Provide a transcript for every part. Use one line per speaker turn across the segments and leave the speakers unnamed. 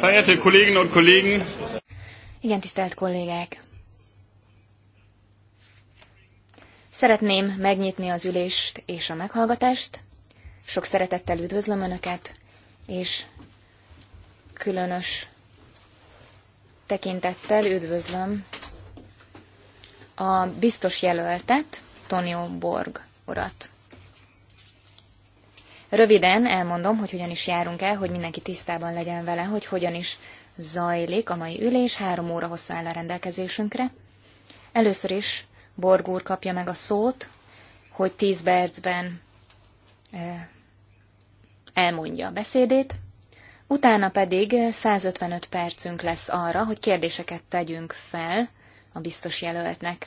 Verehrte Kolleginnen und Kollegen.
Igen, tisztelt kollégák. Szeretném megnyitni az ülést és a meghallgatást. Sok szeretettel üdvözlöm Önöket, és különös tekintettel üdvözlöm a biztos jelöltet, Tonio Borg urat. Röviden elmondom, hogy hogyan is járunk el, hogy mindenki tisztában legyen vele, hogy hogyan is zajlik a mai ülés, három óra hosszú áll a rendelkezésünkre. Először is Borgúr kapja meg a szót, hogy tíz percben elmondja a beszédét, utána pedig 155 percünk lesz arra, hogy kérdéseket tegyünk fel a biztos jelöltnek.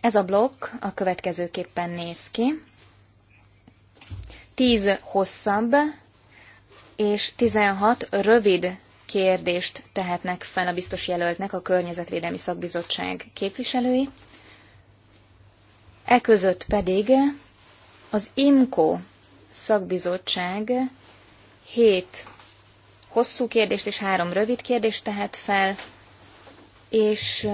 Ez a blokk a következőképpen néz ki. 10 hosszabb és 16 rövid kérdést tehetnek fel a biztos jelöltnek a Környezetvédelmi Szakbizottság képviselői. E között pedig az IMCO szakbizottság hét hosszú kérdést és három rövid kérdést tehet fel, és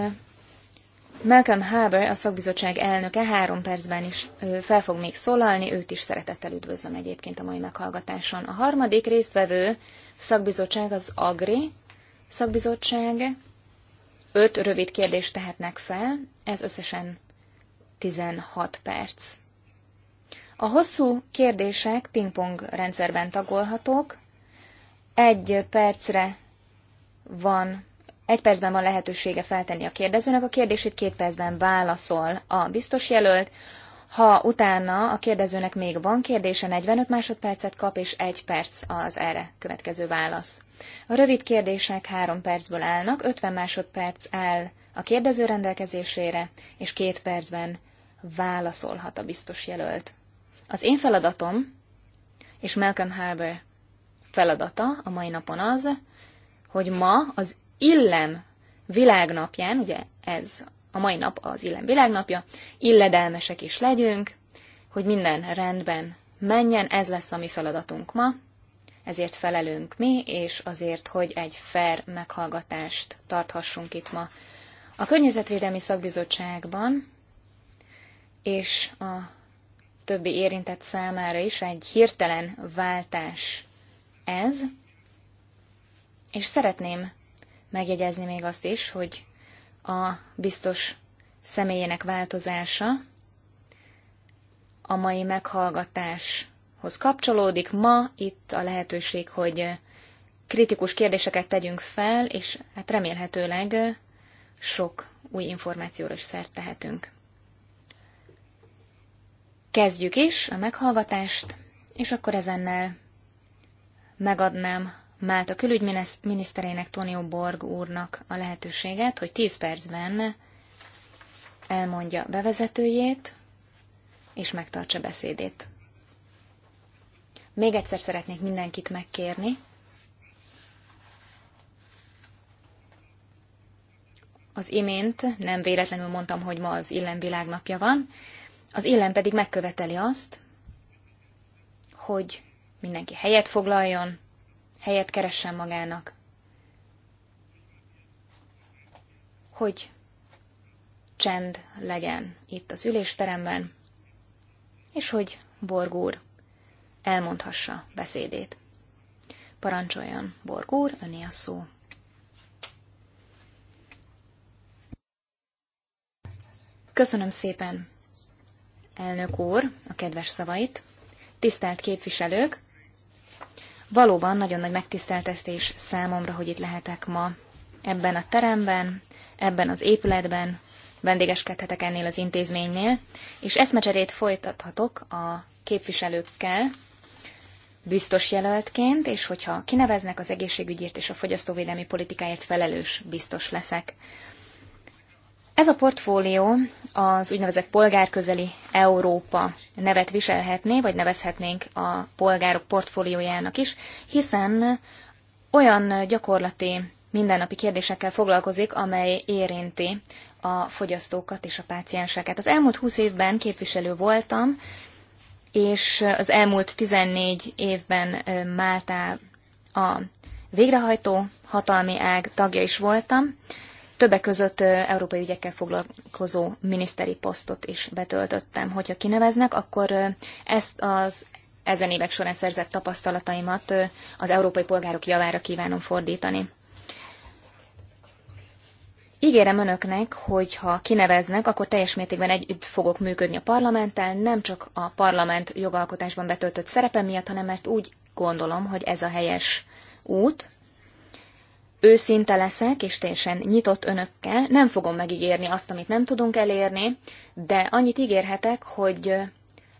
Malcolm Harbour, a szakbizottság elnöke három percben is fel fog még szólalni, őt is szeretettel üdvözlöm egyébként a mai meghallgatáson. A harmadik résztvevő szakbizottság az AGRI szakbizottság. Öt rövid kérdést tehetnek fel, ez összesen 16 perc. A hosszú kérdések pingpong rendszerben tagolhatók. Egy percre van egy percben van lehetősége feltenni a kérdezőnek a kérdését, két percben válaszol a biztos jelölt. Ha utána a kérdezőnek még van kérdése, 45 másodpercet kap, és egy perc az erre következő válasz. A rövid kérdések három percből állnak, 50 másodperc áll a kérdező rendelkezésére, és két percben válaszolhat a biztos jelölt. Az én feladatom, és Malcolm Harbour feladata a mai napon az, hogy ma az Illem világnapján, ugye ez a mai nap az Illem világnapja, illedelmesek is legyünk, hogy minden rendben menjen, ez lesz a mi feladatunk ma, ezért felelünk mi, és azért, hogy egy fair meghallgatást tarthassunk itt ma. A Környezetvédelmi Szakbizottságban és a többi érintett számára is egy hirtelen váltás ez, és szeretném megjegyezni még azt is, hogy a biztos személyének változása a mai meghallgatáshoz kapcsolódik. Ma itt a lehetőség, hogy kritikus kérdéseket tegyünk fel, és hát remélhetőleg sok új információra is szert tehetünk. Kezdjük is a meghallgatást, és akkor ezennel megadnám Málta külügyminiszterének Tonio Borg úrnak a lehetőséget, hogy 10 percben elmondja bevezetőjét, és megtartsa beszédét. Még egyszer szeretnék mindenkit megkérni, Az imént nem véletlenül mondtam, hogy ma az Illem világnapja van, az Illem pedig megköveteli azt, hogy mindenki helyet foglaljon, helyet keressen magának. Hogy csend legyen itt az ülésteremben, és hogy Borgúr elmondhassa beszédét. Parancsoljon, Borgúr, öné a szó. Köszönöm szépen, elnök úr, a kedves szavait. Tisztelt képviselők, Valóban nagyon nagy megtiszteltetés számomra, hogy itt lehetek ma ebben a teremben, ebben az épületben, vendégeskedhetek ennél az intézménynél, és eszmecserét folytathatok a képviselőkkel, biztos jelöltként, és hogyha kineveznek az egészségügyért és a fogyasztóvédelmi politikáért felelős biztos leszek. Ez a portfólió az úgynevezett polgárközeli Európa nevet viselhetné, vagy nevezhetnénk a polgárok portfóliójának is, hiszen olyan gyakorlati mindennapi kérdésekkel foglalkozik, amely érinti a fogyasztókat és a pácienseket. Az elmúlt 20 évben képviselő voltam, és az elmúlt 14 évben Máltá a végrehajtó hatalmi ág tagja is voltam. Többek között európai ügyekkel foglalkozó miniszteri posztot is betöltöttem. Hogyha kineveznek, akkor ezt az ezen évek során szerzett tapasztalataimat az európai polgárok javára kívánom fordítani. Ígérem önöknek, hogy ha kineveznek, akkor teljes mértékben együtt fogok működni a parlamenttel, nem csak a parlament jogalkotásban betöltött szerepe miatt, hanem mert úgy gondolom, hogy ez a helyes út, őszinte leszek, és teljesen nyitott önökkel. Nem fogom megígérni azt, amit nem tudunk elérni, de annyit ígérhetek, hogy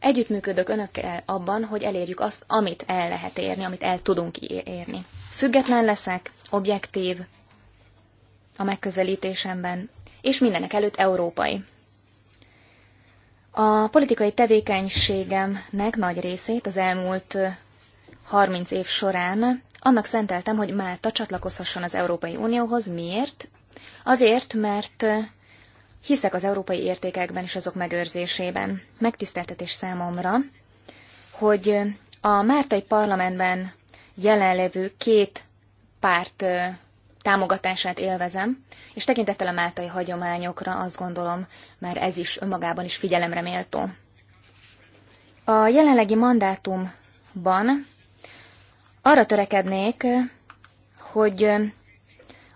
együttműködök önökkel abban, hogy elérjük azt, amit el lehet érni, amit el tudunk érni. Független leszek, objektív a megközelítésemben, és mindenek előtt európai. A politikai tevékenységemnek nagy részét az elmúlt 30 év során annak szenteltem, hogy Málta csatlakozhasson az Európai Unióhoz. Miért? Azért, mert hiszek az európai értékekben és azok megőrzésében. Megtiszteltetés számomra, hogy a Mártai Parlamentben jelenlevő két párt támogatását élvezem, és tekintettel a máltai hagyományokra azt gondolom, már ez is önmagában is figyelemre méltó. A jelenlegi mandátumban arra törekednék, hogy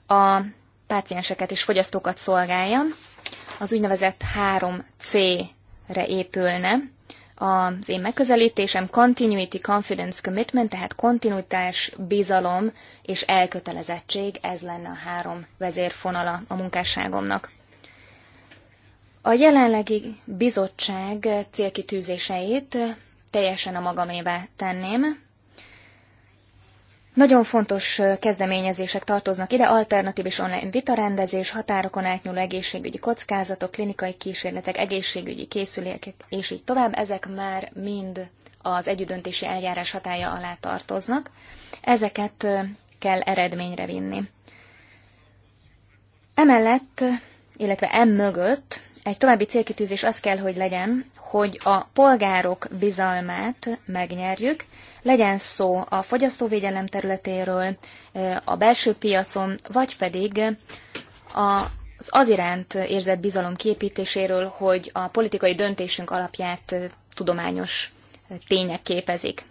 a pácienseket és fogyasztókat szolgálja, az úgynevezett 3C-re épülne, az én megközelítésem Continuity Confidence Commitment, tehát kontinuitás, bizalom és elkötelezettség, ez lenne a három vezérfonala a munkásságomnak. A jelenlegi bizottság célkitűzéseit teljesen a magamévá tenném, nagyon fontos kezdeményezések tartoznak ide, alternatív és online vitarendezés, határokon átnyúló egészségügyi kockázatok, klinikai kísérletek, egészségügyi készülékek, és így tovább. Ezek már mind az együttdöntési eljárás hatája alá tartoznak. Ezeket kell eredményre vinni. Emellett, illetve em mögött egy további célkitűzés az kell, hogy legyen, hogy a polgárok bizalmát megnyerjük, legyen szó a fogyasztóvédelem területéről, a belső piacon, vagy pedig az az iránt érzett bizalom képítéséről, hogy a politikai döntésünk alapját tudományos tények képezik.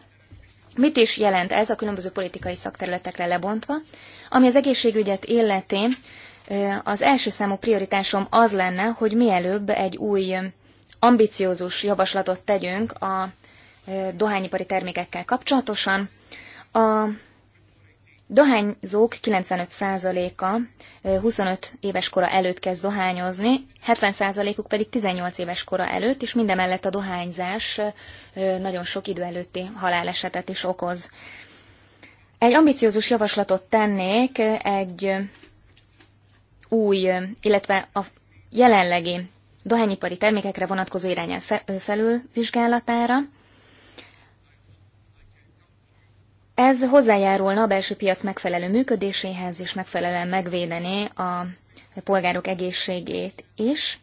Mit is jelent ez a különböző politikai szakterületekre lebontva? Ami az egészségügyet illeti, az első számú prioritásom az lenne, hogy mielőbb egy új ambiciózus javaslatot tegyünk a dohányipari termékekkel kapcsolatosan. A dohányzók 95%-a 25 éves kora előtt kezd dohányozni, 70%-uk pedig 18 éves kora előtt, és mindemellett a dohányzás nagyon sok idő előtti halálesetet is okoz. Egy ambiciózus javaslatot tennék egy új, illetve a jelenlegi dohányipari termékekre vonatkozó irányel felülvizsgálatára. Ez hozzájárulna a belső piac megfelelő működéséhez, és megfelelően megvédené a polgárok egészségét is.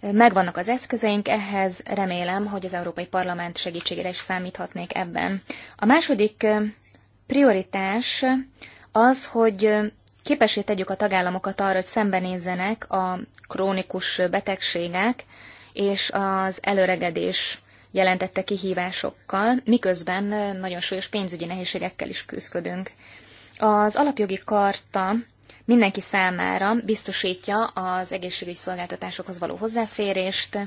Megvannak az eszközeink ehhez, remélem, hogy az Európai Parlament segítségére is számíthatnék ebben. A második prioritás az, hogy képesé tegyük a tagállamokat arra, hogy szembenézzenek a krónikus betegségek és az előregedés jelentette kihívásokkal, miközben nagyon súlyos pénzügyi nehézségekkel is küzdködünk. Az alapjogi karta mindenki számára biztosítja az egészségügyi szolgáltatásokhoz való hozzáférést,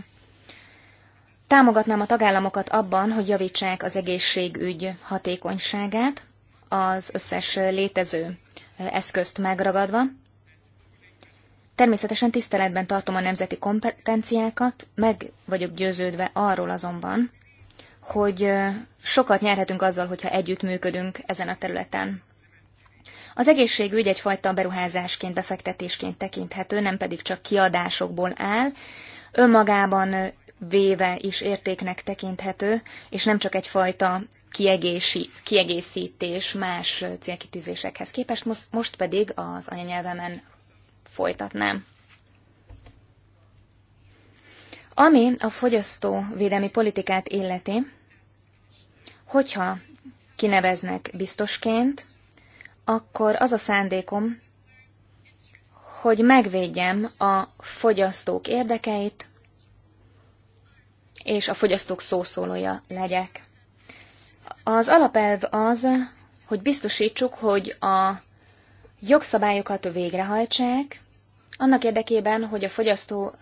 Támogatnám a tagállamokat abban, hogy javítsák az egészségügy hatékonyságát, az összes létező eszközt megragadva. Természetesen tiszteletben tartom a nemzeti kompetenciákat, meg vagyok győződve arról azonban, hogy sokat nyerhetünk azzal, hogyha együttműködünk ezen a területen. Az egészségügy egyfajta beruházásként, befektetésként tekinthető, nem pedig csak kiadásokból áll, önmagában véve is értéknek tekinthető, és nem csak egyfajta kiegészítés más célkitűzésekhez képest, most, most pedig az anyanyelvemen folytatnám. Ami a fogyasztóvédelmi politikát illeti, hogyha kineveznek biztosként, akkor az a szándékom, hogy megvédjem a fogyasztók érdekeit, és a fogyasztók szószólója legyek. Az alapelv az, hogy biztosítsuk, hogy a jogszabályokat végrehajtsák, annak érdekében, hogy a fogyasztó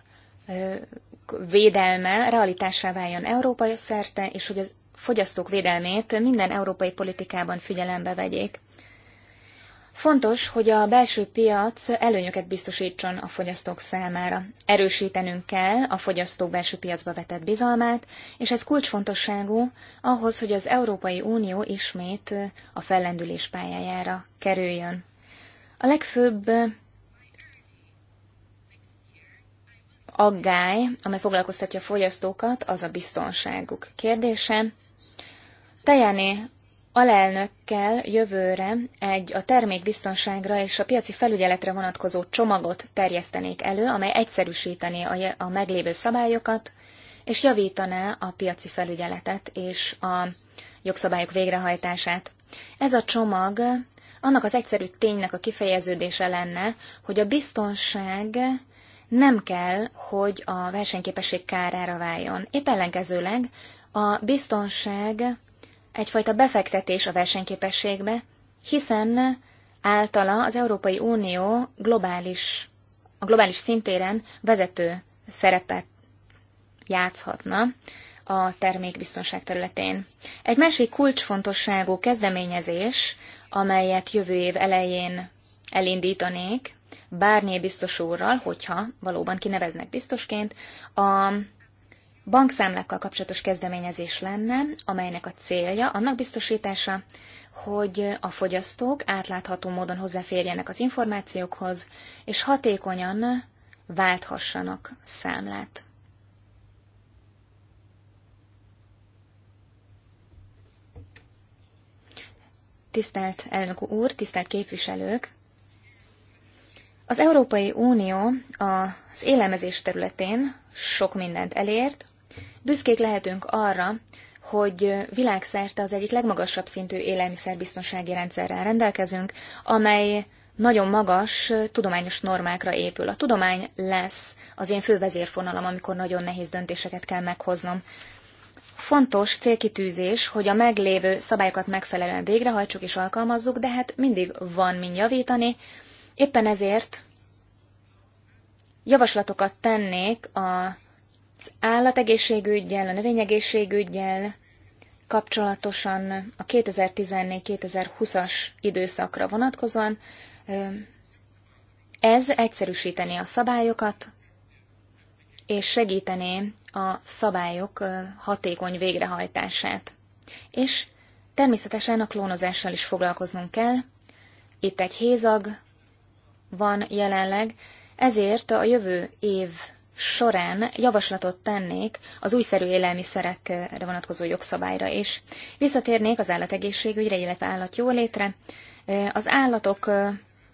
védelme realitássá váljon európai szerte, és hogy az fogyasztók védelmét minden európai politikában figyelembe vegyék. Fontos, hogy a belső piac előnyöket biztosítson a fogyasztók számára. Erősítenünk kell a fogyasztók belső piacba vetett bizalmát, és ez kulcsfontosságú ahhoz, hogy az Európai Unió ismét a fellendülés pályájára kerüljön. A legfőbb aggály, amely foglalkoztatja a fogyasztókat, az a biztonságuk kérdése. Tejáné alelnökkel jövőre egy a termékbiztonságra és a piaci felügyeletre vonatkozó csomagot terjesztenék elő, amely egyszerűsítené a, a meglévő szabályokat, és javítaná a piaci felügyeletet és a jogszabályok végrehajtását. Ez a csomag annak az egyszerű ténynek a kifejeződése lenne, hogy a biztonság nem kell, hogy a versenyképesség kárára váljon. Épp ellenkezőleg a biztonság egyfajta befektetés a versenyképességbe, hiszen általa az Európai Unió globális, a globális szintéren vezető szerepet játszhatna a termékbiztonság területén. Egy másik kulcsfontosságú kezdeményezés, amelyet jövő év elején elindítanék, Bárnyé biztos úrral, hogyha valóban kineveznek biztosként, a bankszámlákkal kapcsolatos kezdeményezés lenne, amelynek a célja annak biztosítása, hogy a fogyasztók átlátható módon hozzáférjenek az információkhoz, és hatékonyan válthassanak számlát. Tisztelt elnök úr, tisztelt képviselők! Az Európai Unió az élelmezés területén sok mindent elért, Büszkék lehetünk arra, hogy világszerte az egyik legmagasabb szintű élelmiszerbiztonsági rendszerrel rendelkezünk, amely nagyon magas tudományos normákra épül. A tudomány lesz az én fő vezérfonalam, amikor nagyon nehéz döntéseket kell meghoznom. Fontos célkitűzés, hogy a meglévő szabályokat megfelelően végrehajtsuk és alkalmazzuk, de hát mindig van mind javítani. Éppen ezért javaslatokat tennék a az állategészségügyjel, a növényegészségügyjel kapcsolatosan a 2014-2020-as időszakra vonatkozóan. Ez egyszerűsíteni a szabályokat, és segítené a szabályok hatékony végrehajtását. És természetesen a klónozással is foglalkoznunk kell. Itt egy hézag van jelenleg, ezért a jövő év során javaslatot tennék az újszerű élelmiszerekre vonatkozó jogszabályra is. Visszatérnék az állategészségügyre, illetve állatjólétre. Az állatok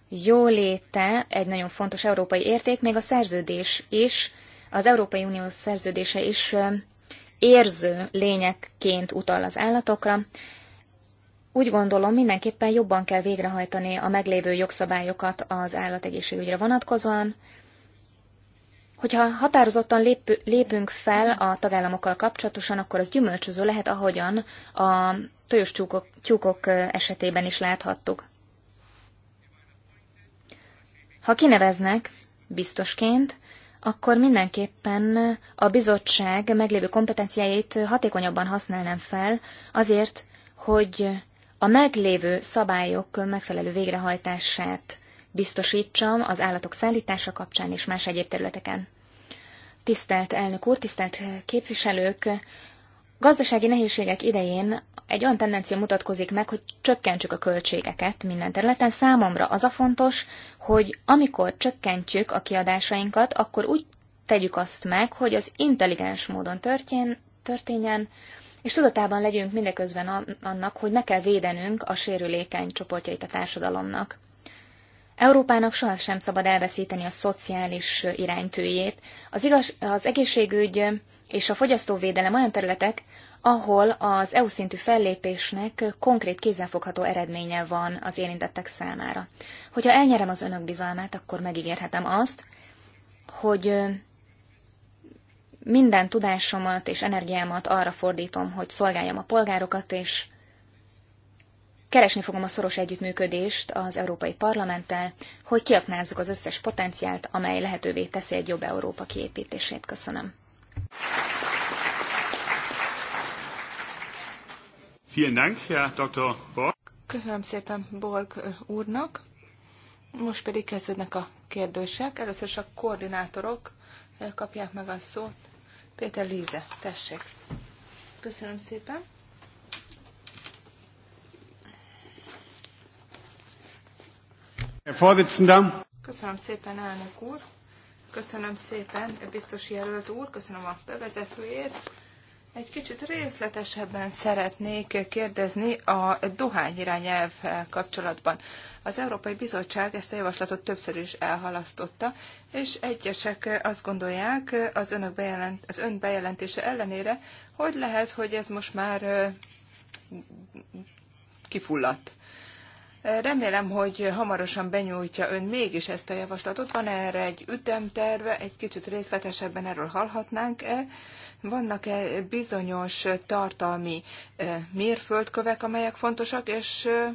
jóléte egy nagyon fontos európai érték, még a szerződés is, az Európai Unió szerződése is érző lényekként utal az állatokra. Úgy gondolom, mindenképpen jobban kell végrehajtani a meglévő jogszabályokat az állategészségügyre vonatkozóan, Hogyha határozottan lép, lépünk fel a tagállamokkal kapcsolatosan, akkor az gyümölcsöző lehet, ahogyan a tojos tyúkok, tyúkok esetében is láthattuk. Ha kineveznek biztosként, akkor mindenképpen a bizottság meglévő kompetenciáit hatékonyabban használnám fel, azért, hogy a meglévő szabályok megfelelő végrehajtását biztosítsam az állatok szállítása kapcsán és más egyéb területeken. Tisztelt elnök úr, tisztelt képviselők! Gazdasági nehézségek idején egy olyan tendencia mutatkozik meg, hogy csökkentsük a költségeket minden területen. Számomra az a fontos, hogy amikor csökkentjük a kiadásainkat, akkor úgy tegyük azt meg, hogy az intelligens módon történ, történjen, és tudatában legyünk mindeközben annak, hogy meg kell védenünk a sérülékeny csoportjait a társadalomnak. Európának sohasem szabad elveszíteni a szociális iránytőjét. Az, igaz, az egészségügy és a fogyasztóvédelem olyan területek, ahol az EU szintű fellépésnek konkrét kézzelfogható eredménye van az érintettek számára. Hogyha elnyerem az önök bizalmát, akkor megígérhetem azt, hogy minden tudásomat és energiámat arra fordítom, hogy szolgáljam a polgárokat, és Keresni fogom a szoros együttműködést az Európai Parlamenttel, hogy kiaknázzuk az összes potenciált, amely lehetővé teszi egy jobb Európa kiépítését. Köszönöm.
Köszönöm szépen Borg úrnak. Most pedig kezdődnek a kérdések. Először is a koordinátorok kapják meg a szót. Péter Líze, tessék. Köszönöm szépen.
Köszönöm
szépen, elnök úr. Köszönöm szépen, biztos jelölt úr, köszönöm a bevezetőjét. Egy kicsit részletesebben szeretnék kérdezni a dohányirányelv kapcsolatban. Az Európai Bizottság ezt a javaslatot többször is elhalasztotta, és egyesek azt gondolják az, önök bejelent, az ön bejelentése ellenére, hogy lehet, hogy ez most már
kifulladt.
Remélem, hogy hamarosan benyújtja ön mégis ezt a javaslatot. Van -e erre egy ütemterve, egy kicsit részletesebben erről hallhatnánk-e? Vannak-e bizonyos tartalmi eh, mérföldkövek, amelyek fontosak, és eh,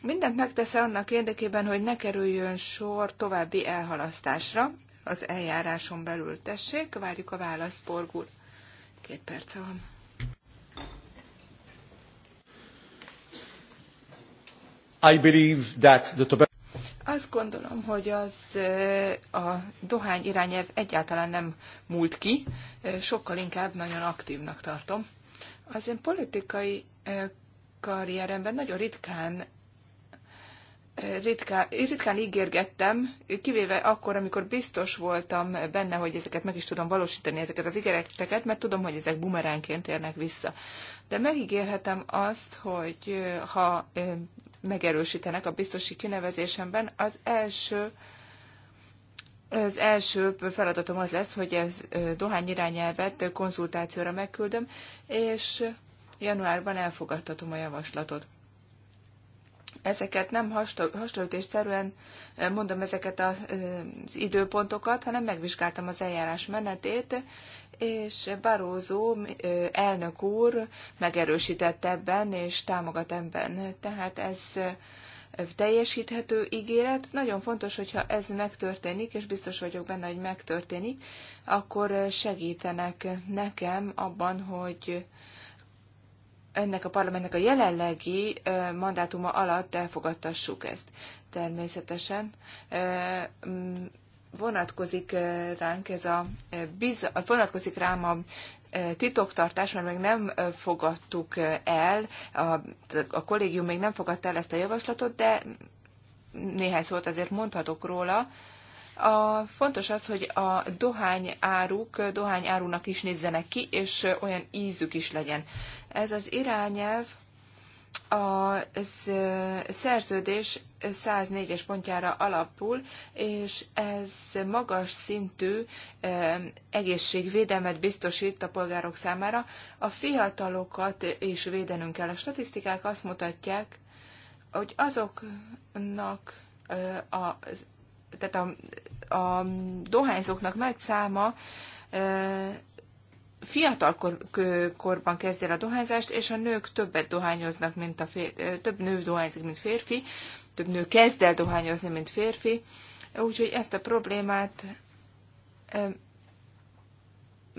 mindent megtesz annak érdekében, hogy ne kerüljön sor további elhalasztásra az eljáráson belül. Tessék, várjuk a választ, úr. Két perc van.
I believe that the tobacco...
Azt gondolom, hogy az a dohány irányelv egyáltalán nem múlt ki, sokkal inkább nagyon aktívnak tartom. Az én politikai karrieremben nagyon ritkán ritkán, ritkán ígérgettem, kivéve akkor, amikor biztos voltam benne, hogy ezeket meg is tudom valósítani, ezeket az ígéreteket, mert tudom, hogy ezek bumeránként érnek vissza. De megígérhetem azt, hogy ha megerősítenek a biztosi kinevezésemben. Az első az első feladatom az lesz, hogy ez dohány irányelvet konzultációra megküldöm, és januárban elfogadhatom a javaslatot. Ezeket nem hasonlítésszerűen mondom ezeket az időpontokat, hanem megvizsgáltam az eljárás menetét, és Barózó elnök úr megerősített ebben, és támogat ebben. Tehát ez teljesíthető ígéret. Nagyon fontos, hogyha ez megtörténik, és biztos vagyok benne, hogy megtörténik, akkor segítenek nekem abban, hogy ennek a parlamentnek a jelenlegi mandátuma alatt elfogadtassuk ezt. Természetesen vonatkozik eh, ránk ez a eh, biz, vonatkozik rám a eh, titoktartás, mert még nem fogadtuk el, a, a kollégium még nem fogadta el ezt a javaslatot, de néhány szót azért mondhatok róla. A, fontos az, hogy a dohány áruk, dohány árunak is nézzenek ki, és olyan ízük is legyen. Ez az irányelv a szerződés 104-es pontjára alapul, és ez magas szintű egészségvédelmet biztosít a polgárok számára. A fiatalokat is védenünk kell. A statisztikák azt mutatják, hogy azoknak a, tehát a, a dohányzóknak nagy száma fiatal kor, korban kezd el a dohányzást, és a nők többet dohányoznak, mint a fér, több nő dohányzik, mint férfi, több nő kezd el dohányozni, mint férfi, úgyhogy ezt a problémát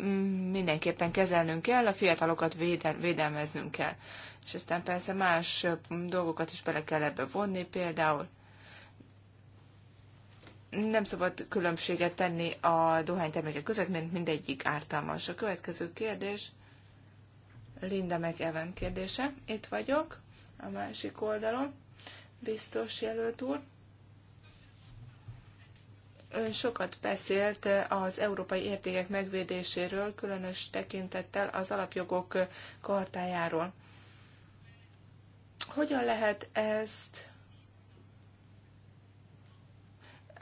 mm, mindenképpen kezelnünk kell, a fiatalokat védel, védelmeznünk kell. És aztán persze más dolgokat is bele kell ebbe vonni, például nem szabad különbséget tenni a dohánytermékek között, mint mindegyik ártalmas. A következő kérdés Linda meg Evan kérdése. Itt vagyok, a másik oldalon. Biztos jelölt úr. Ön sokat beszélt az európai értékek megvédéséről, különös tekintettel az alapjogok kartájáról. Hogyan lehet ezt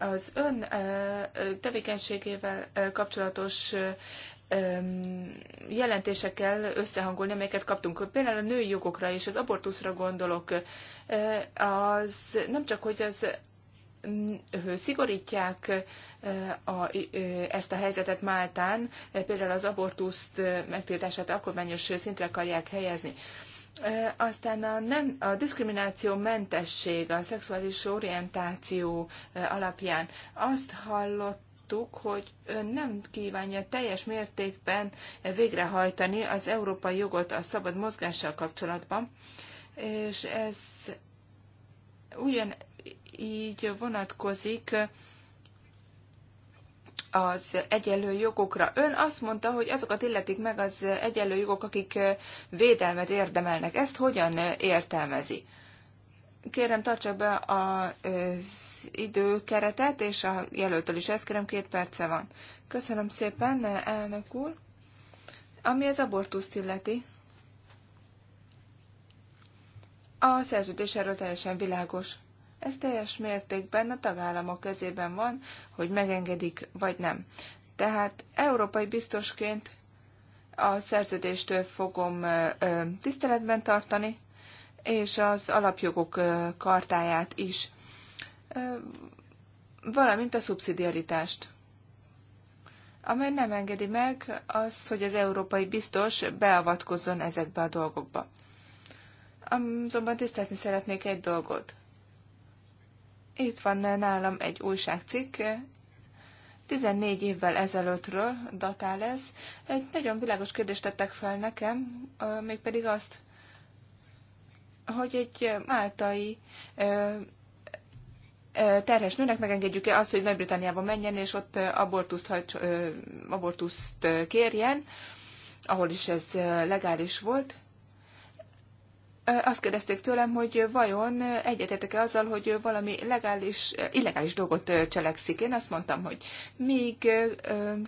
Az ön tevékenységével kapcsolatos jelentésekkel összehangolni, amelyeket kaptunk. Például a női jogokra és az abortuszra gondolok. Az nem csak, hogy az szigorítják a, ezt a helyzetet Máltán, például az abortuszt megtiltását alkotmányos szintre akarják helyezni. Aztán a, nem, a diszkrimináció mentesség a szexuális orientáció alapján azt hallottuk, hogy ön nem kívánja teljes mértékben végrehajtani az európai jogot a szabad mozgással kapcsolatban, és ez ugyan így vonatkozik az egyenlő jogokra. Ön azt mondta, hogy azokat illetik meg az egyenlő jogok, akik védelmet érdemelnek. Ezt hogyan értelmezi? Kérem, tartsa be az időkeretet, és a jelöltől is ezt kérem, két perce van. Köszönöm szépen, elnök úr. Ami az abortuszt illeti, a szerződés erről teljesen világos. Ez teljes mértékben a tagállamok kezében van, hogy megengedik vagy nem. Tehát európai biztosként a szerződést fogom tiszteletben tartani, és az alapjogok kartáját is, valamint a szubszidiaritást, amely nem engedi meg az, hogy az európai biztos beavatkozzon ezekbe a dolgokba. Azonban tisztázni szeretnék egy dolgot. Itt van nálam egy újságcikk, 14 évvel ezelőttről datál ez. Egy nagyon világos kérdést tettek fel nekem, mégpedig azt, hogy egy máltai terhes nőnek megengedjük-e azt, hogy Nagy-Britanniába menjen, és ott abortuszt, abortuszt kérjen, ahol is ez legális volt azt kérdezték tőlem, hogy vajon egyetetek-e azzal, hogy valami legális, illegális dolgot cselekszik. Én azt mondtam, hogy míg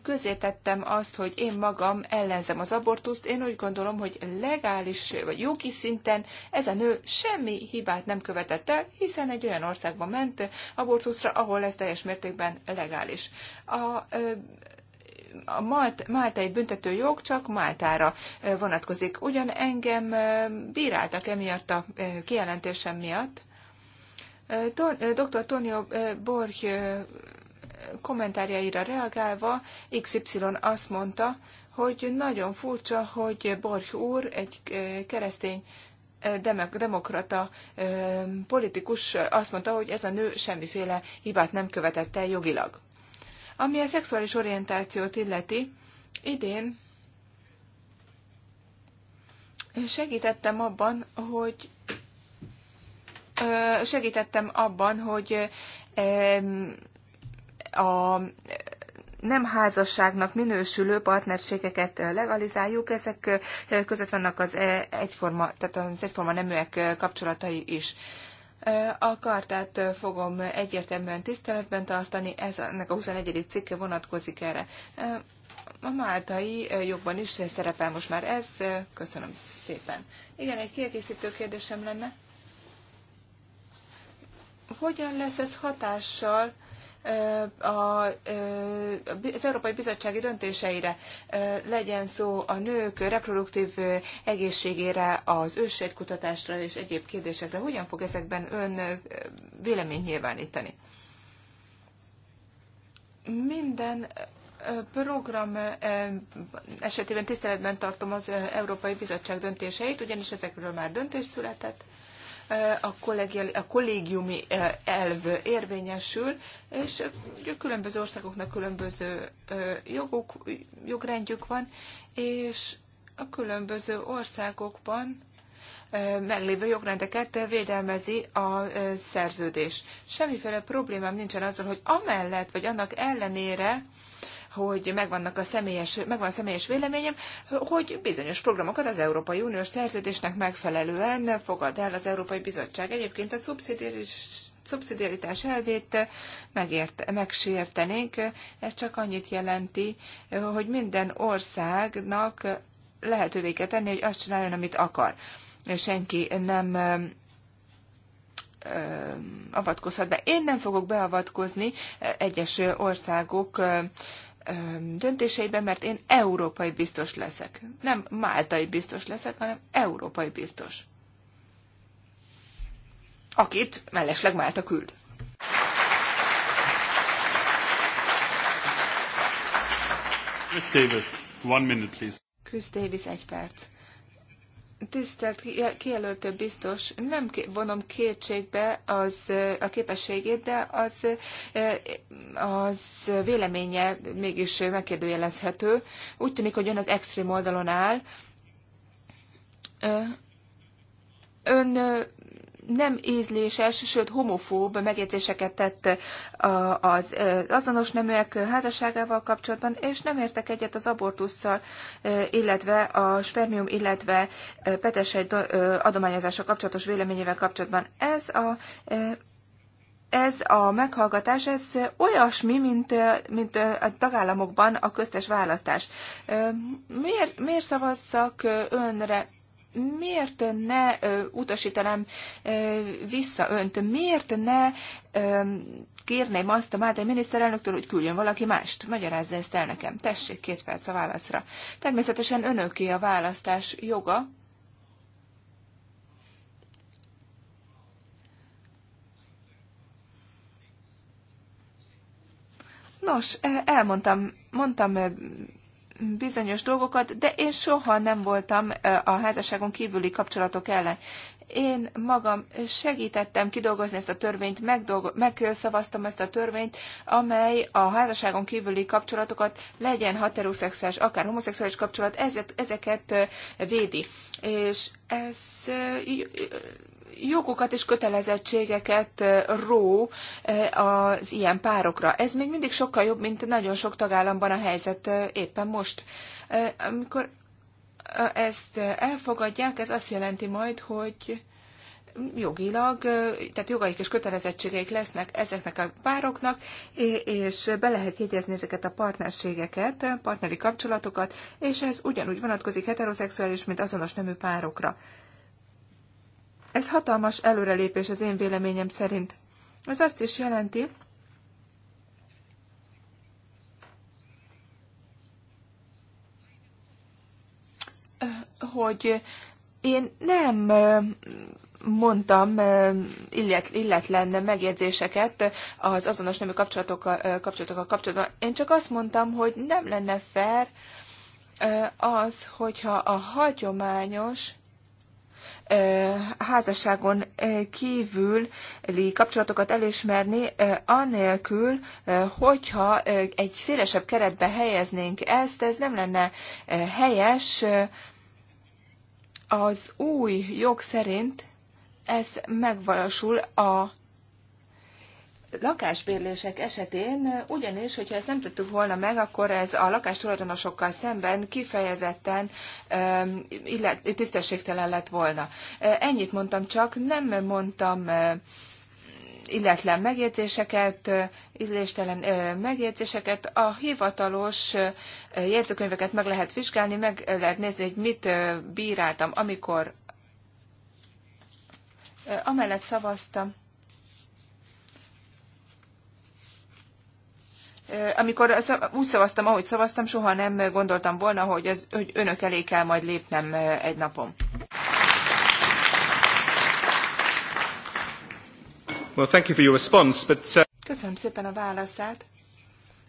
közértettem azt, hogy én magam ellenzem az abortuszt, én úgy gondolom, hogy legális vagy jogi szinten ez a nő semmi hibát nem követett el, hiszen egy olyan országba ment abortuszra, ahol ez teljes mértékben legális. A a Malt, máltai büntető jog csak Máltára vonatkozik. Ugyan engem bíráltak emiatt a kijelentésem miatt. Dr. Tonio Borg kommentárjaira reagálva XY azt mondta, hogy nagyon furcsa, hogy Borg úr egy keresztény demokrata politikus azt mondta, hogy ez a nő semmiféle hibát nem követett el jogilag. Ami a szexuális orientációt illeti, idén segítettem abban, hogy segítettem abban, hogy a nem házasságnak minősülő partnerségeket legalizáljuk. Ezek között vannak az e, egyforma, tehát az egyforma neműek kapcsolatai is. A kartát fogom egyértelműen tiszteletben tartani, ez ennek a 21. cikke vonatkozik erre. A máltai jobban is szerepel most már ez. Köszönöm szépen. Igen, egy kiegészítő kérdésem lenne. Hogyan lesz ez hatással az Európai Bizottsági döntéseire legyen szó a nők reproduktív egészségére, az ősejtkutatásra és egyéb kérdésekre. Hogyan fog ezekben ön véleményt nyilvánítani? Minden program esetében tiszteletben tartom az Európai Bizottság döntéseit, ugyanis ezekről már döntés született a, kollégiali, a kollégiumi elv érvényesül, és különböző országoknak különböző jogok, jogrendjük van, és a különböző országokban meglévő jogrendeket védelmezi a szerződés. Semmiféle problémám nincsen azzal, hogy amellett vagy annak ellenére, hogy megvannak a személyes, megvan a személyes véleményem, hogy bizonyos programokat az Európai Uniós szerződésnek megfelelően fogad el az Európai Bizottság. Egyébként a szubszidiaritás elvét megért, megsértenénk. Ez csak annyit jelenti, hogy minden országnak lehetővé kell tenni, hogy azt csináljon, amit akar. Senki nem avatkozhat be. Én nem fogok beavatkozni egyes országok döntéseiben, mert én európai biztos leszek. Nem máltai biztos leszek, hanem európai biztos. Akit mellesleg Málta küld.
Chris Davis, one minute, please.
Chris Davis, egy perc. Tisztelt kijelöltő biztos, nem vonom kétségbe az, a képességét, de az, eh, az véleménye mégis megkérdőjelezhető. Úgy tűnik, hogy ön az extrém oldalon áll. Ön nem ízléses, sőt homofób megjegyzéseket tett az azonos neműek házasságával kapcsolatban, és nem értek egyet az abortusszal, illetve a spermium, illetve petesej adományozása kapcsolatos véleményével kapcsolatban. Ez a ez a meghallgatás, ez olyasmi, mint, mint a tagállamokban a köztes választás. Miért, miért szavazzak önre miért ne utasítanám vissza önt, miért ne kérném azt a Máté miniszterelnöktől, hogy küldjön valaki mást. Magyarázza ezt el nekem. Tessék, két perc a válaszra. Természetesen önöké a választás joga, Nos, elmondtam, mondtam bizonyos dolgokat, de én soha nem voltam a házasságon kívüli kapcsolatok ellen. Én magam segítettem kidolgozni ezt a törvényt, megszavaztam ezt a törvényt, amely a házasságon kívüli kapcsolatokat, legyen heteroszexuális, akár homoszexuális kapcsolat, ezeket, ezeket védi. És ez jogokat és kötelezettségeket ró az ilyen párokra. Ez még mindig sokkal jobb, mint nagyon sok tagállamban a helyzet éppen most. Amikor ezt elfogadják, ez azt jelenti majd, hogy jogilag, tehát jogaik és kötelezettségeik lesznek ezeknek a pároknak, és be lehet jegyezni ezeket a partnerségeket, partneri kapcsolatokat, és ez ugyanúgy vonatkozik heteroszexuális, mint azonos nemű párokra. Ez hatalmas előrelépés az én véleményem szerint. Ez azt is jelenti, hogy én nem mondtam illet, illetlen megjegyzéseket az azonos nemű kapcsolatokkal, kapcsolatokkal kapcsolatban. Én csak azt mondtam, hogy nem lenne fair az, hogyha a hagyományos házasságon kívüli kapcsolatokat elismerni, anélkül, hogyha egy szélesebb keretbe helyeznénk ezt, ez nem lenne helyes. Az új jog szerint ez megvalósul a lakásbérlések esetén ugyanis, hogyha ezt nem tudtuk volna meg, akkor ez a lakástulajdonosokkal szemben kifejezetten tisztességtelen lett volna. Ennyit mondtam csak, nem mondtam illetlen megjegyzéseket, ízléstelen megjegyzéseket. A hivatalos jegyzőkönyveket meg lehet vizsgálni, meg lehet nézni, hogy mit bíráltam, amikor amellett szavaztam, amikor úgy szavaztam, ahogy szavaztam, soha nem gondoltam volna, hogy, az, hogy önök elé kell majd lépnem egy napon.
Well, thank you for your response, but, uh...
Köszönöm szépen a válaszát.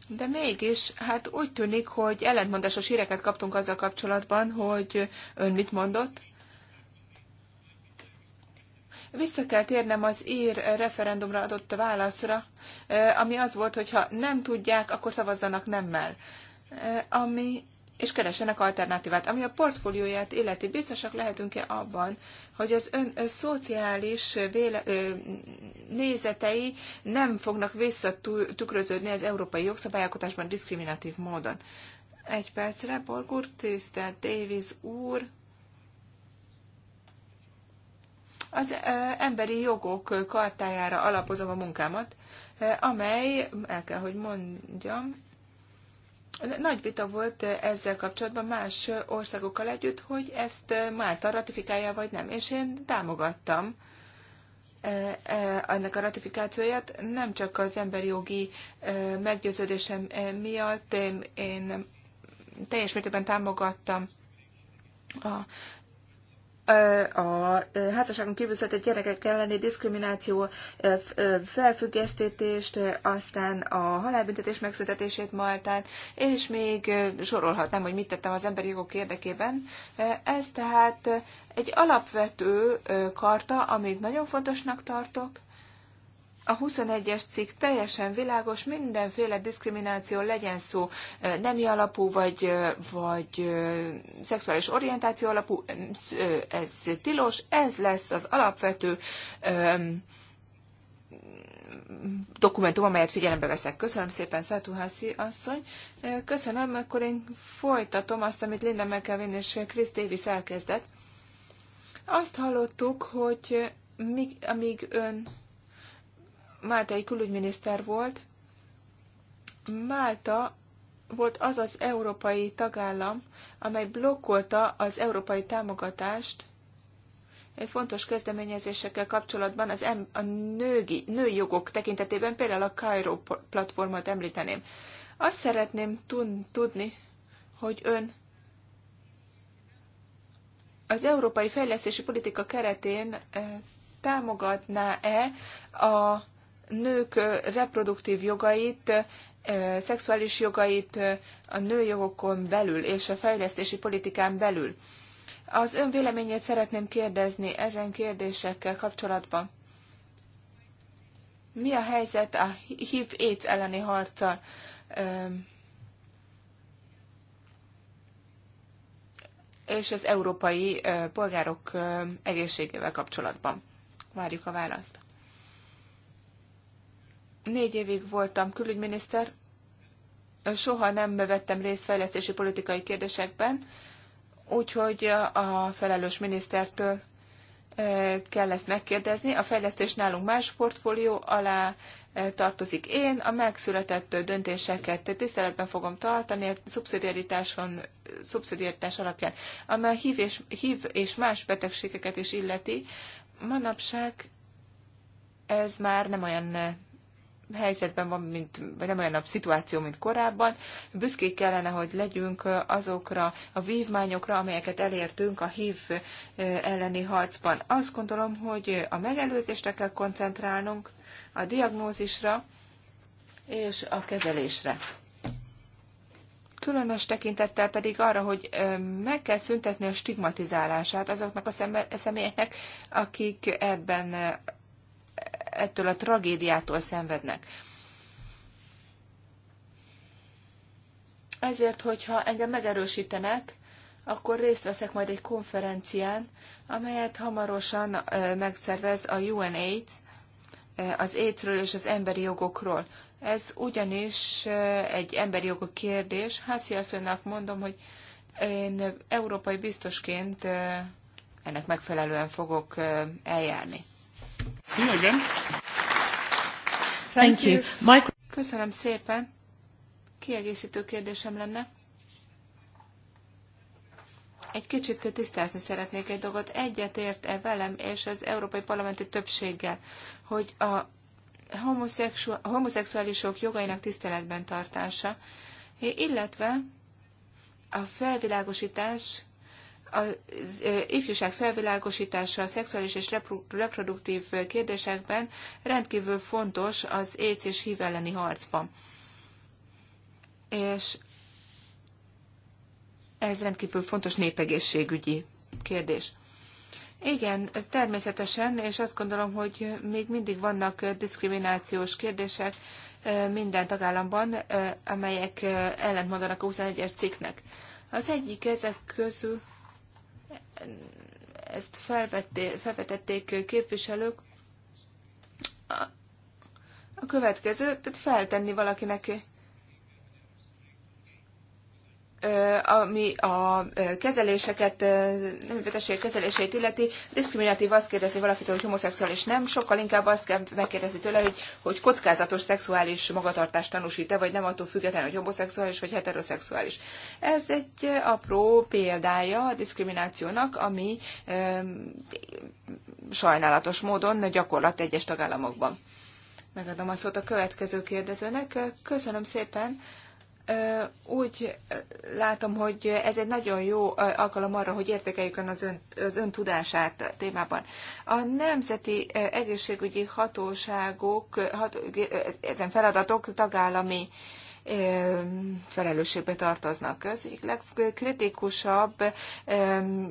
De mégis, hát úgy tűnik, hogy ellentmondásos híreket kaptunk azzal kapcsolatban, hogy ön mit mondott, vissza kell térnem az ír referendumra adott válaszra, ami az volt, hogy ha nem tudják, akkor szavazzanak nemmel. Ami és keresenek alternatívát. Ami a portfólióját illeti, biztosak lehetünk-e abban, hogy az ön szociális véle, ö, nézetei nem fognak visszatükröződni az európai jogszabályalkotásban diszkriminatív módon. Egy percre, Borgur, tisztelt Davis úr. az emberi jogok kartájára alapozom a munkámat, amely, el kell, hogy mondjam, nagy vita volt ezzel kapcsolatban más országokkal együtt, hogy ezt Málta ratifikálja vagy nem, és én támogattam ennek a ratifikációját nem csak az emberi jogi meggyőződésem miatt, én, én teljes mértékben támogattam a a házasságon kívül született gyerekek elleni diszkrimináció felfüggesztést, aztán a halálbüntetés megszüntetését Maltán, és még sorolhatnám, hogy mit tettem az emberi jogok érdekében. Ez tehát egy alapvető karta, amit nagyon fontosnak tartok, a 21-es cikk teljesen világos, mindenféle diszkrimináció legyen szó nemi alapú, vagy, vagy szexuális orientáció alapú, ez tilos, ez lesz az alapvető dokumentum, amelyet figyelembe veszek. Köszönöm szépen, Szátuhászi asszony. Köszönöm, akkor én folytatom azt, amit Linda McKevin és Chris Davis elkezdett. Azt hallottuk, hogy amíg ön máltai külügyminiszter volt. Málta volt az az európai tagállam, amely blokkolta az európai támogatást egy fontos kezdeményezésekkel kapcsolatban az em, a nőgi, női jogok tekintetében, például a Cairo platformot említeném. Azt szeretném tudni, hogy ön az európai fejlesztési politika keretén eh, támogatná-e a nők reproduktív jogait, szexuális jogait a nőjogokon belül és a fejlesztési politikán belül. Az ön véleményét szeretném kérdezni ezen kérdésekkel kapcsolatban. Mi a helyzet a HIV-AIDS elleni harccal? és az európai polgárok egészségével kapcsolatban. Várjuk a választ. Négy évig voltam külügyminiszter, soha nem vettem részt fejlesztési politikai kérdésekben, úgyhogy a felelős minisztertől e, kell ezt megkérdezni. A fejlesztés nálunk más portfólió alá e, tartozik én, a megszületett döntéseket tiszteletben fogom tartani, szubszidiaritáson, szubszidiaritás alapján, amely hív és, hív és más betegségeket is illeti, manapság ez már nem olyan helyzetben van, mint, vagy nem olyan a szituáció, mint korábban. Büszkék kellene, hogy legyünk azokra a vívmányokra, amelyeket elértünk a HIV elleni harcban. Azt gondolom, hogy a megelőzésre kell koncentrálnunk, a diagnózisra és a kezelésre. Különös tekintettel pedig arra, hogy meg kell szüntetni a stigmatizálását azoknak a személyeknek, akik ebben ettől a tragédiától szenvednek. Ezért, hogyha engem megerősítenek, akkor részt veszek majd egy konferencián, amelyet hamarosan megszervez a UNAIDS, az AIDS-ről és az emberi jogokról. Ez ugyanis egy emberi jogok kérdés. Haszi asszonynak mondom, hogy én európai biztosként ennek megfelelően fogok eljárni. See again. Thank you. Mike... Köszönöm szépen. Kiegészítő kérdésem lenne. Egy kicsit tisztázni szeretnék egy dolgot. Egyet ért-e velem és az Európai Parlamenti többséggel, hogy a homoszexu- homoszexuálisok jogainak tiszteletben tartása, illetve a felvilágosítás az ifjúság felvilágosítása a szexuális és reproduktív kérdésekben rendkívül fontos az éjc és hív elleni harcban. És ez rendkívül fontos népegészségügyi kérdés. Igen, természetesen, és azt gondolom, hogy még mindig vannak diszkriminációs kérdések minden tagállamban, amelyek ellentmondanak a 21-es cikknek. Az egyik ezek közül ezt felvették, felvetették képviselők, a következő, tehát feltenni valakinek ami a kezeléseket, nem betegség kezelését illeti, diszkriminatív azt kérdezni valakitől, hogy homoszexuális nem, sokkal inkább azt kell megkérdezni tőle, hogy, hogy kockázatos szexuális magatartást tanúsít-e, vagy nem attól függetlenül, hogy homoszexuális vagy heteroszexuális. Ez egy apró példája a diszkriminációnak, ami sajnálatos módon gyakorlat egyes tagállamokban. Megadom a szót a következő kérdezőnek. Köszönöm szépen. Úgy látom, hogy ez egy nagyon jó alkalom arra, hogy értékeljük az, ön, az öntudását a témában. A nemzeti egészségügyi hatóságok, hat, ezen feladatok tagállami felelősségbe tartoznak. Az egyik legkritikusabb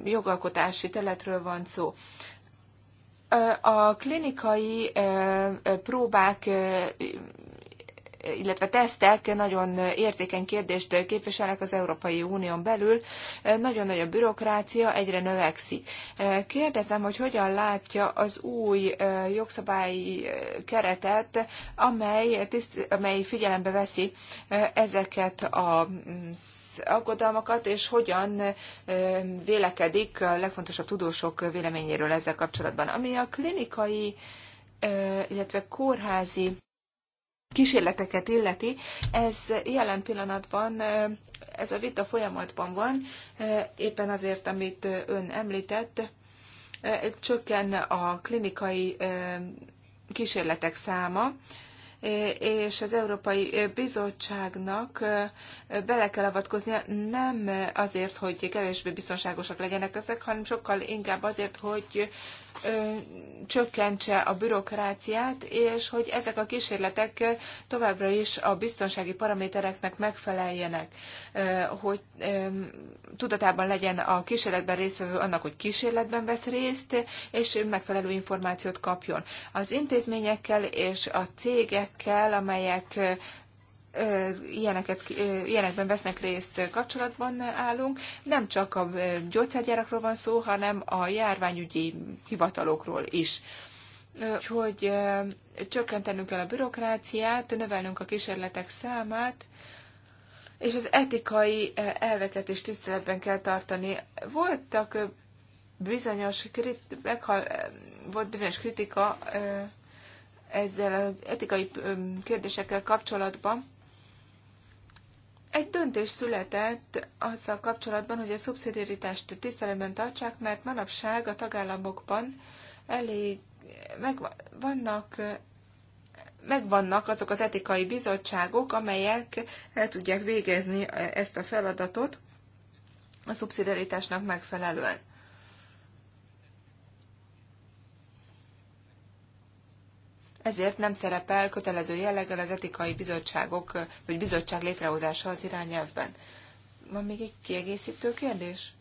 jogalkotási területről van szó. A klinikai próbák illetve tesztek nagyon érzékeny kérdést képviselnek az Európai Unión belül. Nagyon nagy a bürokrácia, egyre növekszik. Kérdezem, hogy hogyan látja az új jogszabályi keretet, amely, tiszt, amely figyelembe veszi ezeket a mm, aggodalmakat, és hogyan vélekedik a legfontosabb tudósok véleményéről ezzel kapcsolatban. Ami a klinikai illetve kórházi kísérleteket illeti, ez jelen pillanatban, ez a vita folyamatban van, éppen azért, amit ön említett, csökken a klinikai kísérletek száma, és az Európai Bizottságnak bele kell avatkoznia nem azért, hogy kevésbé biztonságosak legyenek ezek, hanem sokkal inkább azért, hogy csökkentse a bürokráciát, és hogy ezek a kísérletek továbbra is a biztonsági paramétereknek megfeleljenek, hogy tudatában legyen a kísérletben résztvevő annak, hogy kísérletben vesz részt, és megfelelő információt kapjon. Az intézményekkel és a cégekkel, amelyek ilyeneket, ilyenekben vesznek részt, kapcsolatban állunk. Nem csak a gyógyszergyárakról van szó, hanem a járványügyi hivatalokról is. Úgyhogy csökkentenünk kell a bürokráciát, növelnünk a kísérletek számát, és az etikai elveket is tiszteletben kell tartani. Voltak bizonyos, krit, volt bizonyos kritika ezzel az etikai kérdésekkel kapcsolatban, egy döntés született azzal kapcsolatban, hogy a szubszidiaritást tiszteletben tartsák, mert manapság a tagállamokban elég meg vannak megvannak azok az etikai bizottságok, amelyek el tudják végezni ezt a feladatot a szubszidiaritásnak megfelelően. ezért nem szerepel kötelező jelleggel az etikai bizottságok, vagy bizottság létrehozása az irányelvben. Van még egy kiegészítő kérdés?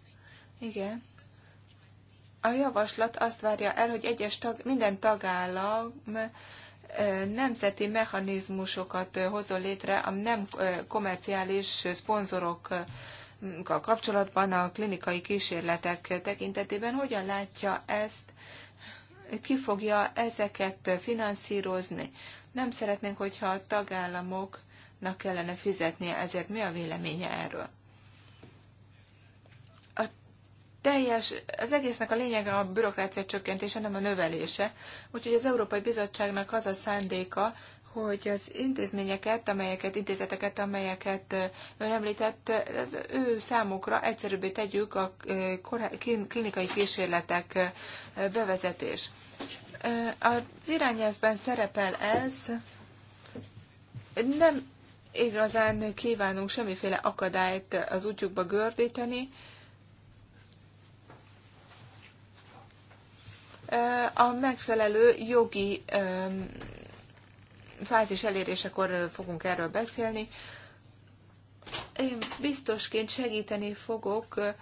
Igen. A javaslat azt várja el, hogy egyes tag, minden tagállam nemzeti mechanizmusokat hozol létre a nem komerciális szponzorokkal kapcsolatban a klinikai kísérletek tekintetében. Hogyan látja ezt ki fogja ezeket finanszírozni. Nem szeretnénk, hogyha a tagállamoknak kellene fizetnie, ezért mi a véleménye erről? A teljes, az egésznek a lényege a bürokrácia csökkentése, nem a növelése. Úgyhogy az Európai Bizottságnak az a szándéka, hogy az intézményeket, amelyeket, intézeteket, amelyeket ön említett, az ő számukra egyszerűbbé tegyük a klinikai kísérletek bevezetés. Az irányelvben szerepel ez, nem igazán kívánunk semmiféle akadályt az útjukba gördíteni, a megfelelő jogi fázis elérésekor fogunk erről beszélni. Én biztosként segíteni fogok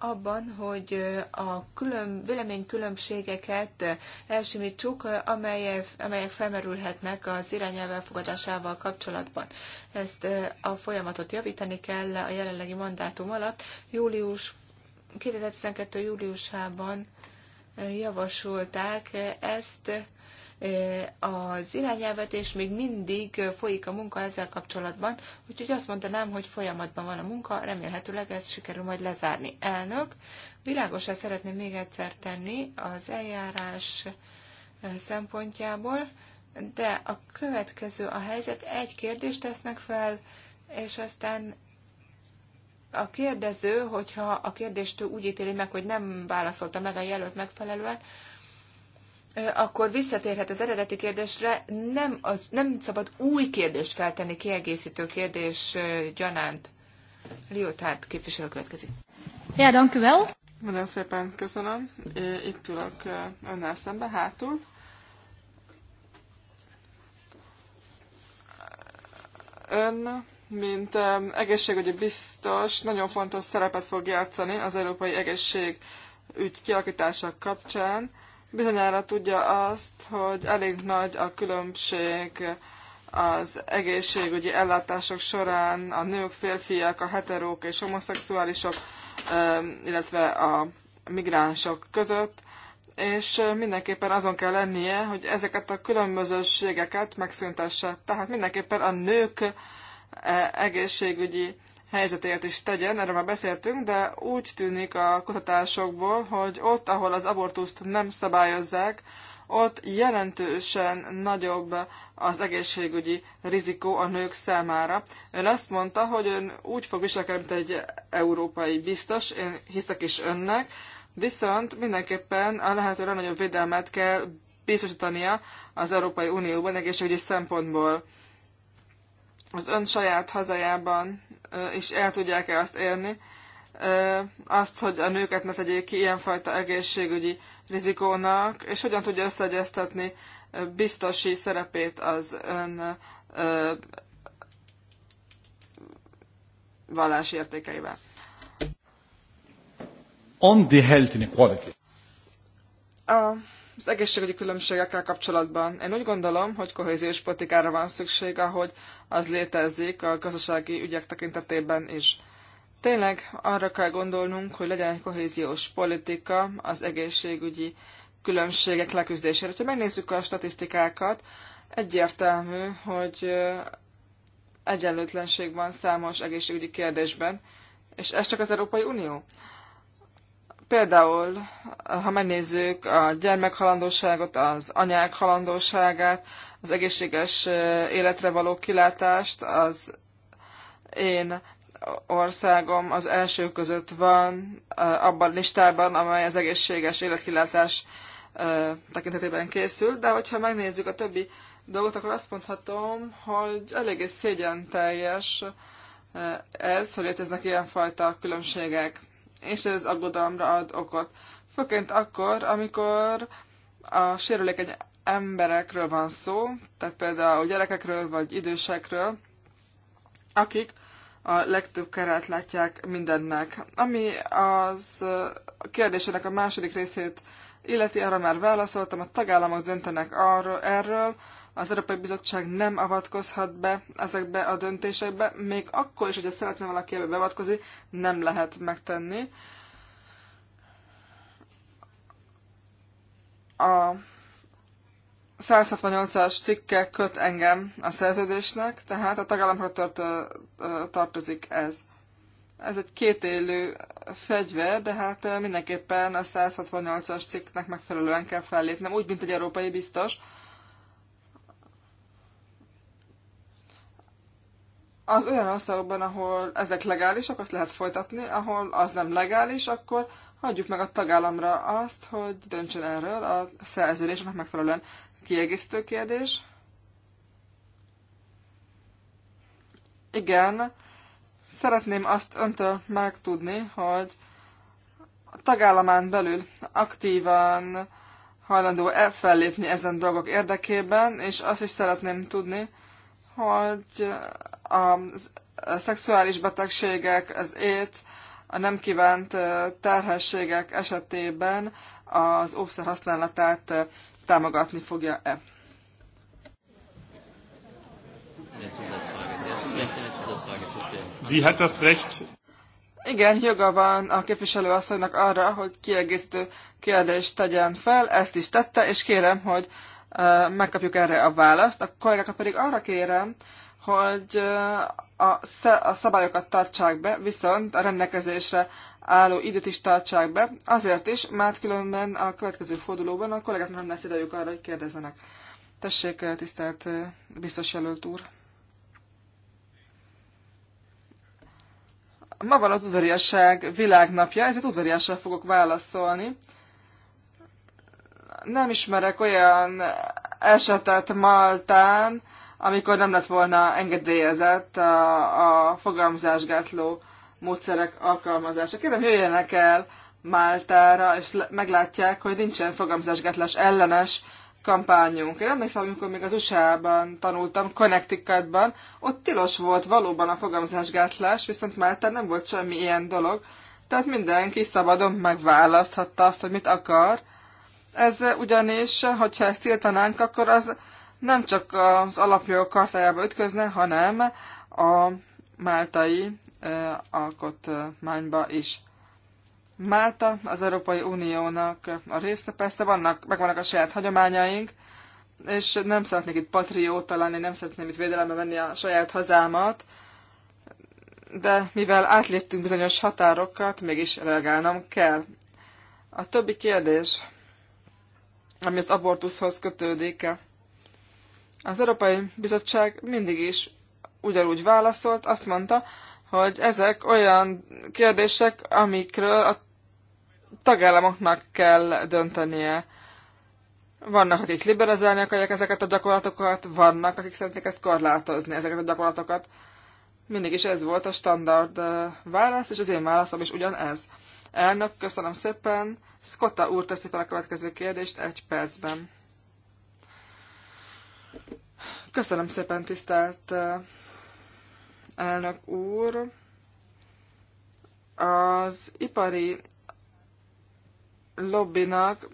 abban, hogy a külön, véleménykülönbségeket elsimítsuk, amelyek, amelyek felmerülhetnek az irányelv elfogadásával kapcsolatban. Ezt a folyamatot javítani kell a jelenlegi mandátum alatt. Július 2012. júliusában javasolták ezt az irányelvet, és még mindig folyik a munka ezzel kapcsolatban, úgyhogy azt mondanám, hogy folyamatban van a munka, remélhetőleg ezt sikerül majd lezárni. Elnök, világosra szeretném még egyszer tenni az eljárás szempontjából, de a következő a helyzet, egy kérdést tesznek fel, és aztán a kérdező, hogyha a kérdést úgy ítéli meg, hogy nem válaszolta meg a jelölt megfelelően, akkor visszatérhet az eredeti kérdésre, nem, az, nem szabad új kérdést feltenni, kiegészítő kérdés gyanánt.
Liotard képviselő következik. Ja, dank u Nagyon szépen köszönöm. Itt ülök önnel szembe, hátul. Ön, mint egészségügyi biztos, nagyon fontos szerepet fog játszani az európai egészség ügy kialakítása kapcsán Bizonyára tudja azt, hogy elég nagy a különbség az egészségügyi ellátások során a nők, férfiak, a heterók és homoszexuálisok, illetve a migránsok között, és mindenképpen azon kell lennie, hogy ezeket a különbözőségeket megszüntesse. Tehát mindenképpen a nők egészségügyi helyzetért is tegyen, erről már beszéltünk, de úgy tűnik a kutatásokból, hogy ott, ahol az abortuszt nem szabályozzák, ott jelentősen nagyobb az egészségügyi rizikó a nők számára. Ön azt mondta, hogy ön úgy fog viselkedni, mint egy európai biztos, én hiszek is önnek, viszont mindenképpen a lehető legnagyobb védelmet kell biztosítania az Európai Unióban egészségügyi szempontból. Az ön saját hazájában és el tudják-e azt érni, azt, hogy a nőket ne tegyék ki ilyenfajta egészségügyi rizikónak, és hogyan tudja összeegyeztetni biztosi szerepét az ön vallási értékeivel.
On the health inequality.
A az egészségügyi különbségekkel kapcsolatban. Én úgy gondolom, hogy kohéziós politikára van szükség, ahogy az létezik a gazdasági ügyek tekintetében is. Tényleg arra kell gondolnunk, hogy legyen egy kohéziós politika az egészségügyi különbségek leküzdésére. Ha megnézzük a statisztikákat, egyértelmű, hogy egyenlőtlenség van számos egészségügyi kérdésben, és ez csak az Európai Unió. Például, ha megnézzük a gyermekhalandóságot, az anyák halandóságát, az egészséges életre való kilátást, az én országom az első között van abban listában, amely az egészséges életkilátás tekintetében készül, de hogyha megnézzük a többi dolgot, akkor azt mondhatom, hogy eléggé szégyen teljes ez, hogy léteznek ilyenfajta különbségek és ez aggodalomra ad okot. Főként akkor, amikor a sérülékeny emberekről van szó, tehát például gyerekekről vagy idősekről, akik a legtöbb keret látják mindennek. Ami az a kérdésének a második részét illeti, arra már válaszoltam, a tagállamok döntenek arról, erről, az Európai Bizottság nem avatkozhat be ezekbe a döntésekbe, még akkor is, hogyha szeretne valaki ebbe beavatkozni, nem lehet megtenni. A 168-as cikke köt engem a szerződésnek, tehát a tagállamokra tartozik ez. Ez egy kétélő fegyver, de hát mindenképpen a 168-as cikknek megfelelően kell fellépnem, úgy, mint egy európai biztos, az olyan országokban, ahol ezek legálisak, azt lehet folytatni, ahol az nem legális, akkor hagyjuk meg a tagállamra azt, hogy döntsön erről a szerződésnek megfelelően kiegészítő kérdés. Igen, szeretném azt öntől megtudni, hogy a tagállamán belül aktívan hajlandó -e fellépni ezen dolgok érdekében, és azt is szeretném tudni, hogy a szexuális betegségek, az AIDS, a nem kívánt terhességek esetében az óvszer használatát támogatni fogja-e. Sie hat das Recht. Igen, joga van a képviselő asszonynak arra, hogy kiegészítő kérdést tegyen fel, ezt is tette, és kérem, hogy megkapjuk erre a választ. A kollégákat pedig arra kérem, hogy a szabályokat tartsák be, viszont a rendelkezésre álló időt is tartsák be, azért is, mert különben a következő fordulóban a kollégáknak nem lesz idejük arra, hogy kérdezzenek. Tessék, tisztelt biztos jelölt úr! Ma van az udvariasság világnapja, ezért udvariassal fogok válaszolni nem ismerek olyan esetet Maltán, amikor nem lett volna engedélyezett a, a fogalmazásgátló módszerek alkalmazása. Kérem, jöjjenek el Máltára, és meglátják, hogy nincsen fogamzásgátlás ellenes kampányunk. Én emlékszem, amikor még az USA-ban tanultam, Connecticutban, ott tilos volt valóban a fogamzásgátlás, viszont Máltán nem volt semmi ilyen dolog, tehát mindenki szabadon megválaszthatta azt, hogy mit akar, ez ugyanis, hogyha ezt tiltanánk, akkor az nem csak az alapjogok kartájába ütközne, hanem a máltai alkotmányba is. Málta az Európai Uniónak a része, persze vannak, megvannak a saját hagyományaink, és nem szeretnék itt patrióta lenni, nem szeretném itt védelembe venni a saját hazámat, de mivel átléptünk bizonyos határokat, mégis reagálnom kell. A többi kérdés ami az abortuszhoz kötődik. Az Európai Bizottság mindig is ugyanúgy válaszolt, azt mondta, hogy ezek olyan kérdések, amikről a tagállamoknak kell döntenie. Vannak, akik liberalizálni akarják ezeket a gyakorlatokat, vannak, akik szeretnék ezt korlátozni, ezeket a gyakorlatokat. Mindig is ez volt a standard eh, válasz, és az én válaszom is ugyanez. Elnök, köszönöm szépen. Scotta úr teszi fel a következő kérdést egy percben. Köszönöm szépen, tisztelt eh, elnök úr. Az ipari lobbynak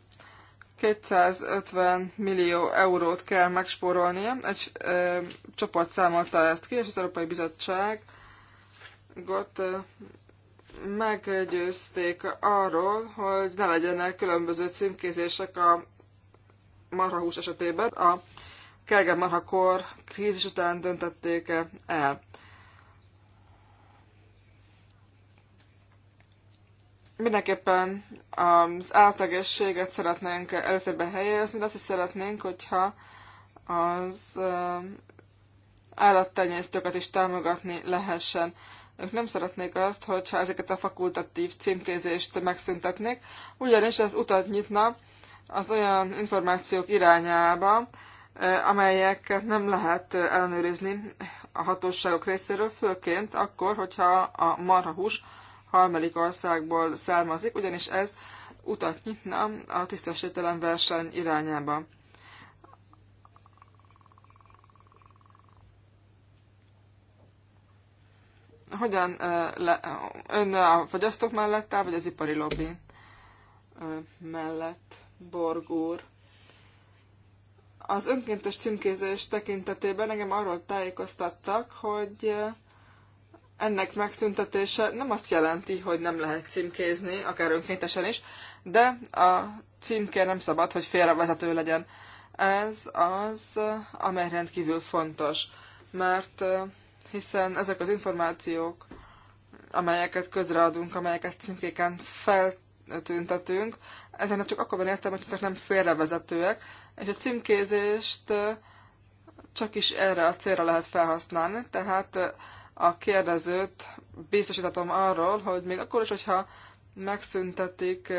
250 millió eurót kell megspórolnia. Egy ö, eh, csoport számolta ezt ki, és az Európai Bizottság ö, eh, meggyőzték arról, hogy ne legyenek különböző címkézések a marhahús esetében. A Kelgen marhakor krízis után döntették -e el. Mindenképpen az áltagességet szeretnénk előtérbe helyezni, de azt is szeretnénk, hogyha az állattenyésztőket is támogatni lehessen. Ők nem szeretnék azt, hogyha ezeket a fakultatív címkézést megszüntetnék, ugyanis ez utat nyitna az olyan információk irányába, eh, amelyeket nem lehet eh, ellenőrizni a hatóságok részéről, főként akkor, hogyha a marhahús harmadik országból származik, ugyanis ez utat nyitna a tisztességtelen verseny irányába. Hogyan le, ön a fogyasztók mellett áll, vagy az ipari lobby mellett, Borgúr. Az önkéntes címkézés tekintetében engem arról tájékoztattak, hogy ennek megszüntetése nem azt jelenti, hogy nem lehet címkézni, akár önkéntesen is, de a címke nem szabad, hogy félrevezető legyen. Ez az, amely rendkívül fontos, mert hiszen ezek az információk, amelyeket közreadunk, amelyeket címkéken feltüntetünk, ezen csak akkor van értelme, hogy ezek nem félrevezetőek, és a címkézést csak is erre a célra lehet felhasználni, tehát a kérdezőt biztosítatom arról, hogy még akkor is, hogyha megszüntetik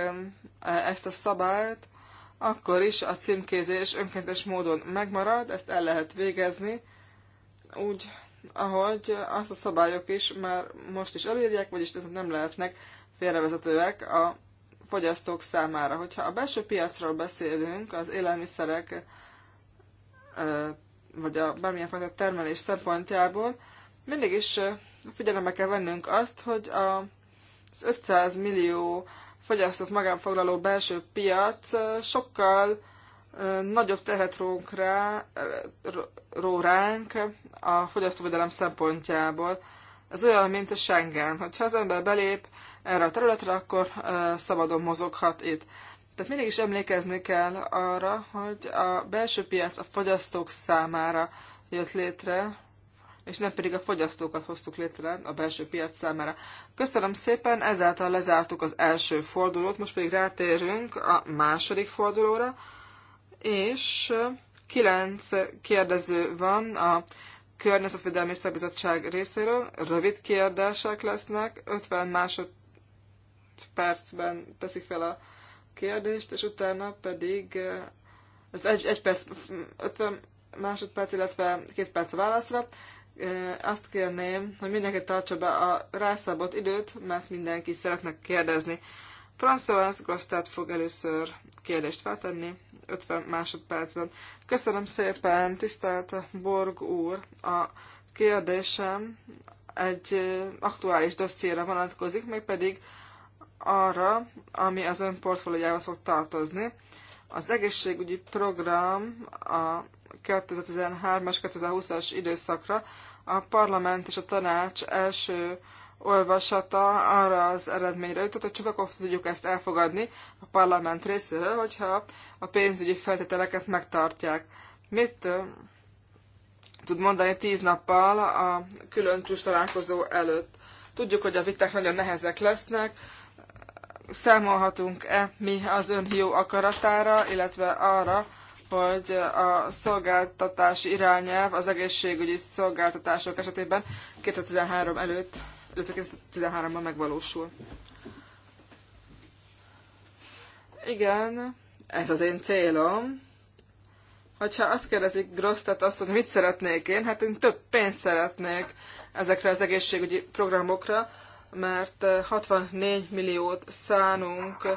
ezt a szabályt, akkor is a címkézés önkéntes módon megmarad, ezt el lehet végezni, úgy, ahogy azt a szabályok is már most is elérjek, vagyis ezek nem lehetnek félrevezetőek a fogyasztók számára. Hogyha a belső piacról beszélünk, az élelmiszerek vagy a bármilyen fajta termelés szempontjából, mindig is figyelembe kell vennünk azt, hogy a, az 500 millió fogyasztott magánfoglaló belső piac sokkal nagyobb terhet rónk rá, ró ránk a fogyasztóvédelem szempontjából. Ez olyan, mint a Schengen. Hogyha az ember belép erre a területre, akkor szabadon mozoghat itt. Tehát mindig is emlékezni kell arra, hogy a belső piac a fogyasztók számára jött létre, és nem pedig a fogyasztókat hoztuk létre a belső piac számára. Köszönöm szépen, ezáltal lezártuk az első fordulót, most pedig rátérünk a második fordulóra, és kilenc kérdező van a Környezetvédelmi Szabizottság részéről. Rövid kérdések lesznek, 50 másodpercben teszik fel a kérdést, és utána pedig eh, ez egy, egy perc, 50 másodperc, illetve két perc a válaszra. Eh, azt kérném, hogy mindenki tartsa be a rászabott időt, mert mindenki szeretne kérdezni. François Grostat fog először kérdést feltenni 50 másodpercben. Köszönöm szépen, tisztelt Borg úr! A kérdésem egy aktuális dossziéra vonatkozik, pedig arra, ami az ön portfóliójához fog tartozni. Az egészségügyi program a 2013-as, 2020-as időszakra a parlament és a tanács első olvasata arra az eredményre jutott, hogy csak akkor tudjuk ezt elfogadni a parlament részéről, hogyha a pénzügyi feltételeket megtartják. Mit tud mondani tíz nappal a külön találkozó előtt? Tudjuk, hogy a viták nagyon nehezek lesznek, számolhatunk-e mi az ön jó akaratára, illetve arra, hogy a szolgáltatás irányelv az egészségügyi szolgáltatások esetében 2013 előtt 2013-ban megvalósul. Igen, ez az én célom. Hogyha azt kérdezik Grosztet azt, hogy mit szeretnék én, hát én több pénzt szeretnék ezekre az egészségügyi programokra, mert 64 eh, milliót szánunk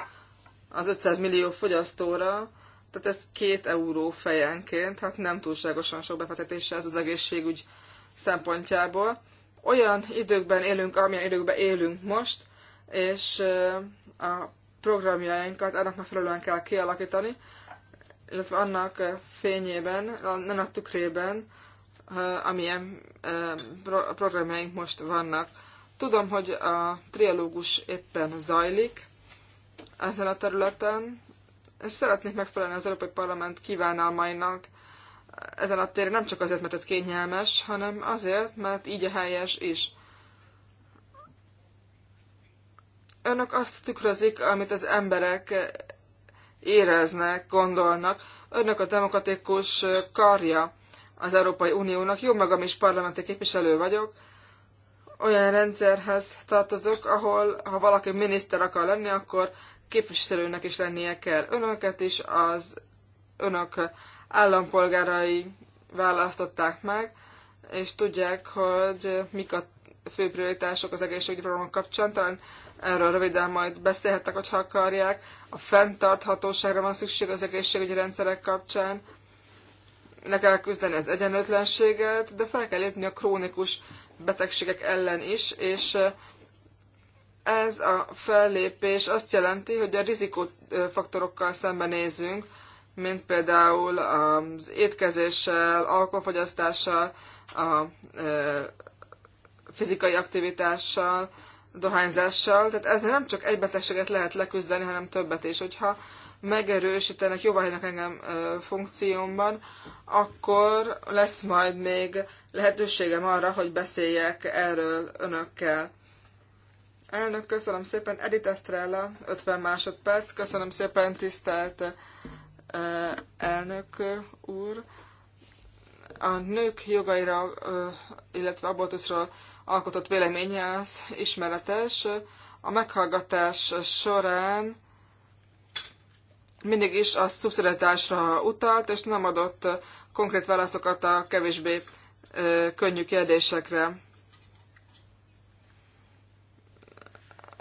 az 500 millió fogyasztóra, tehát ez két euró fejenként, hát nem túlságosan sok befektetése ez az egészségügy szempontjából olyan időkben élünk, amilyen időkben élünk most, és a programjainkat annak megfelelően kell kialakítani, illetve annak fényében, a tükrében, amilyen programjaink most vannak. Tudom, hogy a trialógus éppen zajlik ezen a területen, és szeretnék megfelelni az Európai Parlament kívánalmainak ezen a téren nem csak azért, mert ez kényelmes, hanem azért, mert így a helyes is. Önök azt tükrözik, amit az emberek éreznek, gondolnak. Önök a demokratikus karja az Európai Uniónak. Jó magam is parlamenti képviselő vagyok. Olyan rendszerhez tartozok, ahol ha valaki miniszter akar lenni, akkor képviselőnek is lennie kell. Önöket is az önök állampolgárai választották meg, és tudják, hogy mik a fő prioritások az egészségügyi programok kapcsán, talán erről röviden majd beszélhetnek, hogyha akarják. A fenntarthatóságra van szükség az egészségügyi rendszerek kapcsán, le kell küzdeni az egyenlőtlenséget, de fel kell lépni a krónikus betegségek ellen is, és ez a fellépés azt jelenti, hogy a rizikófaktorokkal szembenézünk, mint például az étkezéssel, alkoholfogyasztással, a fizikai aktivitással, dohányzással. Tehát ezzel nem csak egy betegséget lehet leküzdeni, hanem többet is. Hogyha megerősítenek, jóvá hagynak engem ö, funkciómban, akkor lesz majd még lehetőségem arra, hogy beszéljek erről önökkel. Elnök, köszönöm szépen. Edith Estrella, 50 másodperc. Köszönöm szépen, tisztelt elnök úr. A nők jogaira, illetve abortuszról alkotott véleménye az ismeretes. A meghallgatás során mindig is a szubszidatásra utalt, és nem adott konkrét válaszokat a kevésbé könnyű kérdésekre.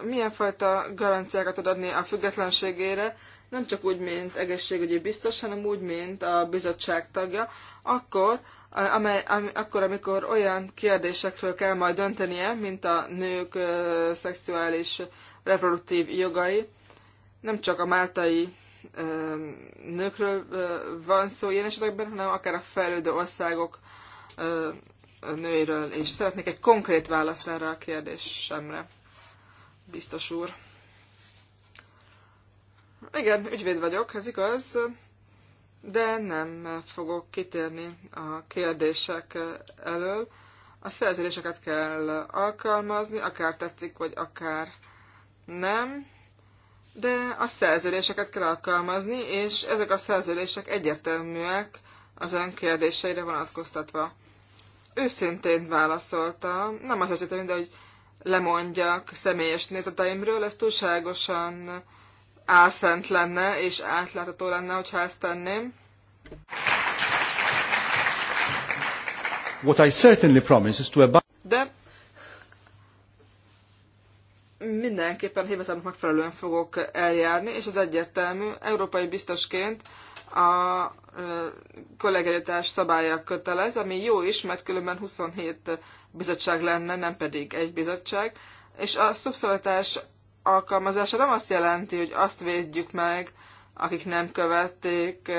Milyen fajta garanciákat tud adni a függetlenségére, nem csak úgy, mint egészségügyi biztos, hanem úgy, mint a bizottság tagja, akkor, amely, am, akkor amikor olyan kérdésekről kell majd döntenie, mint a nők ö, szexuális reproduktív jogai, nem csak a máltai ö, nőkről ö, van szó ilyen esetekben, hanem akár a fejlődő országok ö, nőiről, és szeretnék egy konkrét választ erre a kérdésemre, biztos úr. Igen, ügyvéd vagyok, ez igaz, de nem fogok kitérni a kérdések elől. A szerződéseket kell alkalmazni, akár tetszik, vagy akár nem, de a szerződéseket kell alkalmazni, és ezek a szerződések egyértelműek az ön kérdéseire vonatkoztatva. Őszintén válaszoltam, nem az esetem, de hogy lemondjak személyes nézeteimről, ez túlságosan álszent lenne, és átlátható lenne, hogyha ezt tenném.
What I certainly promise is to abide.
De mindenképpen hivatalnak megfelelően fogok eljárni, és az egyértelmű, európai biztosként a kollégialitás szabálya kötelez, ami jó is, mert különben 27 bizottság lenne, nem pedig egy bizottság, és a szubszolatás alkalmazása nem azt jelenti, hogy azt védjük meg, akik nem követték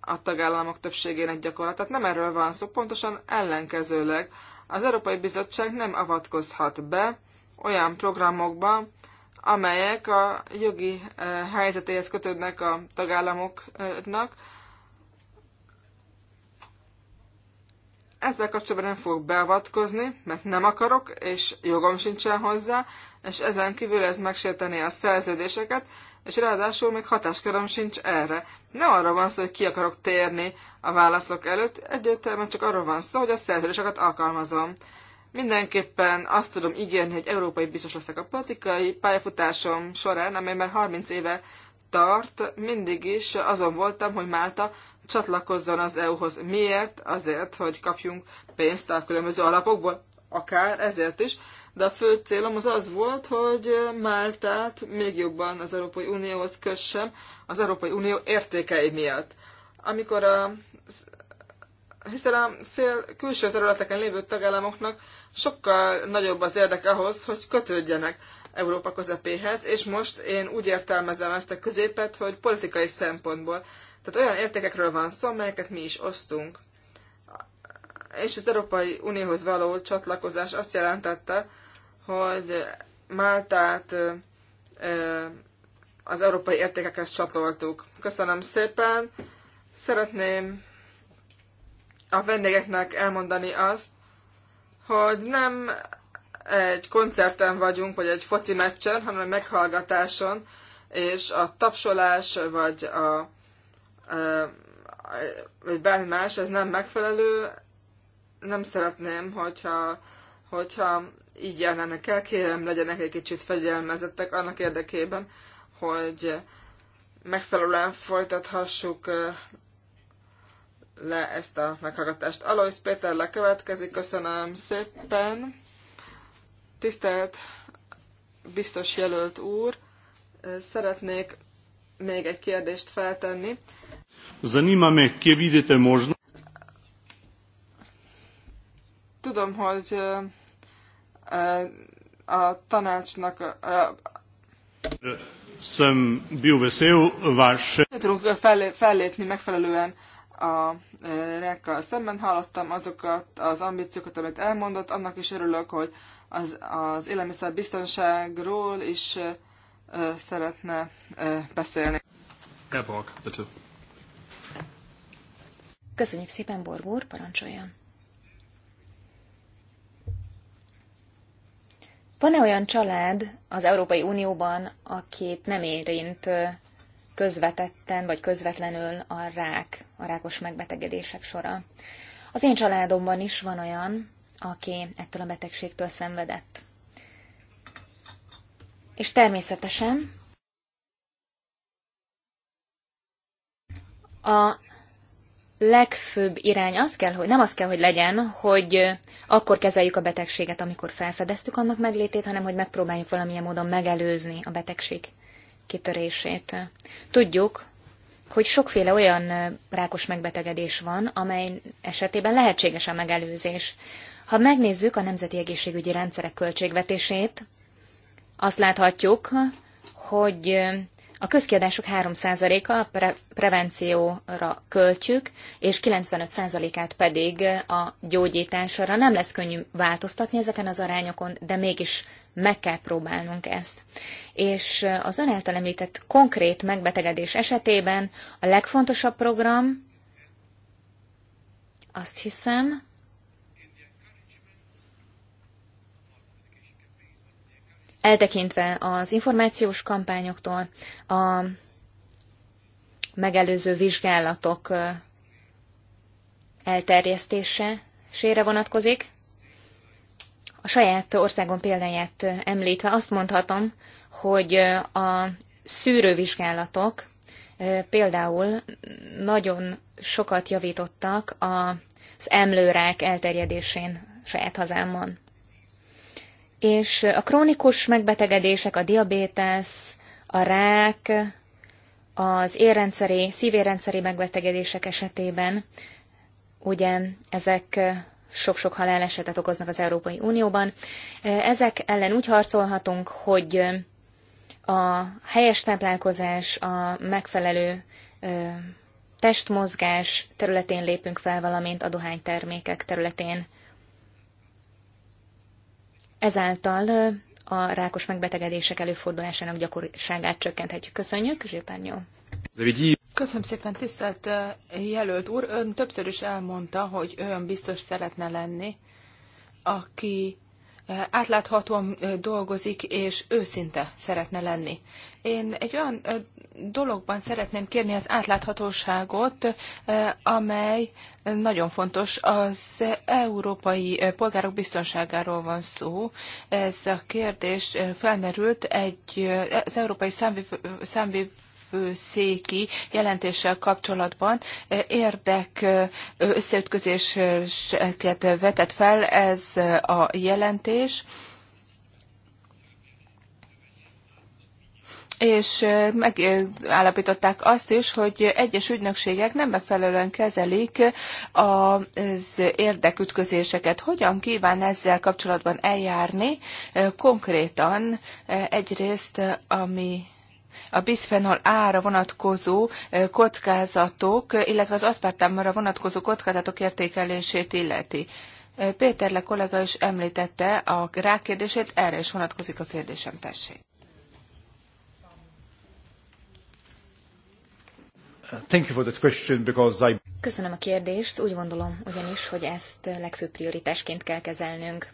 a tagállamok többségének gyakorlatát. Nem erről van szó, pontosan ellenkezőleg. Az Európai Bizottság nem avatkozhat be olyan programokba, amelyek a jogi eh, helyzetéhez kötődnek a tagállamoknak. Ezzel kapcsolatban nem fogok beavatkozni, mert nem akarok, és jogom sincsen hozzá, és ezen kívül ez megsérteni a szerződéseket, és ráadásul még hatásköröm sincs erre. Nem arra van szó, hogy ki akarok térni a válaszok előtt, egyértelműen csak arra van szó, hogy a szerződéseket alkalmazom. Mindenképpen azt tudom ígérni, hogy európai biztos leszek a politikai pályafutásom során, amely már 30 éve tart, mindig is azon voltam, hogy Málta csatlakozzon az EU-hoz. Miért? Azért, hogy kapjunk pénzt a különböző alapokból, akár ezért is, de a fő célom az az volt, hogy Máltát még jobban az Európai Unióhoz kössem, az Európai Unió értékei miatt. Amikor a hiszen a szél külső területeken lévő tagállamoknak sokkal nagyobb az érdek ahhoz, hogy kötődjenek Európa közepéhez, és most én úgy értelmezem ezt a középet, hogy politikai szempontból. Tehát olyan értékekről van szó, amelyeket mi is osztunk. És az Európai Unióhoz való csatlakozás azt jelentette, hogy Máltát az európai értékekhez csatoltuk. Köszönöm szépen. Szeretném a vendégeknek elmondani azt, hogy nem egy koncerten vagyunk, vagy egy foci meccsen, hanem egy meghallgatáson, és a tapsolás, vagy a, a vagy bármi más, ez nem megfelelő. Nem szeretném, hogyha hogyha így járnának el, kérem, legyenek egy kicsit fegyelmezettek annak érdekében, hogy megfelelően folytathassuk le ezt a meghallgatást. Alois Péter lekövetkezik, köszönöm szépen. Tisztelt biztos jelölt úr, szeretnék még egy kérdést feltenni.
Zanima meg, kje most.
Tudom, hogy a tanácsnak a...
bil vesel
Tudunk fellépni megfelelően a e, rákkal szemben. Hallottam azokat az ambíciókat, amit elmondott. Annak is örülök, hogy az, az élelmiszer biztonságról is uh, szeretne uh, beszélni. Köszönjük szépen,
Borg parancsoljon! Van-e olyan család az Európai Unióban, akit nem érint közvetetten vagy közvetlenül a rák, a rákos megbetegedések sora? Az én családomban is van olyan, aki ettől a betegségtől szenvedett. És természetesen a legfőbb irány az kell, hogy nem az kell, hogy legyen, hogy akkor kezeljük a betegséget, amikor felfedeztük annak meglétét, hanem hogy megpróbáljuk valamilyen módon megelőzni a betegség kitörését. Tudjuk, hogy sokféle olyan rákos megbetegedés van, amely esetében lehetséges a megelőzés. Ha megnézzük a nemzeti egészségügyi rendszerek költségvetését, azt láthatjuk, hogy a közkiadások 3%-a a pre- prevencióra költjük, és 95%-át pedig a gyógyításra. Nem lesz könnyű változtatni ezeken az arányokon, de mégis meg kell próbálnunk ezt. És az ön által említett konkrét megbetegedés esetében a legfontosabb program, azt hiszem, eltekintve az információs kampányoktól, a megelőző vizsgálatok elterjesztése sére vonatkozik. A saját országon példáját említve azt mondhatom, hogy a szűrővizsgálatok például nagyon sokat javítottak az emlőrák elterjedésén saját hazámban és a krónikus megbetegedések, a diabétesz, a rák, az érrendszeri, szívérrendszeri megbetegedések esetében, ugye ezek sok-sok halálesetet okoznak az Európai Unióban. Ezek ellen úgy harcolhatunk, hogy a helyes táplálkozás, a megfelelő testmozgás területén lépünk fel, valamint a dohánytermékek területén Ezáltal a rákos megbetegedések előfordulásának gyakoriságát csökkenthetjük. Köszönjük, Zsépárnyó!
Köszönöm szépen, tisztelt jelölt úr! Ön többször is elmondta, hogy olyan biztos szeretne lenni, aki átláthatóan dolgozik, és őszinte szeretne lenni. Én egy olyan dologban szeretném kérni az átláthatóságot, amely nagyon fontos. Az európai polgárok biztonságáról van szó. Ez a kérdés felmerült egy, az európai számviv, számviv főszéki jelentéssel kapcsolatban eh, érdek eh, összeütközéseket vetett fel ez eh, a jelentés. és megállapították azt is, hogy egyes ügynökségek nem megfelelően kezelik az érdekütközéseket. Hogyan kíván ezzel kapcsolatban eljárni konkrétan egyrészt, ami a bisphenol ára vonatkozó kockázatok, illetve az aszpartámra vonatkozó kockázatok értékelését illeti. Péterle kollega is említette a rákérdését, erre is vonatkozik a kérdésem, tessék. Thank you for that question because I...
Köszönöm a kérdést, úgy gondolom ugyanis, hogy ezt legfőbb prioritásként kell kezelnünk.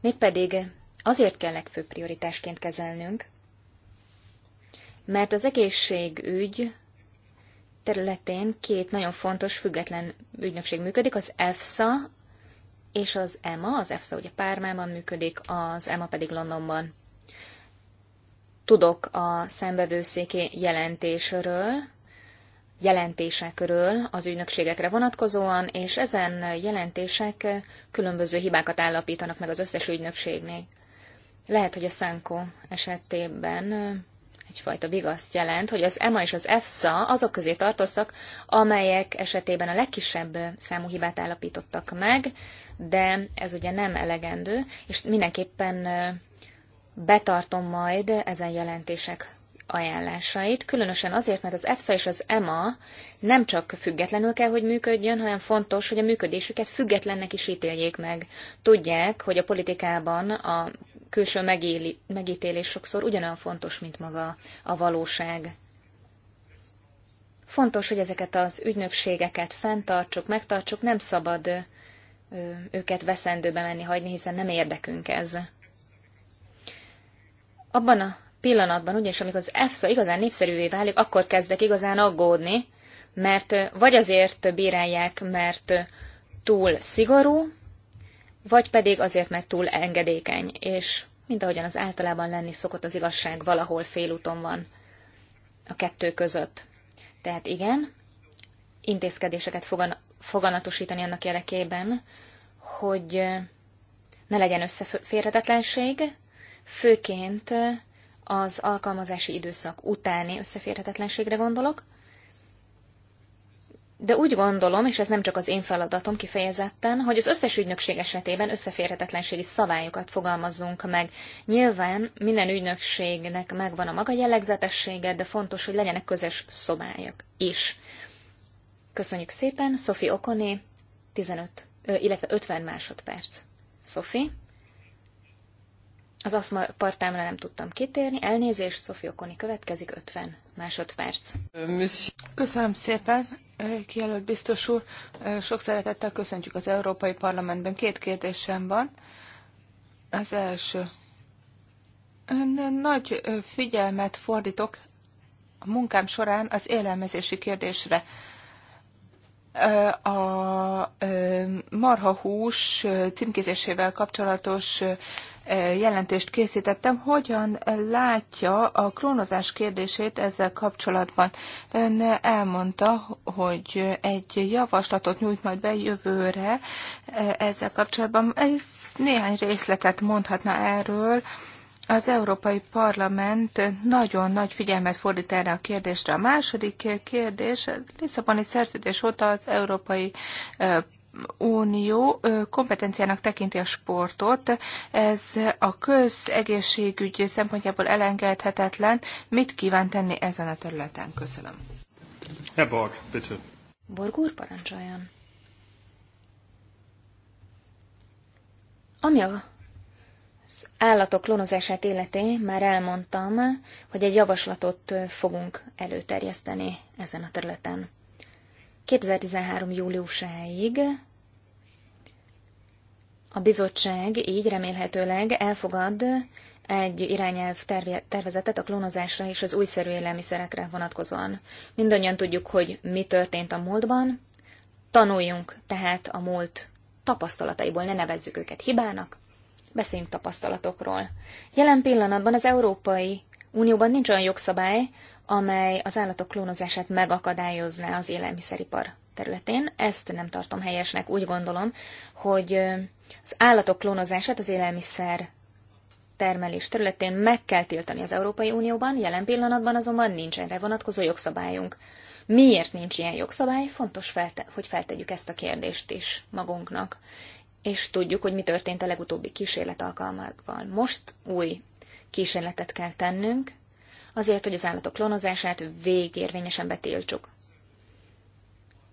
Mégpedig azért kell legfőbb prioritásként kezelnünk, mert az egészségügy területén két nagyon fontos független ügynökség működik, az EFSA és az EMA. Az EFSA ugye Pármában működik, az EMA pedig Londonban. Tudok a szembevőszéki jelentésről, jelentésekről az ügynökségekre vonatkozóan, és ezen jelentések különböző hibákat állapítanak meg az összes ügynökségnél. Lehet, hogy a Szánkó esetében egyfajta vigaszt jelent, hogy az EMA és az EFSA azok közé tartoztak, amelyek esetében a legkisebb számú hibát állapítottak meg, de ez ugye nem elegendő, és mindenképpen betartom majd ezen jelentések ajánlásait, különösen azért, mert az EFSA és az EMA nem csak függetlenül kell, hogy működjön, hanem fontos, hogy a működésüket függetlennek is ítéljék meg. Tudják, hogy a politikában a külső megéli, megítélés sokszor ugyanolyan fontos, mint maga a valóság. Fontos, hogy ezeket az ügynökségeket fenntartsuk, megtartsuk, nem szabad őket veszendőbe menni hagyni, hiszen nem érdekünk ez. Abban a pillanatban, ugyanis amikor az EFSA igazán népszerűvé válik, akkor kezdek igazán aggódni, mert vagy azért bírálják, mert túl szigorú, vagy pedig azért, mert túl engedékeny, és mint ahogyan az általában lenni szokott, az igazság valahol félúton van a kettő között. Tehát igen, intézkedéseket fogan- foganatosítani annak érdekében, hogy ne legyen összeférhetetlenség, főként az alkalmazási időszak utáni összeférhetetlenségre gondolok, de úgy gondolom, és ez nem csak az én feladatom kifejezetten, hogy az összes ügynökség esetében összeférhetetlenségi szabályokat fogalmazzunk meg. Nyilván minden ügynökségnek megvan a maga jellegzetessége, de fontos, hogy legyenek közös szabályok is. Köszönjük szépen, Sophie Okoné, 15, illetve 50 másodperc. Sophie, az azt partámra nem tudtam kitérni, elnézést, Szofi Okoni következik, 50 másodperc.
Köszönöm szépen, kijelölt biztos úr, sok szeretettel köszöntjük az Európai Parlamentben. Két kérdésem van. Az első. Ön nagy figyelmet fordítok a munkám során az élelmezési kérdésre. A marhahús címkézésével kapcsolatos jelentést készítettem. Hogyan látja a klónozás kérdését ezzel kapcsolatban? Ön elmondta, hogy egy javaslatot nyújt majd be jövőre ezzel kapcsolatban. Ez néhány részletet mondhatna erről. Az Európai Parlament nagyon nagy figyelmet fordít erre a kérdésre. A második kérdés, Lisszaboni szerződés óta az Európai Unió kompetenciának tekinti a sportot. Ez a közegészségügy szempontjából elengedhetetlen. Mit kíván tenni ezen a területen? Köszönöm.
Herr Borg, bitte.
Borg úr, parancsoljon.
Ami a az állatok klónozását életé már elmondtam, hogy egy javaslatot fogunk előterjeszteni ezen a területen. 2013. júliusáig a bizottság így remélhetőleg elfogad egy irányelv tervezetet a klónozásra és az újszerű élelmiszerekre vonatkozóan. Mindannyian tudjuk, hogy mi történt a múltban, tanuljunk tehát a múlt tapasztalataiból, ne nevezzük őket hibának, beszéljünk tapasztalatokról. Jelen pillanatban az Európai Unióban nincs olyan jogszabály, amely az állatok klónozását megakadályozná az élelmiszeripar területén. Ezt nem tartom helyesnek, úgy gondolom, hogy az állatok klónozását az élelmiszer termelés területén meg kell tiltani az Európai Unióban, jelen pillanatban azonban nincs erre vonatkozó jogszabályunk. Miért nincs ilyen jogszabály? Fontos, felte- hogy feltegyük ezt a kérdést is magunknak. És tudjuk, hogy mi történt a legutóbbi kísérlet alkalmával. Most új kísérletet kell tennünk, azért, hogy az állatok klónozását végérvényesen betiltsuk.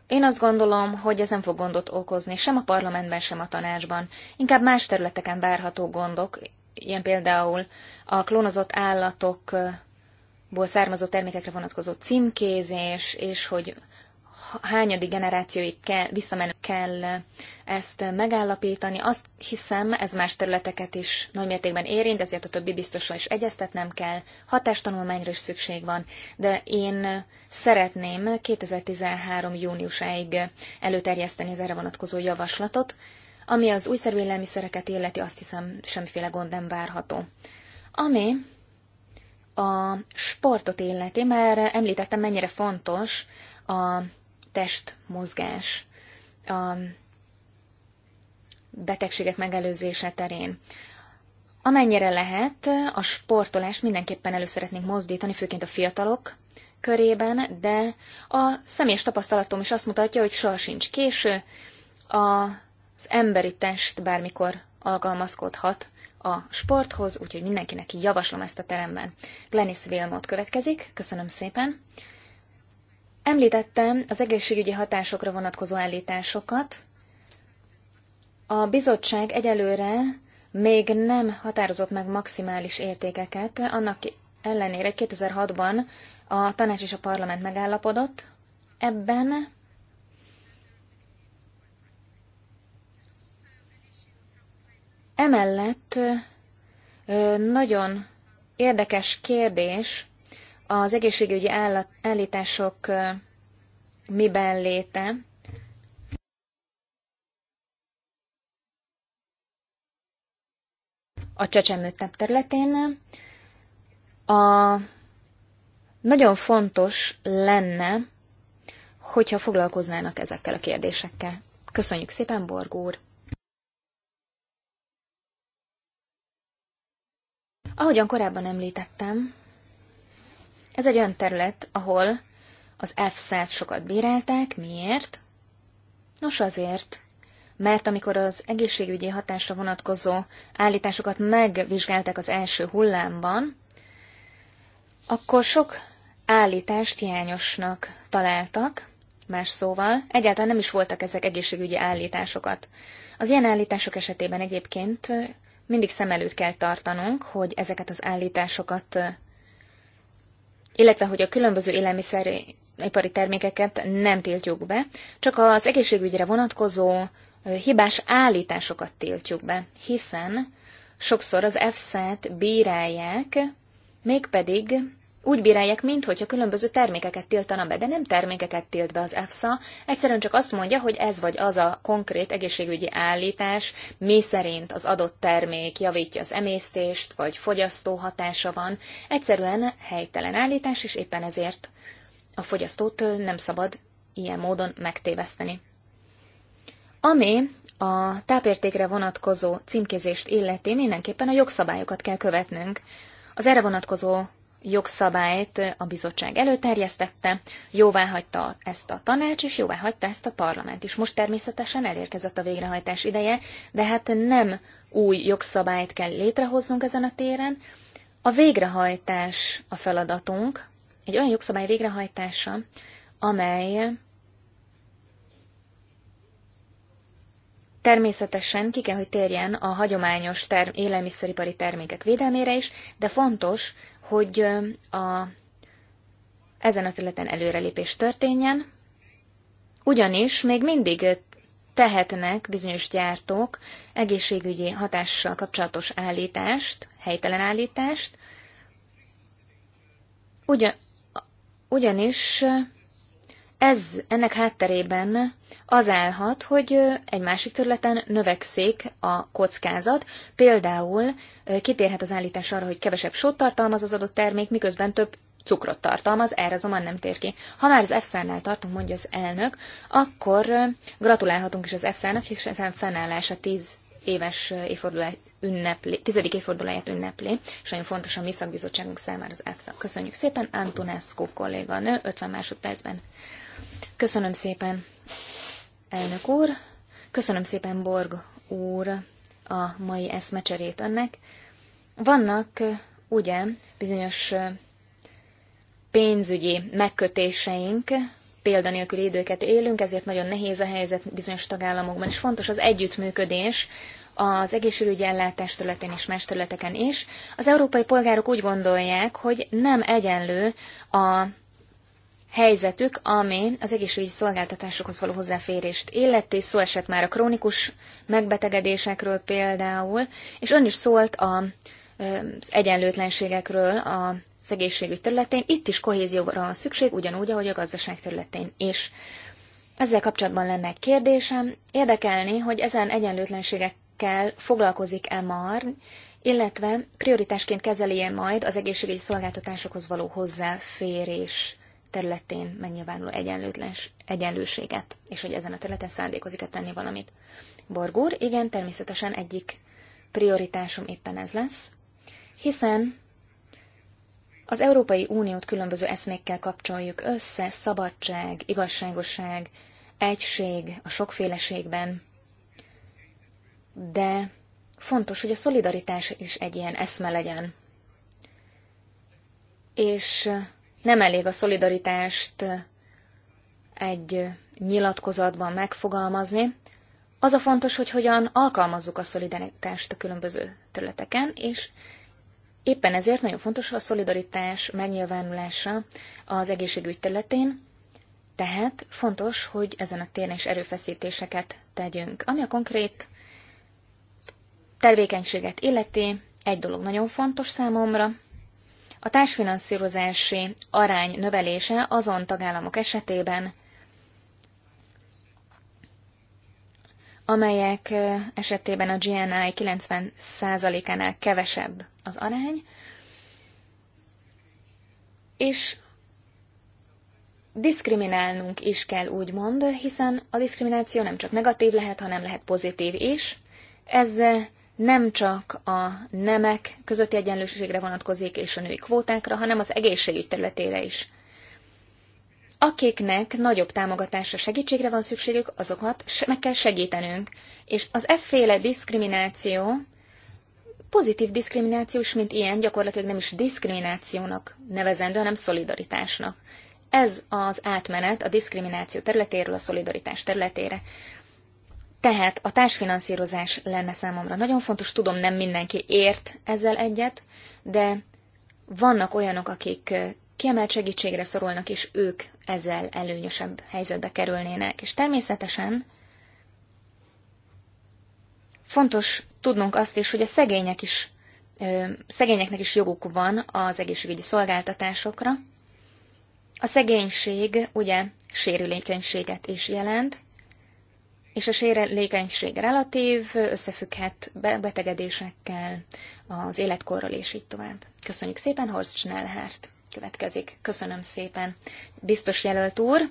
Én azt gondolom, hogy ez nem fog gondot okozni sem a parlamentben, sem a tanácsban. Inkább más területeken várható gondok, ilyen például a klónozott állatokból származó termékekre vonatkozó címkézés, és hogy hányadik generációig kell, visszamenő kell ezt megállapítani. Azt hiszem, ez más területeket is nagymértékben érint, ezért a többi biztosra is egyeztetnem kell, hatástanulmányra is szükség van, de én szeretném 2013. júniusáig előterjeszteni az erre vonatkozó javaslatot, ami az újszerű élelmiszereket illeti, azt hiszem, semmiféle gond nem várható. Ami a sportot illeti, mert említettem, mennyire fontos a testmozgás a betegségek megelőzése terén. Amennyire lehet, a sportolást mindenképpen elő szeretnénk mozdítani, főként a fiatalok körében, de a személyes tapasztalatom is azt mutatja, hogy soha sincs késő, az emberi test bármikor alkalmazkodhat a sporthoz, úgyhogy mindenkinek javaslom ezt a teremben. Glenis Vilmot következik, köszönöm szépen. Említettem az egészségügyi hatásokra vonatkozó állításokat. A bizottság egyelőre még nem határozott meg maximális értékeket, annak ellenére 2006-ban a tanács és a parlament megállapodott. Ebben emellett nagyon érdekes kérdés az egészségügyi állat, állítások miben léte, a csecsemőtep területén. A nagyon fontos lenne, hogyha foglalkoznának ezekkel a kérdésekkel. Köszönjük szépen, Borgúr! Ahogyan korábban említettem, ez egy olyan terület, ahol az F-szert sokat bírálták. Miért? Nos azért, mert amikor az egészségügyi hatásra vonatkozó állításokat megvizsgálták az első hullámban, akkor sok állítást hiányosnak találtak, más szóval, egyáltalán nem is voltak ezek egészségügyi állításokat. Az ilyen állítások esetében egyébként mindig szem előtt kell tartanunk, hogy ezeket az állításokat illetve hogy a különböző élelmiszeripari termékeket nem tiltjuk be, csak az egészségügyre vonatkozó hibás állításokat tiltjuk be, hiszen sokszor az EFSA-t bírálják, mégpedig úgy bírálják, mintha különböző termékeket tiltana be, de nem termékeket tilt be az EFSA, egyszerűen csak azt mondja, hogy ez vagy az a konkrét egészségügyi állítás, mi szerint az adott termék javítja az emésztést, vagy fogyasztó hatása van. Egyszerűen helytelen állítás, és éppen ezért a fogyasztót nem szabad ilyen módon megtéveszteni. Ami a tápértékre vonatkozó címkézést illeti, mindenképpen a jogszabályokat kell követnünk. Az erre vonatkozó jogszabályt a bizottság előterjesztette, jóvá hagyta ezt a tanács, és jóvá hagyta ezt a parlament is. Most természetesen elérkezett a végrehajtás ideje, de hát nem új jogszabályt kell létrehoznunk ezen a téren. A végrehajtás a feladatunk, egy olyan jogszabály végrehajtása, amely Természetesen ki kell, hogy térjen a hagyományos term- élelmiszeripari termékek védelmére is, de fontos hogy a, ezen a területen előrelépés történjen, ugyanis még mindig tehetnek bizonyos gyártók egészségügyi hatással kapcsolatos állítást, helytelen állítást, ugyan, ugyanis ez, ennek hátterében az állhat, hogy egy másik területen növekszik a kockázat, például kitérhet az állítás arra, hogy kevesebb sót tartalmaz az adott termék, miközben több cukrot tartalmaz, erre azonban nem tér ki. Ha már az EFSA-nál tartunk, mondja az elnök, akkor gratulálhatunk is az EFSA-nak, hiszen fennállása 10 éves évfordulát ünnepli, tizedik évfordulóját ünnepli, és nagyon fontos a mi szakbizottságunk számára az EFSA. Köszönjük szépen, Antonescu kolléganő, 50 másodpercben Köszönöm szépen, elnök úr. Köszönöm szépen, Borg úr, a mai eszmecserét önnek. Vannak, ugye, bizonyos pénzügyi megkötéseink, példanélküli időket élünk, ezért nagyon nehéz a helyzet bizonyos tagállamokban, és fontos az együttműködés az egészségügyi ellátás területén és más területeken is. Az európai polgárok úgy gondolják, hogy nem egyenlő a helyzetük, ami az egészségügyi szolgáltatásokhoz való hozzáférést illeti, szó esett már a krónikus megbetegedésekről például, és ön is szólt a, az egyenlőtlenségekről a az egészségügy területén, itt is kohézióra van szükség, ugyanúgy, ahogy a gazdaság területén is. Ezzel kapcsolatban lenne egy kérdésem. Érdekelni, hogy ezen egyenlőtlenségekkel foglalkozik-e már, illetve prioritásként kezeli-e majd az egészségügyi szolgáltatásokhoz való hozzáférés területén megnyilvánuló egyenlőtlens, egyenlőséget, és hogy ezen a területen szándékozik-e tenni valamit. Borgúr, igen, természetesen egyik prioritásom éppen ez lesz, hiszen az Európai Uniót különböző eszmékkel kapcsoljuk össze, szabadság, igazságosság egység a sokféleségben, de fontos, hogy a szolidaritás is egy ilyen eszme legyen. És nem elég a szolidaritást egy nyilatkozatban megfogalmazni. Az a fontos, hogy hogyan alkalmazzuk a szolidaritást a különböző területeken, és éppen ezért nagyon fontos a szolidaritás megnyilvánulása az egészségügy területén, tehát fontos, hogy ezen a téren is erőfeszítéseket tegyünk. Ami a konkrét tevékenységet illeti, egy dolog nagyon fontos számomra, a társfinanszírozási arány növelése azon tagállamok esetében, amelyek esetében a GNI 90%-ánál kevesebb az arány, és diszkriminálnunk is kell, úgymond, hiszen a diszkrimináció nem csak negatív lehet, hanem lehet pozitív is. Ez nem csak a nemek közötti egyenlőségre vonatkozik és a női kvótákra, hanem az egészségügy területére is. Akiknek nagyobb támogatásra, segítségre van szükségük, azokat meg kell segítenünk. És az efféle diszkrimináció, pozitív diszkrimináció is, mint ilyen, gyakorlatilag nem is diszkriminációnak nevezendő, hanem szolidaritásnak. Ez az átmenet a diszkrimináció területéről a szolidaritás területére. Tehát a társfinanszírozás lenne számomra nagyon fontos, tudom nem mindenki ért ezzel egyet, de vannak olyanok, akik kiemelt segítségre szorulnak, és ők ezzel előnyösebb helyzetbe kerülnének. És természetesen fontos tudnunk azt is, hogy a szegények is, szegényeknek is joguk van az egészségügyi szolgáltatásokra. A szegénység ugye sérülékenységet is jelent, és a sérelékenység relatív, összefügghet betegedésekkel, az életkorral és így tovább. Köszönjük szépen, Horst Schnellhárt következik. Köszönöm szépen, biztos jelölt úr.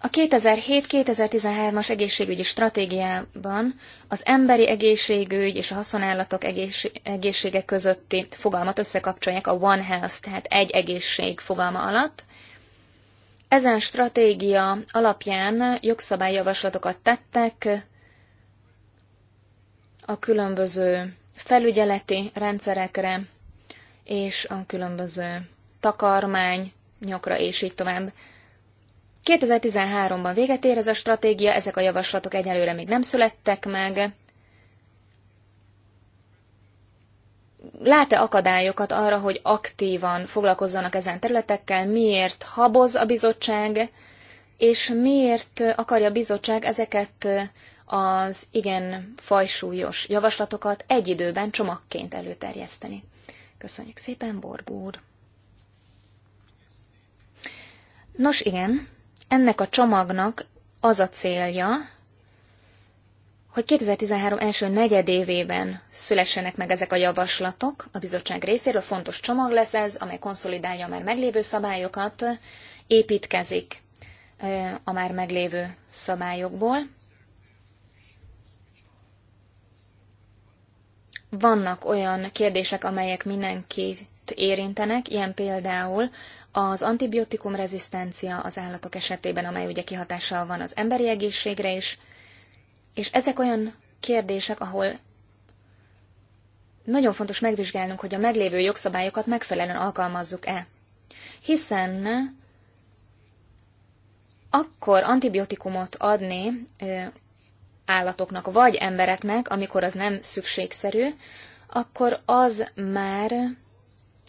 A 2007-2013-as egészségügyi stratégiában az emberi egészségügy és a haszonállatok egészsége közötti fogalmat összekapcsolják a One Health, tehát egy egészség fogalma alatt – ezen stratégia alapján jogszabályjavaslatokat tettek a különböző felügyeleti rendszerekre és a különböző takarmány, nyokra és így tovább. 2013-ban véget ér ez a stratégia, ezek a javaslatok egyelőre még nem születtek meg, lát-e akadályokat arra, hogy aktívan foglalkozzanak ezen területekkel, miért haboz a bizottság, és miért akarja a bizottság ezeket az igen fajsúlyos javaslatokat egy időben csomagként előterjeszteni. Köszönjük szépen, Borg úr! Nos igen, ennek a csomagnak az a célja, hogy 2013 első negyedévében szülessenek meg ezek a javaslatok a bizottság részéről. Fontos csomag lesz ez, amely konszolidálja a már meglévő szabályokat, építkezik a már meglévő szabályokból. Vannak olyan kérdések, amelyek mindenkit érintenek, ilyen például az antibiotikum rezisztencia az állatok esetében, amely ugye kihatással van az emberi egészségre is, és ezek olyan kérdések, ahol nagyon fontos megvizsgálnunk, hogy a meglévő jogszabályokat megfelelően alkalmazzuk-e. Hiszen akkor antibiotikumot adni állatoknak vagy embereknek, amikor az nem szükségszerű, akkor az már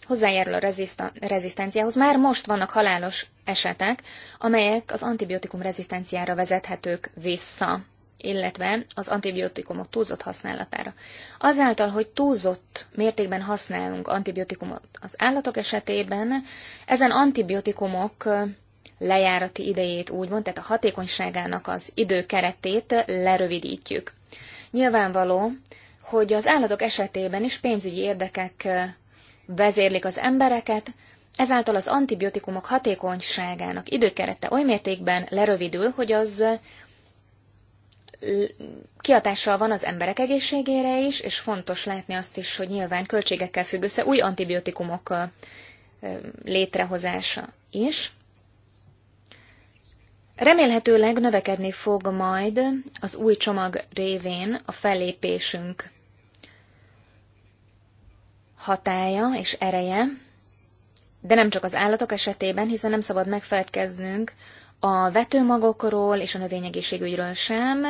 hozzájárul a rezisztenciához. Már most vannak halálos esetek, amelyek az antibiotikum rezisztenciára vezethetők vissza illetve az antibiotikumok túlzott használatára. Azáltal, hogy túlzott mértékben használunk antibiotikumot az állatok esetében, ezen antibiotikumok lejárati idejét úgymond, tehát a hatékonyságának az időkeretét lerövidítjük. Nyilvánvaló, hogy az állatok esetében is pénzügyi érdekek vezérlik az embereket, ezáltal az antibiotikumok hatékonyságának időkerete oly mértékben lerövidül, hogy az kihatással van az emberek egészségére is, és fontos látni azt is, hogy nyilván költségekkel függ össze új antibiotikumok létrehozása is. Remélhetőleg növekedni fog majd az új csomag révén a fellépésünk hatája és ereje, de nem csak az állatok esetében, hiszen nem szabad megfelelkeznünk a vetőmagokról és a növényegészségügyről sem,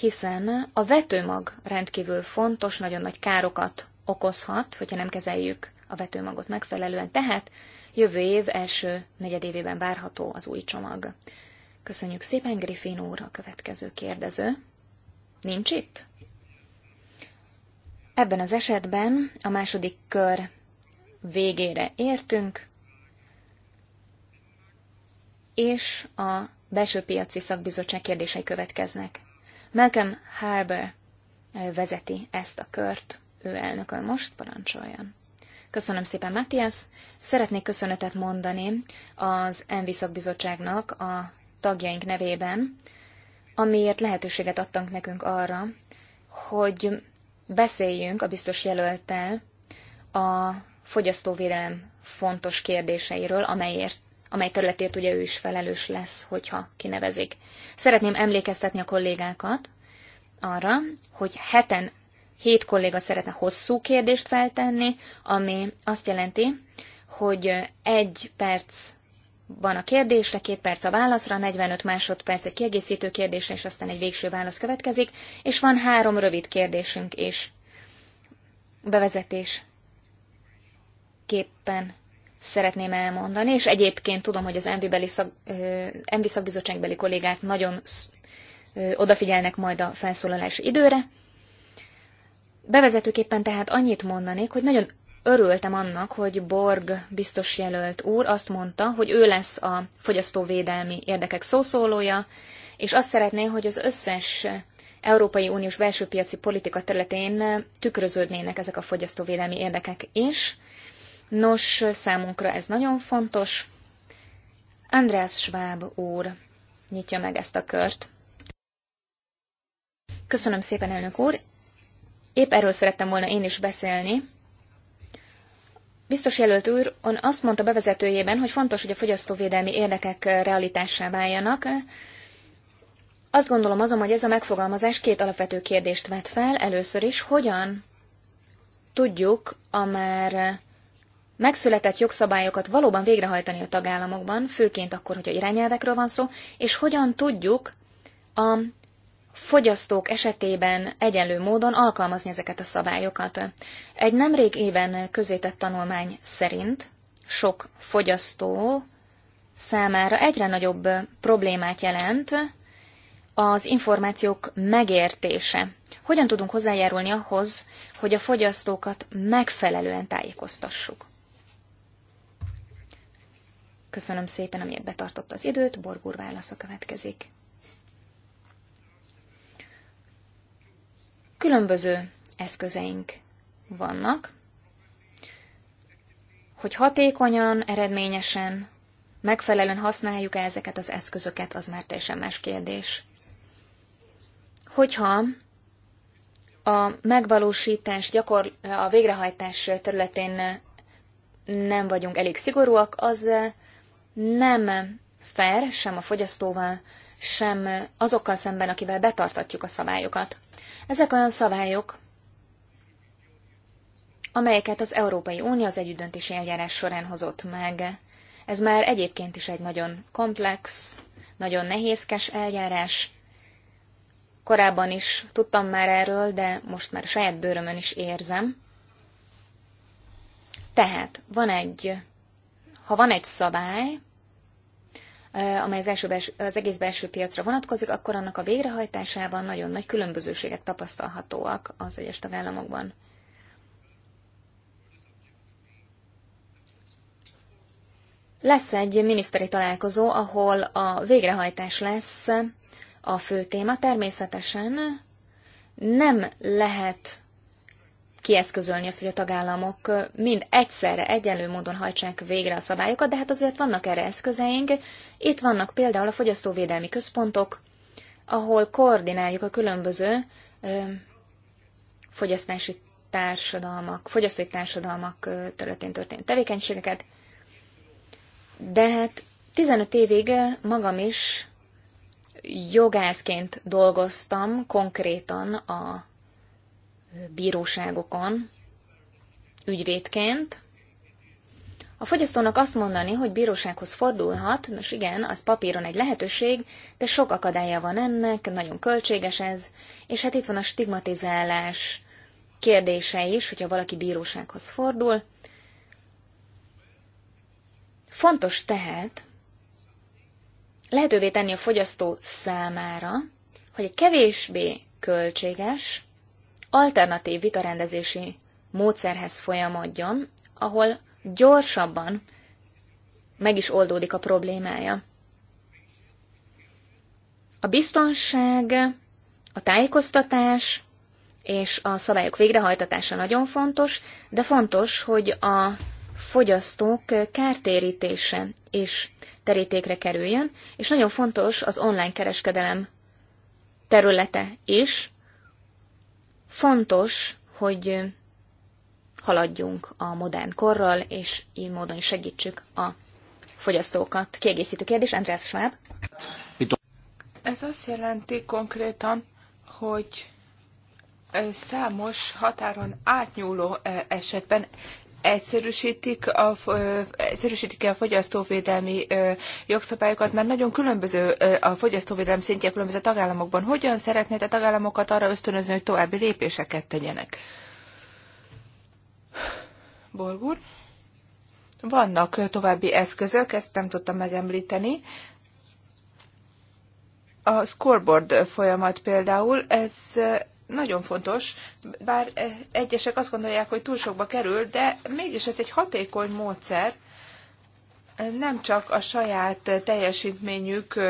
hiszen a vetőmag rendkívül fontos, nagyon nagy károkat okozhat, hogyha nem kezeljük a vetőmagot megfelelően, tehát jövő év első negyedévében várható az új csomag. Köszönjük szépen, Griffin úr, a következő kérdező. Nincs itt? Ebben az esetben a második kör végére értünk, és a belső piaci szakbizottság kérdései következnek. Malcolm Harbour vezeti ezt a kört, ő elnök, most, parancsoljon. Köszönöm szépen, Matthias. Szeretnék köszönetet mondani az Envi szakbizottságnak a tagjaink nevében, amiért lehetőséget adtak nekünk arra, hogy beszéljünk a biztos jelöltel a fogyasztóvédelem fontos kérdéseiről, amelyért amely területért ugye ő is felelős lesz, hogyha kinevezik. Szeretném emlékeztetni a kollégákat arra, hogy heten hét kolléga szeretne hosszú kérdést feltenni, ami azt jelenti, hogy egy perc van a kérdésre, két perc a válaszra, 45 másodperc egy kiegészítő kérdésre, és aztán egy végső válasz következik, és van három rövid kérdésünk is. Bevezetés képpen szeretném elmondani, és egyébként tudom, hogy az mv szak, szakbizottságbeli kollégák nagyon odafigyelnek majd a felszólalás időre. Bevezetőképpen tehát annyit mondanék, hogy nagyon örültem annak, hogy Borg biztos jelölt úr azt mondta, hogy ő lesz a fogyasztóvédelmi érdekek szószólója, és azt szeretné, hogy az összes Európai Uniós belsőpiaci politika területén tükröződnének ezek a fogyasztóvédelmi érdekek is, Nos, számunkra ez nagyon fontos. András Schwab úr nyitja meg ezt a kört. Köszönöm szépen, elnök úr. Épp erről szerettem volna én is beszélni. Biztos jelölt úr on azt mondta bevezetőjében, hogy fontos, hogy a fogyasztóvédelmi érdekek realitássá váljanak. Azt gondolom azon, hogy ez a megfogalmazás két alapvető kérdést vet fel. Először is, hogyan tudjuk a már megszületett jogszabályokat valóban végrehajtani a tagállamokban, főként akkor, hogyha irányelvekről van szó, és hogyan tudjuk a fogyasztók esetében egyenlő módon alkalmazni ezeket a szabályokat. Egy nemrég éven közétett tanulmány szerint sok fogyasztó számára egyre nagyobb problémát jelent az információk megértése. Hogyan tudunk hozzájárulni ahhoz, hogy a fogyasztókat megfelelően tájékoztassuk? Köszönöm szépen, amiért betartott az időt, Borgúr válasza következik. Különböző eszközeink vannak, hogy hatékonyan, eredményesen, megfelelően használjuk -e ezeket az eszközöket, az már teljesen más kérdés. Hogyha a megvalósítás, gyakor, a végrehajtás területén nem vagyunk elég szigorúak, az nem fair sem a fogyasztóval, sem azokkal szemben, akivel betartatjuk a szabályokat. Ezek olyan szabályok, amelyeket az Európai Unió az együttdöntési eljárás során hozott meg. Ez már egyébként is egy nagyon komplex, nagyon nehézkes eljárás. Korábban is tudtam már erről, de most már saját bőrömön is érzem. Tehát van egy, ha van egy szabály, amely az, első belső, az egész belső piacra vonatkozik, akkor annak a végrehajtásában nagyon nagy különbözőségek tapasztalhatóak az egyes tagállamokban. Lesz egy miniszteri találkozó, ahol a végrehajtás lesz a fő téma. Természetesen nem lehet kieszközölni azt, hogy a tagállamok mind egyszerre, egyenlő módon hajtsák végre a szabályokat, de hát azért vannak erre eszközeink. Itt vannak például a fogyasztóvédelmi központok, ahol koordináljuk a különböző ö, fogyasztási társadalmak, fogyasztói társadalmak területén történt tevékenységeket. De hát 15 évig magam is jogászként dolgoztam konkrétan a bíróságokon ügyvédként. A fogyasztónak azt mondani, hogy bírósághoz fordulhat, nos igen, az papíron egy lehetőség, de sok akadálya van ennek, nagyon költséges ez, és hát itt van a stigmatizálás kérdése is, hogyha valaki bírósághoz fordul. Fontos tehát lehetővé tenni a fogyasztó számára, hogy egy kevésbé költséges, alternatív vitarendezési módszerhez folyamodjon, ahol gyorsabban meg is oldódik a problémája. A biztonság, a tájékoztatás és a szabályok végrehajtatása nagyon fontos, de fontos, hogy a fogyasztók kártérítése is terítékre kerüljön, és nagyon fontos az online kereskedelem területe is, Fontos, hogy haladjunk a modern korral, és így módon segítsük a fogyasztókat. Kiegészítő
kérdés, András Schwab. Ez azt jelenti konkrétan, hogy számos határon átnyúló esetben egyszerűsítik a, egyszerűsítik a fogyasztóvédelmi jogszabályokat, mert nagyon különböző a fogyasztóvédelem szintje különböző tagállamokban. Hogyan szeretnéd a tagállamokat arra ösztönözni, hogy további lépéseket tegyenek? Borgur? Vannak további eszközök, ezt nem tudtam megemlíteni. A scoreboard folyamat például, ez nagyon fontos, bár eh, egyesek azt gondolják, hogy túl sokba kerül, de mégis ez egy hatékony módszer, eh, nem csak a saját eh, teljesítményük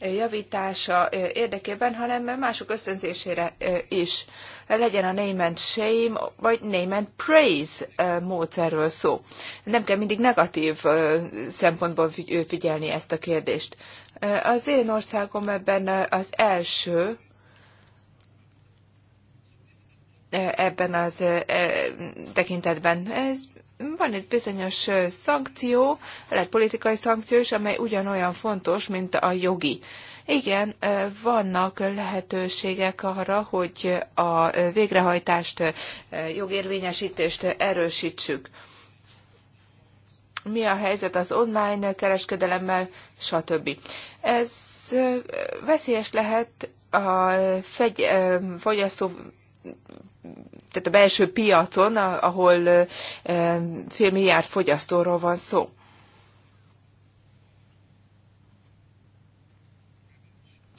javítása érdekében, hanem mások ösztönzésére is. Legyen a name and shame, vagy name and praise módszerről szó. Nem kell mindig negatív szempontból figyelni ezt a kérdést. Az én országom ebben az első, E, ebben az e, e, tekintetben. Ez van egy bizonyos szankció, lehet politikai szankció is, amely ugyanolyan fontos, mint a jogi. Igen, vannak lehetőségek arra, hogy a végrehajtást, jogérvényesítést erősítsük. Mi a helyzet az online kereskedelemmel, stb. Ez veszélyes lehet a fogyasztó tehát a belső piacon, ahol fél milliárd fogyasztóról van szó.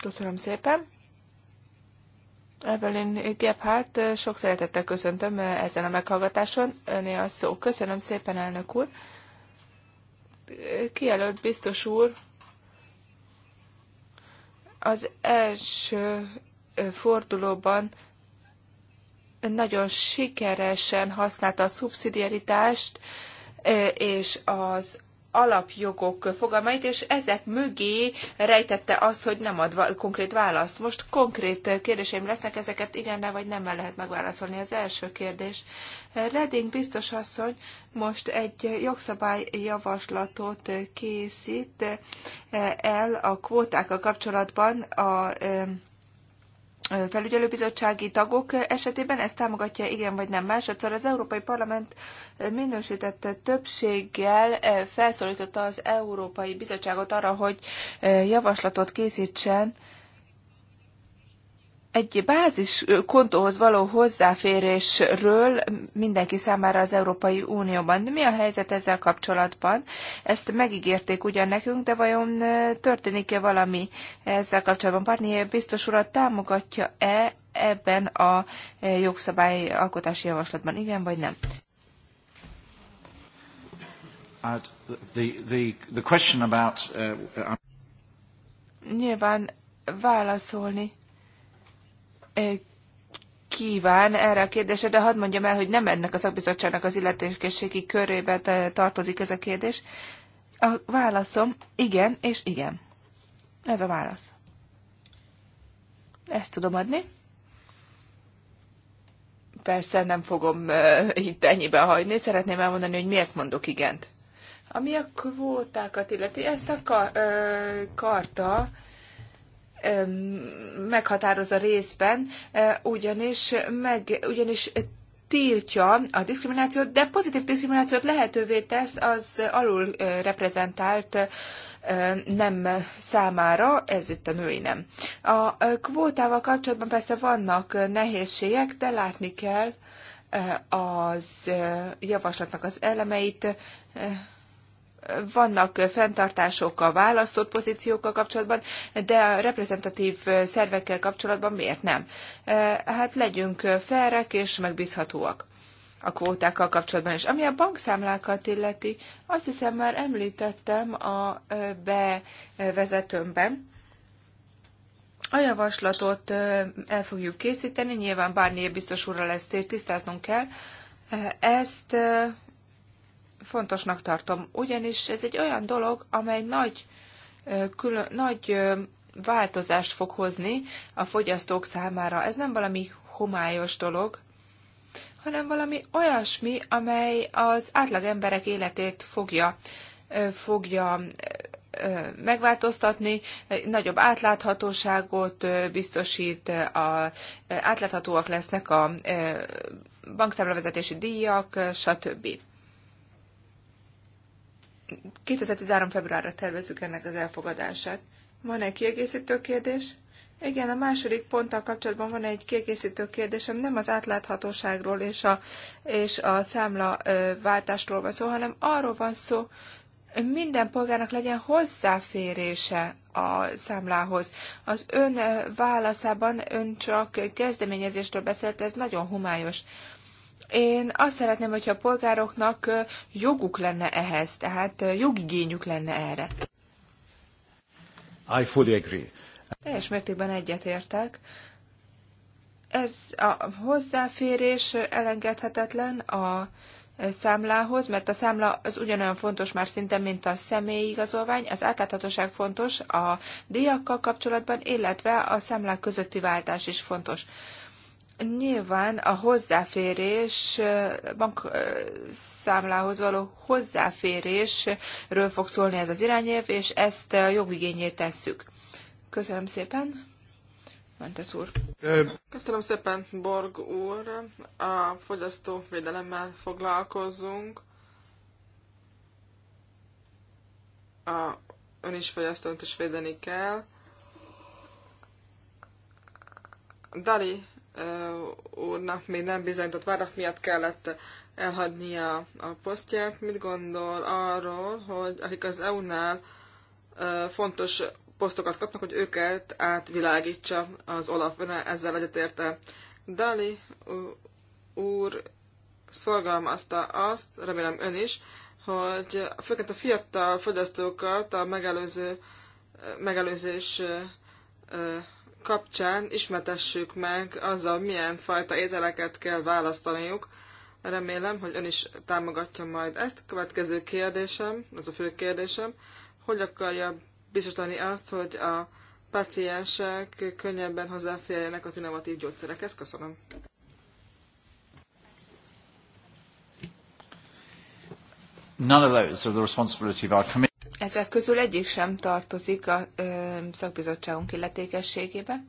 Köszönöm szépen. Evelyn Gebhardt, sok szeretettel köszöntöm ezen a meghallgatáson. Öné a szó. Köszönöm szépen, elnök úr. Kijelölt biztos úr, az első fordulóban nagyon sikeresen használta a szubszidiaritást és az alapjogok fogalmait, és ezek mögé rejtette azt, hogy nem ad konkrét választ. Most konkrét kérdéseim lesznek, ezeket igennel vagy nemmel lehet megválaszolni. Az első kérdés. Reding biztos asszony most egy jogszabályjavaslatot készít el a kvótákkal kapcsolatban a felügyelőbizottsági tagok esetében ezt támogatja, igen vagy nem. Másodszor az Európai Parlament minősített többséggel eh, felszólította az Európai Bizottságot arra, hogy eh, javaslatot készítsen egy bázis kontóhoz való hozzáférésről mindenki számára az Európai Unióban. De mi a helyzet ezzel kapcsolatban? Ezt megígérték ugyan nekünk, de vajon történik-e valami ezzel kapcsolatban? Párnyi biztos urat támogatja-e ebben a jogszabály alkotási javaslatban? Igen vagy nem? Uh, uh, um, Nyilván válaszolni kíván erre a kérdésre, de hadd mondjam el, hogy nem ennek a szakbizottságnak az illetékességi körébe tartozik ez a kérdés. A válaszom igen és igen. Ez a válasz. Ezt tudom adni. Persze nem fogom uh, itt ennyiben hagyni, szeretném elmondani, hogy miért mondok igent. Ami a kvótákat illeti, ezt a ka- uh, karta meghatároz a részben, ugyanis, meg, ugyanis tiltja a diszkriminációt, de pozitív diszkriminációt lehetővé tesz az alul reprezentált nem számára, ez itt a női nem. A kvótával kapcsolatban persze vannak nehézségek, de látni kell az javaslatnak az elemeit, vannak fenntartások a választott pozíciókkal kapcsolatban, de a reprezentatív szervekkel kapcsolatban miért nem? Hát legyünk felrek és megbízhatóak a kvótákkal kapcsolatban. És ami a bankszámlákat illeti, azt hiszem már említettem a bevezetőmben, a javaslatot el fogjuk készíteni, nyilván Barnier biztos úrral ezt tisztáznunk kell. Ezt fontosnak tartom, ugyanis ez egy olyan dolog, amely nagy, külön, nagy változást fog hozni a fogyasztók számára. Ez nem valami homályos dolog, hanem valami olyasmi, amely az átlag emberek életét fogja, fogja megváltoztatni, nagyobb átláthatóságot biztosít, a, átláthatóak lesznek a bankszámlavezetési díjak, stb. 2013. februárra tervezzük ennek az elfogadását. Van egy kiegészítő kérdés? Igen, a második ponttal kapcsolatban van egy kiegészítő kérdésem, nem az átláthatóságról és a, és a számla váltásról van szó, hanem arról van szó, minden polgárnak legyen hozzáférése a számlához. Az ön válaszában ön csak kezdeményezéstől beszélt, ez nagyon humályos. Én azt szeretném, hogyha a polgároknak joguk lenne ehhez, tehát jogigényük lenne erre. I fully agree. Teljes mértékben egyetértek. Ez a hozzáférés elengedhetetlen a számlához, mert a számla az ugyanolyan fontos már szinte, mint a személyi igazolvány, az átláthatóság fontos a díjakkal kapcsolatban, illetve a számlák közötti váltás is fontos. Nyilván a hozzáférés, bankszámlához való hozzáférésről fog szólni ez az irányelv, és ezt a jogigényét tesszük. Köszönöm szépen. Mentes úr.
Köszönöm szépen, Borg úr. A fogyasztóvédelemmel foglalkozunk. A ön is fogyasztónt is védeni kell. Dali úrnak még nem bizonyított várak miatt kellett elhagynia a posztját. Mit gondol arról, hogy akik az EU-nál fontos posztokat kapnak, hogy őket átvilágítsa az Olaf. ezzel egyetérte. Dali úr szorgalmazta azt, remélem ön is, hogy főként a fiatal fogyasztókat a megelőző, megelőzés kapcsán ismertessük meg azzal, milyen fajta ételeket kell választaniuk. Remélem, hogy ön is támogatja majd ezt. Következő kérdésem, az a fő kérdésem, hogy akarja biztosítani azt, hogy a paciensek könnyebben hozzáférjenek az innovatív gyógyszerekhez? Köszönöm.
None of those are the responsibility of our committee.
Ezek közül egyik sem tartozik a szakbizottságunk illetékességébe,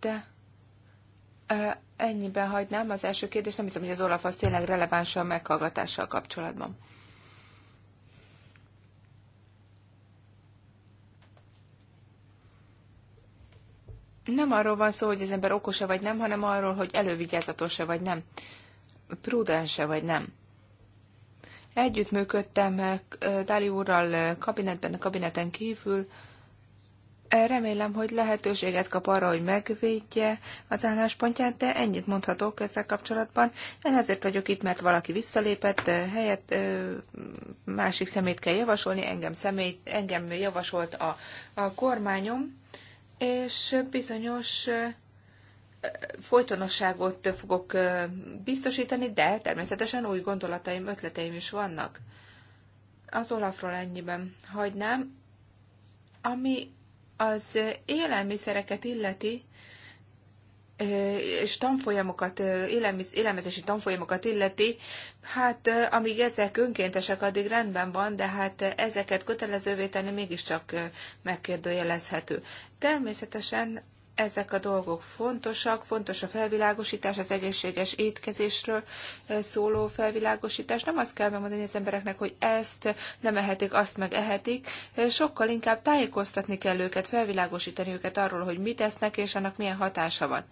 de ennyiben hagynám az első kérdést. Nem hiszem, hogy az Olaf az tényleg releváns a meghallgatással kapcsolatban. Nem arról van szó, hogy az ember okosa vagy nem, hanem arról, hogy elővigyázatos-e vagy nem, prudens-e vagy nem. Együttműködtem Dali úrral kabinetben, a kabineten kívül. Remélem, hogy lehetőséget kap arra, hogy megvédje az álláspontját, de ennyit mondhatok ezzel kapcsolatban. Én ezért vagyok itt, mert valaki visszalépett, helyett másik szemét kell javasolni, engem, szemét, engem javasolt a, a kormányom, és bizonyos folytonosságot fogok biztosítani, de természetesen új gondolataim, ötleteim is vannak. Az Olafról ennyiben hagynám. Ami az élelmiszereket illeti, és tanfolyamokat, élelmezési tanfolyamokat illeti, hát amíg ezek önkéntesek, addig rendben van, de hát ezeket kötelezővé tenni mégiscsak megkérdőjelezhető. Természetesen ezek a dolgok fontosak, fontos a felvilágosítás, az egészséges étkezésről szóló felvilágosítás. Nem azt kell megmondani az embereknek, hogy ezt nem ehetik, azt meg ehetik, sokkal inkább tájékoztatni kell őket, felvilágosítani őket arról, hogy mit esznek, és annak milyen hatása van.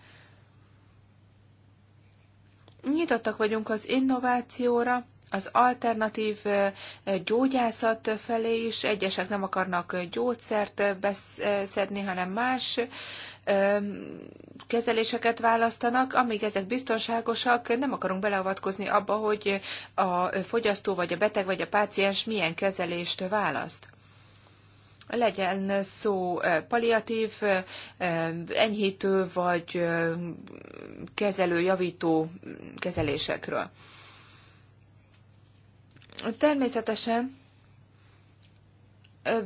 Nyitottak vagyunk az innovációra, az alternatív gyógyászat felé is. Egyesek nem akarnak gyógyszert beszedni, hanem más kezeléseket választanak, amíg ezek biztonságosak, nem akarunk beleavatkozni abba, hogy a fogyasztó, vagy a beteg, vagy a páciens milyen kezelést választ legyen szó paliatív, enyhítő vagy kezelő, javító kezelésekről. Természetesen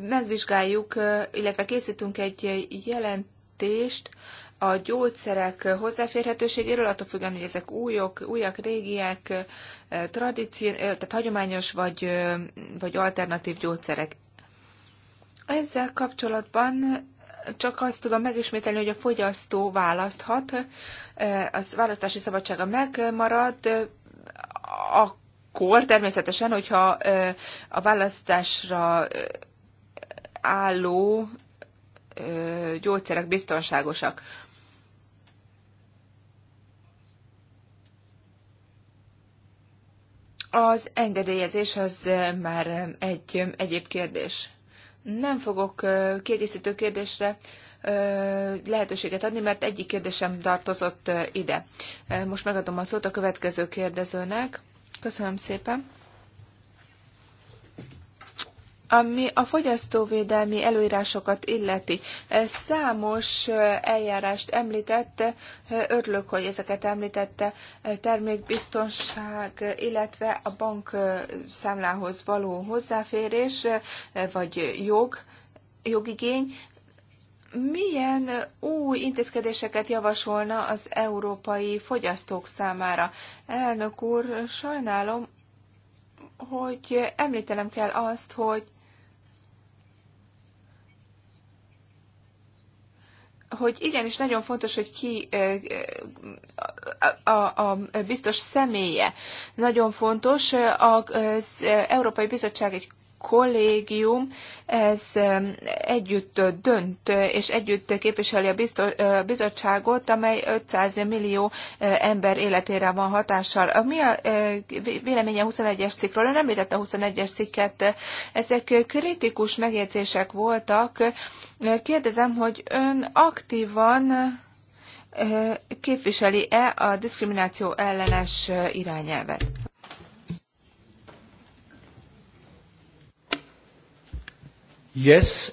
megvizsgáljuk, illetve készítünk egy jelent jelentést a gyógyszerek hozzáférhetőségéről, attól függően, hogy ezek újok, újak, régiek, tradíció, tehát hagyományos vagy, vagy alternatív gyógyszerek. Ezzel kapcsolatban csak azt tudom megismételni, hogy a fogyasztó választhat, az választási szabadsága megmarad, akkor természetesen, hogyha a választásra álló gyógyszerek biztonságosak. Az engedélyezés az már egy egyéb kérdés. Nem fogok kiegészítő kérdésre lehetőséget adni, mert egyik kérdésem tartozott ide. Most megadom a szót a következő kérdezőnek. Köszönöm szépen. Ami a fogyasztóvédelmi előírásokat illeti, számos eljárást említette, örülök, hogy ezeket említette, termékbiztonság, illetve a bank számlához való hozzáférés, vagy jog, jogigény. Milyen új intézkedéseket javasolna az európai fogyasztók számára? Elnök úr, sajnálom, hogy említenem kell azt, hogy hogy igenis nagyon fontos, hogy ki a, a, a biztos személye. Nagyon fontos, az Európai Bizottság egy kollégium, ez együtt dönt, és együtt képviseli a bizottságot, amely 500 millió ember életére van hatással. A mi a véleménye 21-es cikkről? Ön említette a 21-es cikket. Ezek kritikus megjegyzések voltak. Kérdezem, hogy ön aktívan képviseli-e a diszkrimináció ellenes irányelvet? Yes.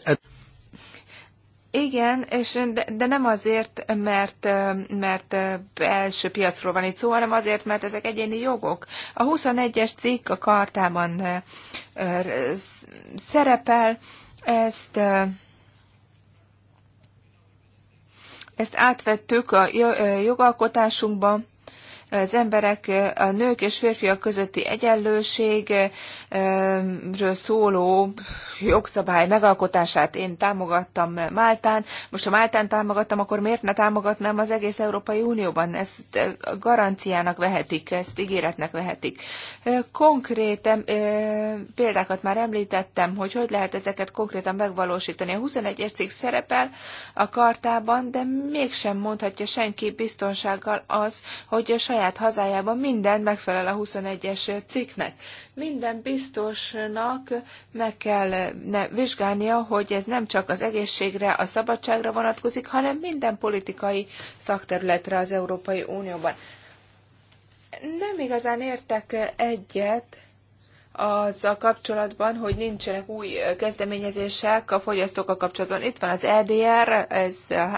Igen, és de, de nem azért, mert, mert belső piacról van itt szó, hanem azért, mert ezek egyéni jogok. A 21-es cikk a kartában szerepel, ezt ezt átvettük a jogalkotásunkba, az emberek, a nők és férfiak közötti egyenlőségről szóló jogszabály megalkotását én támogattam Máltán. Most ha Máltán támogattam, akkor miért ne támogatnám az egész Európai Unióban? Ezt garanciának vehetik, ezt ígéretnek vehetik. Konkrét példákat már említettem, hogy hogy lehet ezeket konkrétan megvalósítani. A 21 cikk szerepel a kartában, de mégsem mondhatja senki biztonsággal az, hogy a saját saját hazájában minden megfelel a 21-es cikknek. Minden biztosnak meg kell vizsgálnia, hogy ez nem csak az egészségre, a szabadságra vonatkozik, hanem minden politikai szakterületre az Európai Unióban. Nem igazán értek egyet azzal kapcsolatban, hogy nincsenek új kezdeményezések a fogyasztókkal kapcsolatban. Itt van az EDR, ez eh,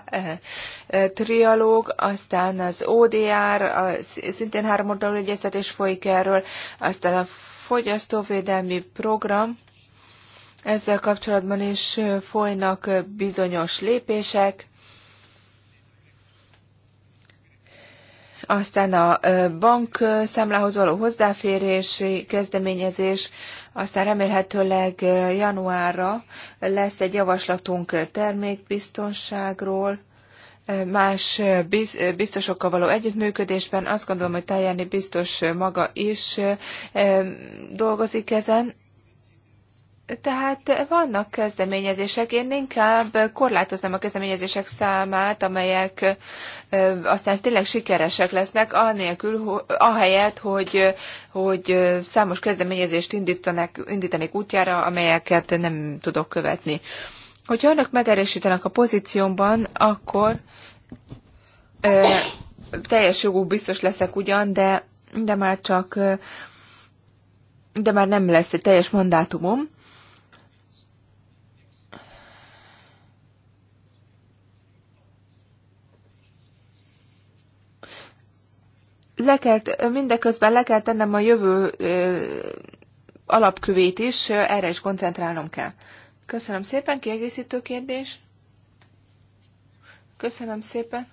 eh, trialóg, aztán az ODR, a, szintén három oldalú egyeztetés folyik erről, aztán a fogyasztóvédelmi program, ezzel kapcsolatban is eh, folynak bizonyos lépések, aztán a bank számlához való hozzáférési kezdeményezés, aztán remélhetőleg januárra lesz egy javaslatunk termékbiztonságról, más biztosokkal való együttműködésben. Azt gondolom, hogy Tajani biztos maga is dolgozik ezen, tehát vannak kezdeményezések, én inkább korlátoznám a kezdeményezések számát, amelyek aztán tényleg sikeresek lesznek, anélkül, ahelyett, hogy, hogy számos kezdeményezést indítanak, indítanék útjára, amelyeket nem tudok követni. Hogyha önök megerősítenek a pozíciómban, akkor ö, teljes jogú biztos leszek ugyan, de, de már csak de már nem lesz egy teljes mandátumom, le kell, mindeközben le kell tennem a jövő alapkövét is, erre is koncentrálnom kell. Köszönöm szépen, kiegészítő kérdés. Köszönöm szépen.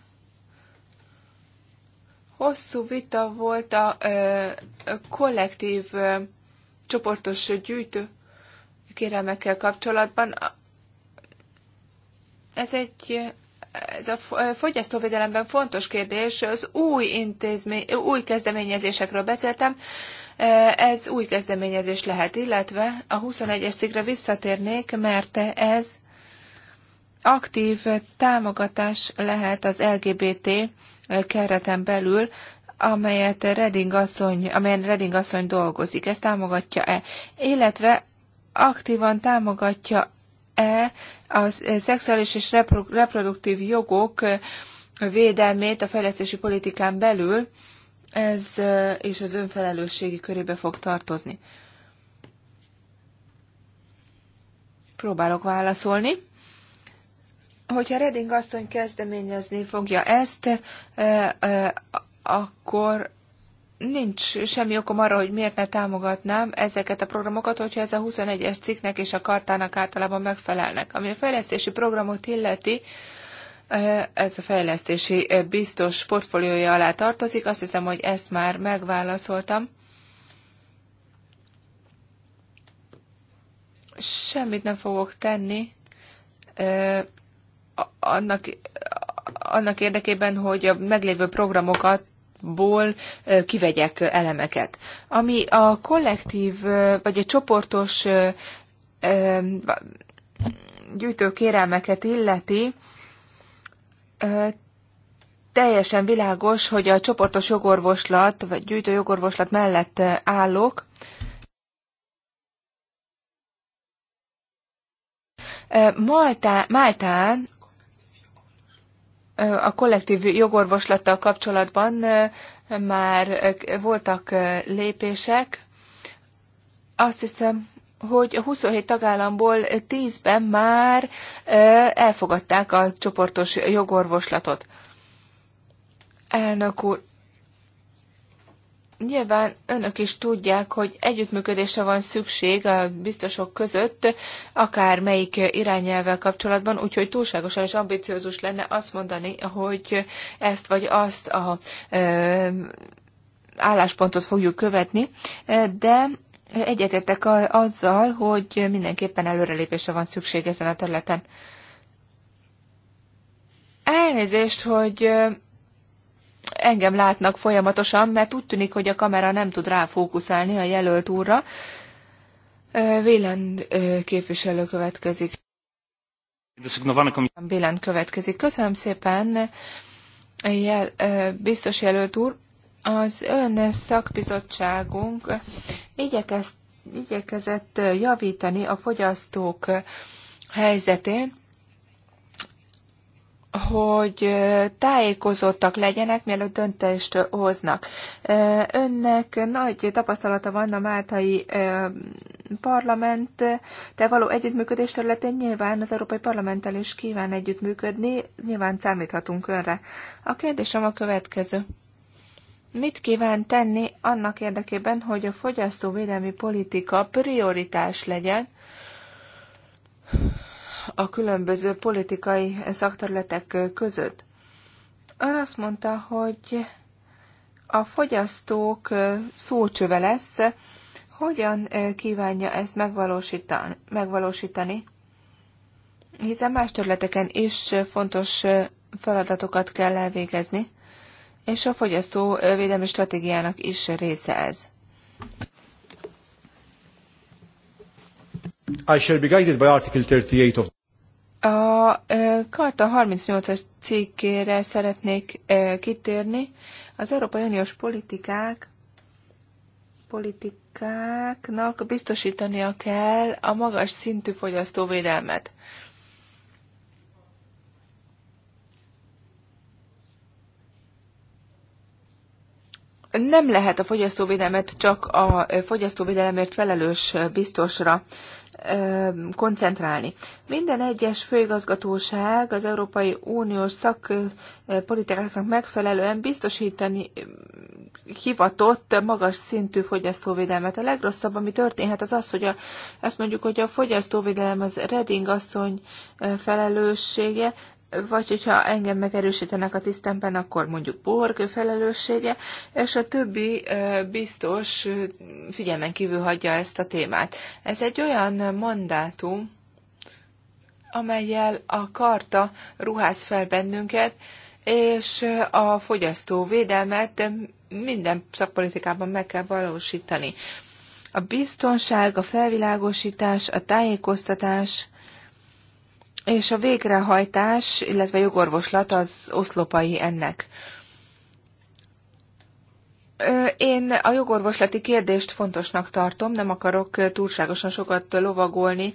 Hosszú vita volt a, ö, kollektív ö, csoportos gyűjtő kérelmekkel kapcsolatban. Ez egy ez a fogyasztóvédelemben fontos kérdés, az új, intézmény, új kezdeményezésekről beszéltem, e, ez új kezdeményezés lehet, illetve a 21-es cikkre visszatérnék, mert ez aktív támogatás lehet az LGBT kereten belül, amelyet Reding asszony, amelyen Reding asszony dolgozik. Ezt támogatja-e? Illetve aktívan támogatja-e a eh, szexuális és reproduktív jogok eh, védelmét a fejlesztési politikán belül, ez eh, és az önfelelősségi körébe fog tartozni. Próbálok válaszolni. Hogyha Redding asszony kezdeményezni fogja ezt, akkor nincs semmi okom arra, hogy miért ne támogatnám ezeket a programokat, hogyha ez a 21-es cikknek és a kartának általában megfelelnek. Ami a fejlesztési programot illeti, ez a fejlesztési biztos portfóliója alá tartozik. Azt hiszem, hogy ezt már megválaszoltam. Semmit nem fogok tenni annak, annak érdekében, hogy a meglévő programokat ból kivegyek elemeket. Ami a kollektív, vagy a csoportos gyűjtőkérelmeket illeti, teljesen világos, hogy a csoportos jogorvoslat, vagy gyűjtő jogorvoslat mellett állok. Maltán, Máltán a kollektív jogorvoslattal kapcsolatban már voltak lépések. Azt hiszem, hogy a 27 tagállamból 10-ben már elfogadták a csoportos jogorvoslatot. Elnök úr, Nyilván önök is tudják, hogy együttműködésre van szükség a biztosok között, akár melyik irányelvvel kapcsolatban, úgyhogy túlságosan és ambiciózus lenne azt mondani, hogy ezt vagy azt a e, álláspontot fogjuk követni, de egyetettek azzal, hogy mindenképpen előrelépésre van szükség ezen a területen. Elnézést, hogy engem látnak folyamatosan, mert úgy tűnik, hogy a kamera nem tud ráfókuszálni a jelölt úrra. Véland képviselő következik. Véland következik. Köszönöm szépen, jel, biztos jelölt úr. Az ön szakbizottságunk igyekezett javítani a fogyasztók helyzetén, hogy tájékozottak legyenek, mielőtt döntést hoznak. Önnek nagy tapasztalata van a Máltai parlament, de való együttműködés területén nyilván az Európai Parlamenttel is kíván együttműködni, nyilván számíthatunk önre. A kérdésem a következő. Mit kíván tenni annak érdekében, hogy a fogyasztóvédelmi politika prioritás legyen, a különböző politikai szakterületek között. Ön azt mondta, hogy a fogyasztók szócsöve lesz. Hogyan eh, kívánja ezt megvalósítani? Hiszen más területeken is fontos eh, feladatokat kell elvégezni, és a fogyasztó eh, védelmi stratégiának is része ez. I shall be guided by Article 38 of a Karta 38-as cikkére szeretnék kitérni. Az Európai Uniós politikák politikáknak biztosítania kell a magas szintű fogyasztóvédelmet. nem lehet a fogyasztóvédelmet csak a fogyasztóvédelemért felelős biztosra koncentrálni. Minden egyes főigazgatóság az Európai Uniós szakpolitikáknak megfelelően biztosítani hivatott magas szintű fogyasztóvédelmet. A legrosszabb, ami történhet, az az, hogy a, azt mondjuk, hogy a fogyasztóvédelem az Reding asszony felelőssége, vagy hogyha engem megerősítenek a tisztemben, akkor mondjuk Borg felelőssége, és a többi biztos figyelmen kívül hagyja ezt a témát. Ez egy olyan mandátum, amelyel a karta ruház fel bennünket, és a fogyasztó védelmet minden szakpolitikában meg kell valósítani. A biztonság, a felvilágosítás, a tájékoztatás, és a végrehajtás, illetve jogorvoslat az oszlopai ennek. Én a jogorvoslati kérdést fontosnak tartom, nem akarok túlságosan sokat lovagolni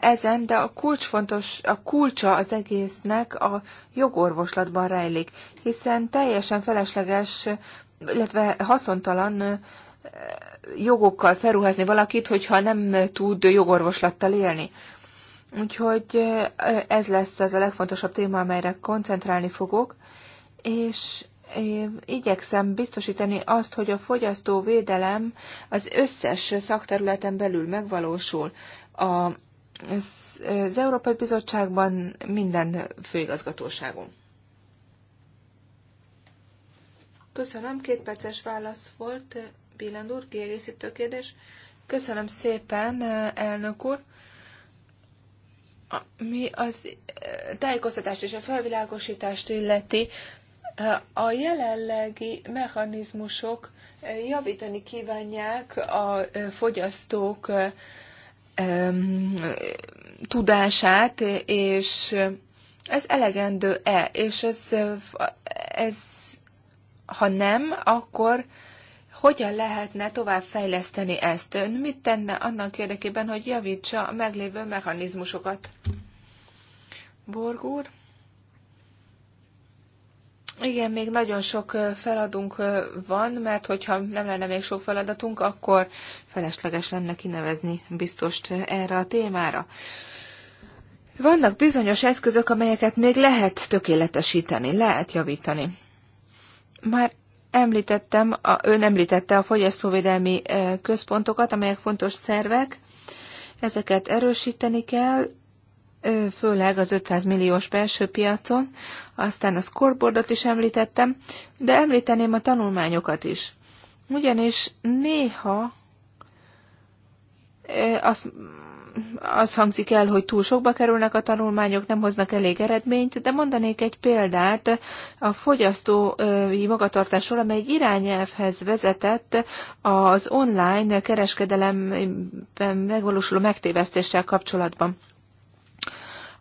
ezen, de a, kulcs fontos, a kulcsa az egésznek a jogorvoslatban rejlik, hiszen teljesen felesleges, illetve haszontalan jogokkal felruházni valakit, hogyha nem tud jogorvoslattal élni. Úgyhogy eh, ez lesz az a legfontosabb téma, amelyre koncentrálni fogok, és eh, igyekszem biztosítani azt, hogy a fogyasztóvédelem az összes szakterületen belül megvalósul. A, az, Európai Bizottságban minden főigazgatóságon. Köszönöm, két perces válasz volt. Bélend úr, kiegészítő kérdés. Köszönöm szépen, eh, elnök úr. Ami az tájékoztatást és a felvilágosítást illeti, a jelenlegi mechanizmusok javítani kívánják a fogyasztók tudását, és ez elegendő-e? És ez, ez ha nem, akkor hogyan lehetne továbbfejleszteni ezt? Ön mit tenne annak érdekében, hogy javítsa a meglévő mechanizmusokat? Borgúr? Igen, még nagyon sok feladunk van, mert hogyha nem lenne még sok feladatunk, akkor felesleges lenne kinevezni biztost erre a témára. Vannak bizonyos eszközök, amelyeket még lehet tökéletesíteni, lehet javítani. Már Említettem, a, ön említette a fogyasztóvédelmi központokat, amelyek fontos szervek. Ezeket erősíteni kell, főleg az 500 milliós belső piacon, aztán a scoreboardot is említettem, de említeném a tanulmányokat is. Ugyanis néha azt az hangzik el, hogy túl sokba kerülnek a tanulmányok, nem hoznak elég eredményt, de mondanék egy példát a fogyasztói magatartásról, amely egy irányelvhez vezetett az online kereskedelemben megvalósuló megtévesztéssel kapcsolatban.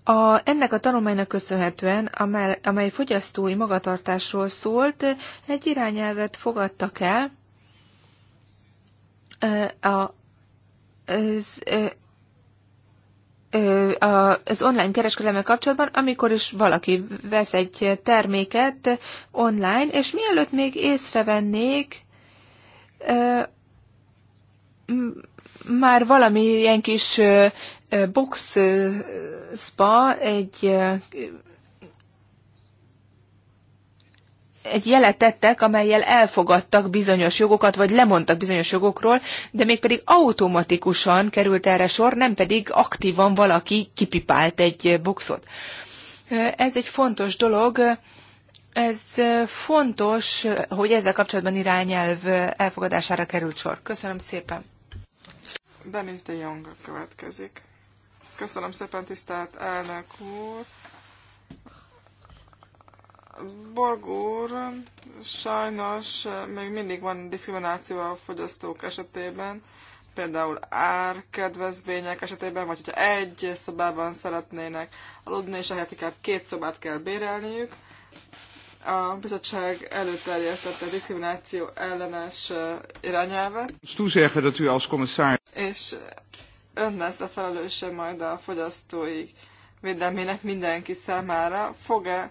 A, ennek a tanulmánynak köszönhetően, amely, amely fogyasztói magatartásról szólt, egy irányelvet fogadtak el, a, az, az online kereskedelme kapcsolatban, amikor is valaki vesz egy terméket online, és mielőtt még észrevennék, már valamilyen kis boxba egy egy jelet tettek, amelyel elfogadtak bizonyos jogokat, vagy lemondtak bizonyos jogokról, de mégpedig automatikusan került erre sor, nem pedig aktívan valaki kipipált egy boxot. Ez egy fontos dolog, ez fontos, hogy ezzel kapcsolatban irányelv elfogadására került sor. Köszönöm szépen.
Denis de Jong következik. Köszönöm szépen, tisztelt elnök úr. Borg úr, sajnos eh, még mindig van diszkrimináció a fogyasztók esetében, például árkedvezmények esetében, vagy hogyha egy szobában szeretnének aludni, és ehhez inkább két szobát kell bérelniük. A bizottság előterjesztette a diszkrimináció ellenes eh, irányelvet. És ön lesz a felelőse majd a fogyasztói védelmének mindenki számára. Fog-e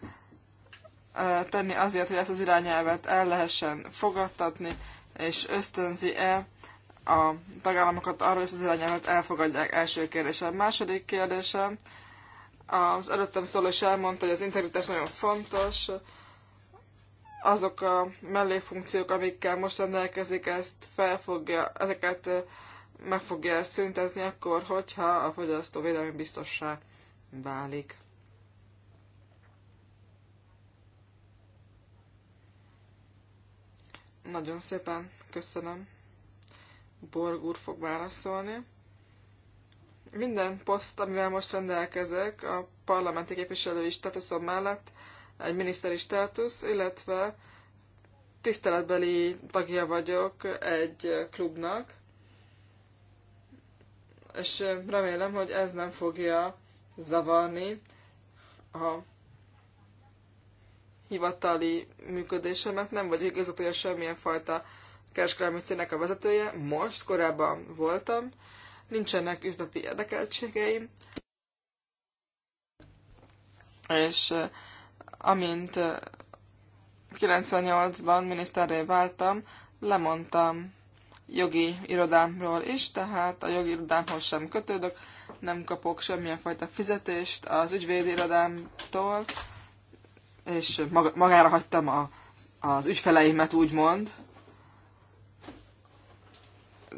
tenni azért, hogy ezt az irányelvet el lehessen fogadtatni, és ösztönzi-e a tagállamokat arra, hogy ezt az irányelvet elfogadják első kérdésem. Második kérdésem, az előttem szóló is elmondta, hogy az integritás nagyon fontos, azok a mellékfunkciók, amikkel most rendelkezik, ezt fel fogja, ezeket meg fogja szüntetni akkor, hogyha a fogyasztóvédelmi biztossá válik. Nagyon szépen köszönöm. Borg úr fog válaszolni. Minden poszt, amivel most rendelkezek, a parlamenti képviselői státuszom mellett egy miniszteri státusz, illetve tiszteletbeli tagja vagyok egy klubnak, és eh, remélem, hogy ez nem fogja zavarni a hivatali működésemet, nem vagyok igazgatója semmilyen fajta kereskedelmi cégnek a vezetője, most, korábban voltam, nincsenek üzleti érdekeltségeim, és eh, amint 98-ban eh, miniszterré váltam, lemondtam jogi irodámról is, tehát a jogi irodámhoz sem kötődök, nem kapok semmilyen fajta fizetést az ügyvédi irodámtól, és magára hagytam a, az ügyfeleimet, úgymond.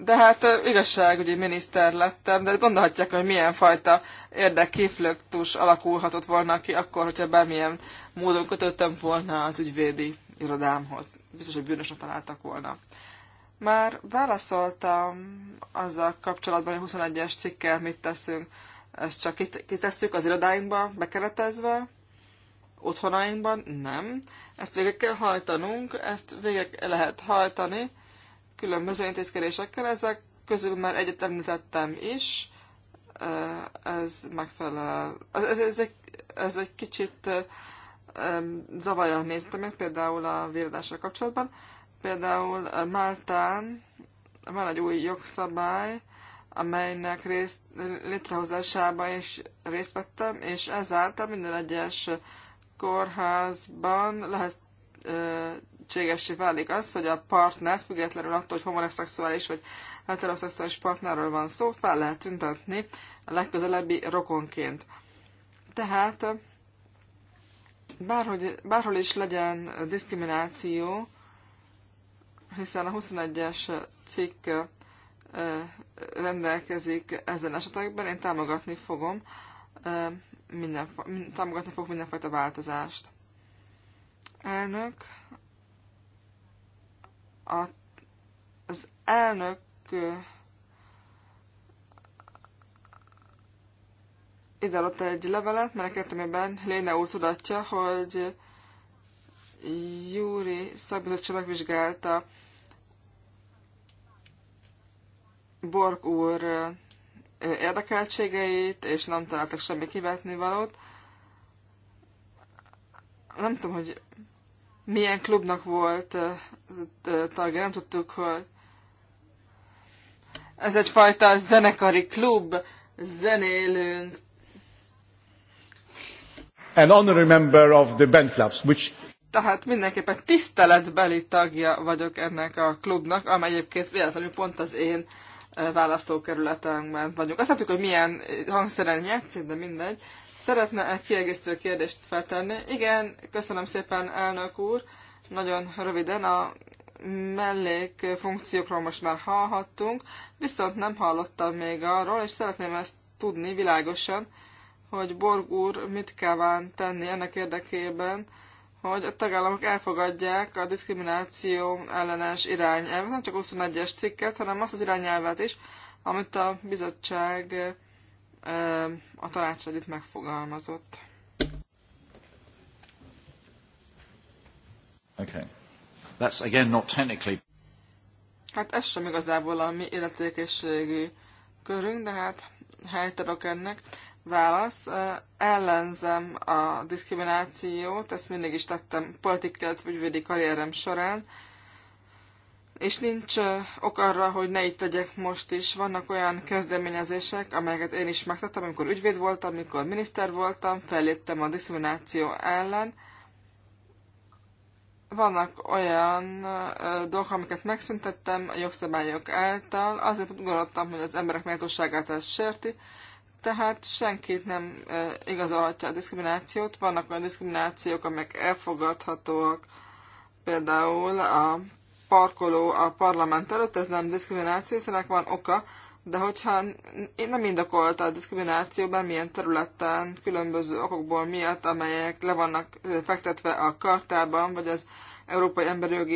De hát igazság, egy miniszter lettem, de gondolhatják, hogy milyen fajta érdekkonfliktus alakulhatott volna ki akkor, hogyha bármilyen módon kötöttem volna az ügyvédi irodámhoz. Biztos, hogy bűnösnek találtak volna. Már válaszoltam azzal kapcsolatban, hogy 21-es cikkel mit teszünk. Ezt csak kitesszük az irodáinkba, bekeretezve otthonainkban? Nem. Ezt végre kell hajtanunk, ezt végre lehet hajtani különböző intézkedésekkel. Ezek közül már egyet említettem is. Ez megfelel. Ez, ez, egy, ez egy kicsit zavarja néztem nézetemet, például a véradásra kapcsolatban. Például Máltán van egy új jogszabály, amelynek részt, létrehozásába is részt vettem, és ezáltal minden egyes kórházban lehetségesé válik az, hogy a partner, függetlenül attól, hogy homoszexuális vagy heteroszexuális partnerről van szó, fel lehet tüntetni a legközelebbi rokonként. Tehát bárhogy, bárhol is legyen diszkrimináció, hiszen a 21-es cikk rendelkezik ezen esetekben, én támogatni fogom minden, támogatni fog mindenfajta változást. Elnök, a, az elnök ide adott egy levelet, mert értelmében Léne úr tudatja, hogy Júri szakbizottság megvizsgálta Borg úr érdekeltségeit, és nem találtak semmi kivetni valót. Nem tudom, hogy milyen klubnak volt tagja, nem tudtuk, hogy ez egyfajta zenekari klub, zenélünk.
An honorary member of the band clubs, which
tehát mindenképpen tiszteletbeli tagja vagyok ennek a klubnak, amely egyébként véletlenül pont az én választókerületünkben vagyunk. Azt nem tudjuk, hogy milyen hangszeren játszik, de mindegy. Szeretne egy kiegészítő kérdést feltenni? Igen, köszönöm szépen, elnök úr. Nagyon röviden a mellék funkciókról most már hallhattunk, viszont nem hallottam még arról, és szeretném ezt tudni világosan, hogy Borg úr mit kell tenni ennek érdekében, hogy a tagállamok elfogadják a diszkrimináció ellenes irányelvet, nem csak 21-es cikket, hanem azt az irányelvet is, amit a bizottság a tanács együtt megfogalmazott. Okay.
That's again not technically...
Hát ez sem igazából a mi illetékességű körünk, de hát helyt adok ennek. Válasz. Ellenzem a diszkriminációt, ezt mindig is tettem politikai vagy ügyvédi karrierem során, és nincs ok arra, hogy ne így tegyek most is. Vannak olyan kezdeményezések, amelyeket én is megtettem, amikor ügyvéd voltam, amikor miniszter voltam, felléptem a diszkrimináció ellen. Vannak olyan dolgok, amiket megszüntettem a jogszabályok által, azért gondoltam, hogy az emberek méltóságát ez sérti, tehát senkit nem igazolhatja a diszkriminációt. Vannak olyan diszkriminációk, amelyek elfogadhatóak, például a parkoló a parlament előtt, ez nem diszkrimináció, hiszen ennek van oka, de hogyha nem indokolta a diszkrimináció bármilyen területen különböző okokból miatt, amelyek le vannak fektetve a kartában, vagy az Európai uh,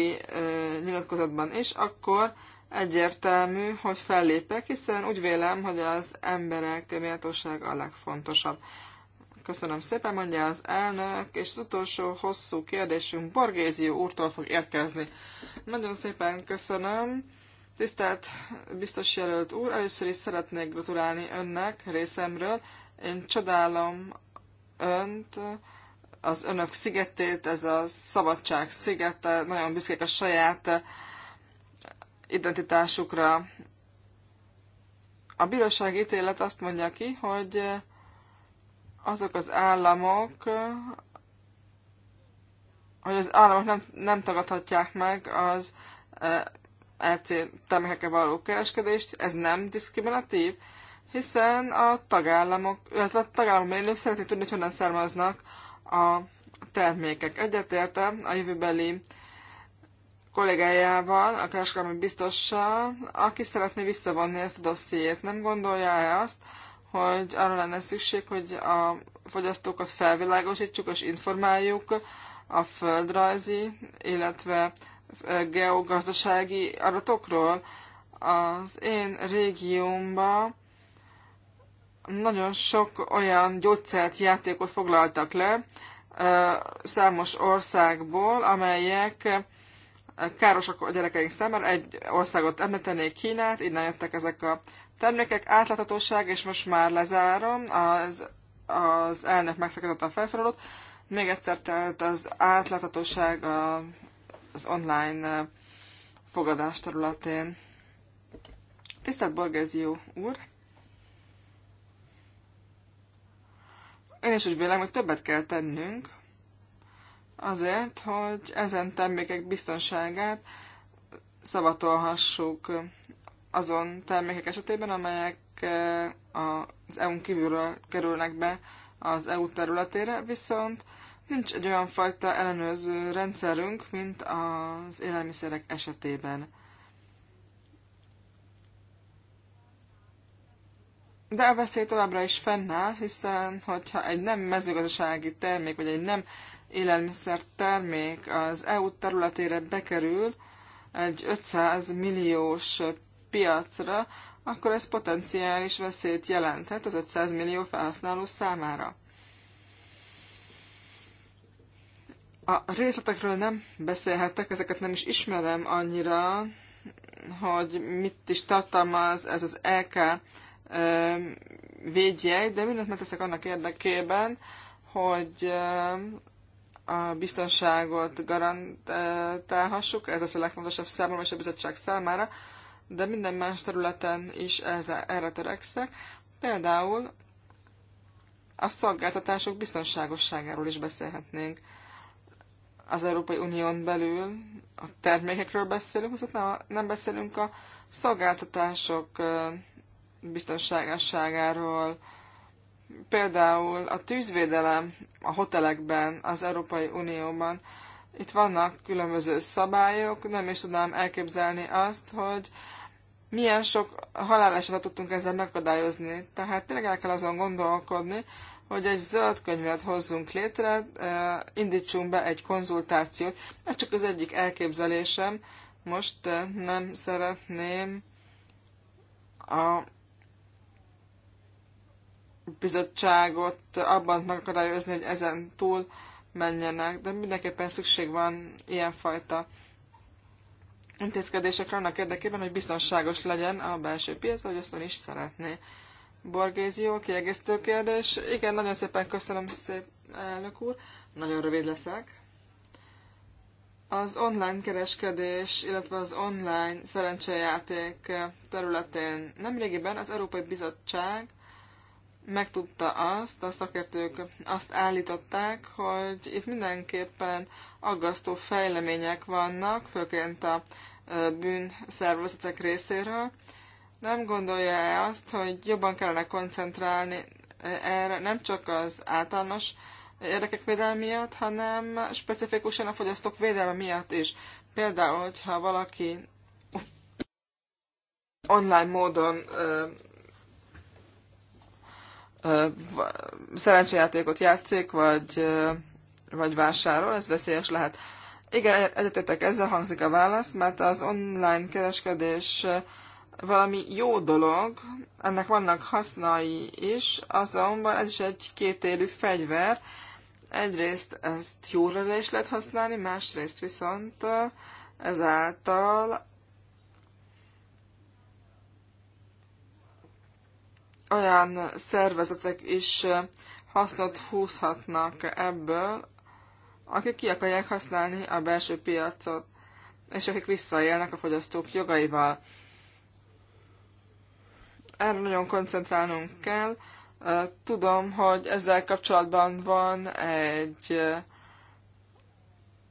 nyilatkozatban is, akkor egyértelmű, hogy fellépek, hiszen úgy vélem, hogy az emberek méltósága a legfontosabb. Köszönöm szépen, mondja az elnök, és az utolsó hosszú kérdésünk Borgézió úrtól fog érkezni. Nagyon szépen köszönöm. Tisztelt biztos jelölt úr, először is szeretnék gratulálni önnek részemről. Én csodálom önt, az önök szigetét, ez a szabadság szigete, nagyon büszkék a saját identitásukra. A bíróság ítélet azt mondja ki, hogy azok az államok, hogy az államok nem, nem tagadhatják meg az EC e termékekkel való kereskedést, ez nem diszkriminatív, hiszen a tagállamok, illetve a tagállamok élők szeretnék tudni, hogy honnan származnak a termékek. Egyetérte a jövőbeli kollégájával, a kereskedelmi biztossal, aki szeretné visszavonni ezt a dossziét. Nem gondolja-e azt, hogy arra lenne szükség, hogy a fogyasztókat felvilágosítsuk és informáljuk a földrajzi, illetve geogazdasági adatokról. Az én régiómban nagyon sok olyan gyógyszert, játékot foglaltak le számos országból, amelyek károsak a gyerekeink számára. Egy országot említenék Kínát, innen jöttek ezek a termékek. Átláthatóság, és most már lezárom, az, az elnök megszakította a felszólalót. Még egyszer, tehát az átláthatóság az online fogadás területén. Tisztelt Borgezió úr! Én is úgy vélem, hogy többet kell tennünk, azért, hogy ezen termékek biztonságát szavatolhassuk azon termékek esetében, amelyek eh, az EU-n kívülről kerülnek be az EU területére, viszont nincs egy olyan fajta ellenőrző rendszerünk, mint az élelmiszerek esetében. De a veszély továbbra is fennáll, hiszen hogyha egy nem mezőgazdasági termék, vagy egy nem élelmiszer termék az EU területére bekerül egy 500 milliós piacra, akkor ez potenciális veszélyt jelenthet az 500 millió felhasználó számára. A részletekről nem beszélhettek, ezeket nem is ismerem annyira, hogy mit is tartalmaz ez az LK e védjegy, de mindent megteszek annak érdekében, hogy a biztonságot garantálhassuk, ez az a legfontosabb számomra és a bizottság számára, de minden más területen is ez, erre törekszek. Például a szolgáltatások biztonságosságáról is beszélhetnénk. Az Európai Unión belül a termékekről beszélünk, viszont nem beszélünk a szolgáltatások biztonságosságáról, Például a tűzvédelem a hotelekben, az Európai Unióban, itt vannak különböző szabályok, nem is tudnám elképzelni azt, hogy milyen sok halálesetet tudtunk ezzel megakadályozni. Tehát tényleg el kell azon gondolkodni, hogy egy zöld könyvet hozzunk létre, eh, indítsunk be egy konzultációt. Ez csak az egyik elképzelésem. Most eh, nem szeretném a bizottságot abban megakadályozni, hogy ezen túl menjenek, de mindenképpen szükség van ilyenfajta intézkedésekre annak érdekében, hogy biztonságos legyen a belső piac, ahogy azt is szeretné. Borgézió, kiegészítő kérdés. Igen, nagyon szépen köszönöm szép elnök úr. Nagyon rövid leszek. Az online kereskedés, illetve az online szerencsejáték területén nemrégiben az Európai Bizottság megtudta azt, a szakértők azt állították, hogy itt mindenképpen aggasztó fejlemények vannak, főként a bűnszervezetek részéről. Nem gondolja-e azt, hogy jobban kellene koncentrálni erre nem csak az általános érdekek védelme miatt, hanem specifikusan a fogyasztók védelme miatt is. Például, hogyha valaki online módon szerencsejátékot játszik, vagy, vagy vásárol, ez veszélyes lehet. Igen, e-, egyetetek, ezzel hangzik a válasz, mert az online kereskedés valami jó dolog, ennek vannak hasznai is, azonban ez is egy kétélű fegyver. Egyrészt ezt jóra is lehet használni, másrészt viszont ezáltal olyan szervezetek is hasznot húzhatnak ebből, akik ki akarják használni a belső piacot, és akik visszaélnek a fogyasztók jogaival. Erre nagyon koncentrálnunk kell. Tudom, hogy ezzel kapcsolatban van egy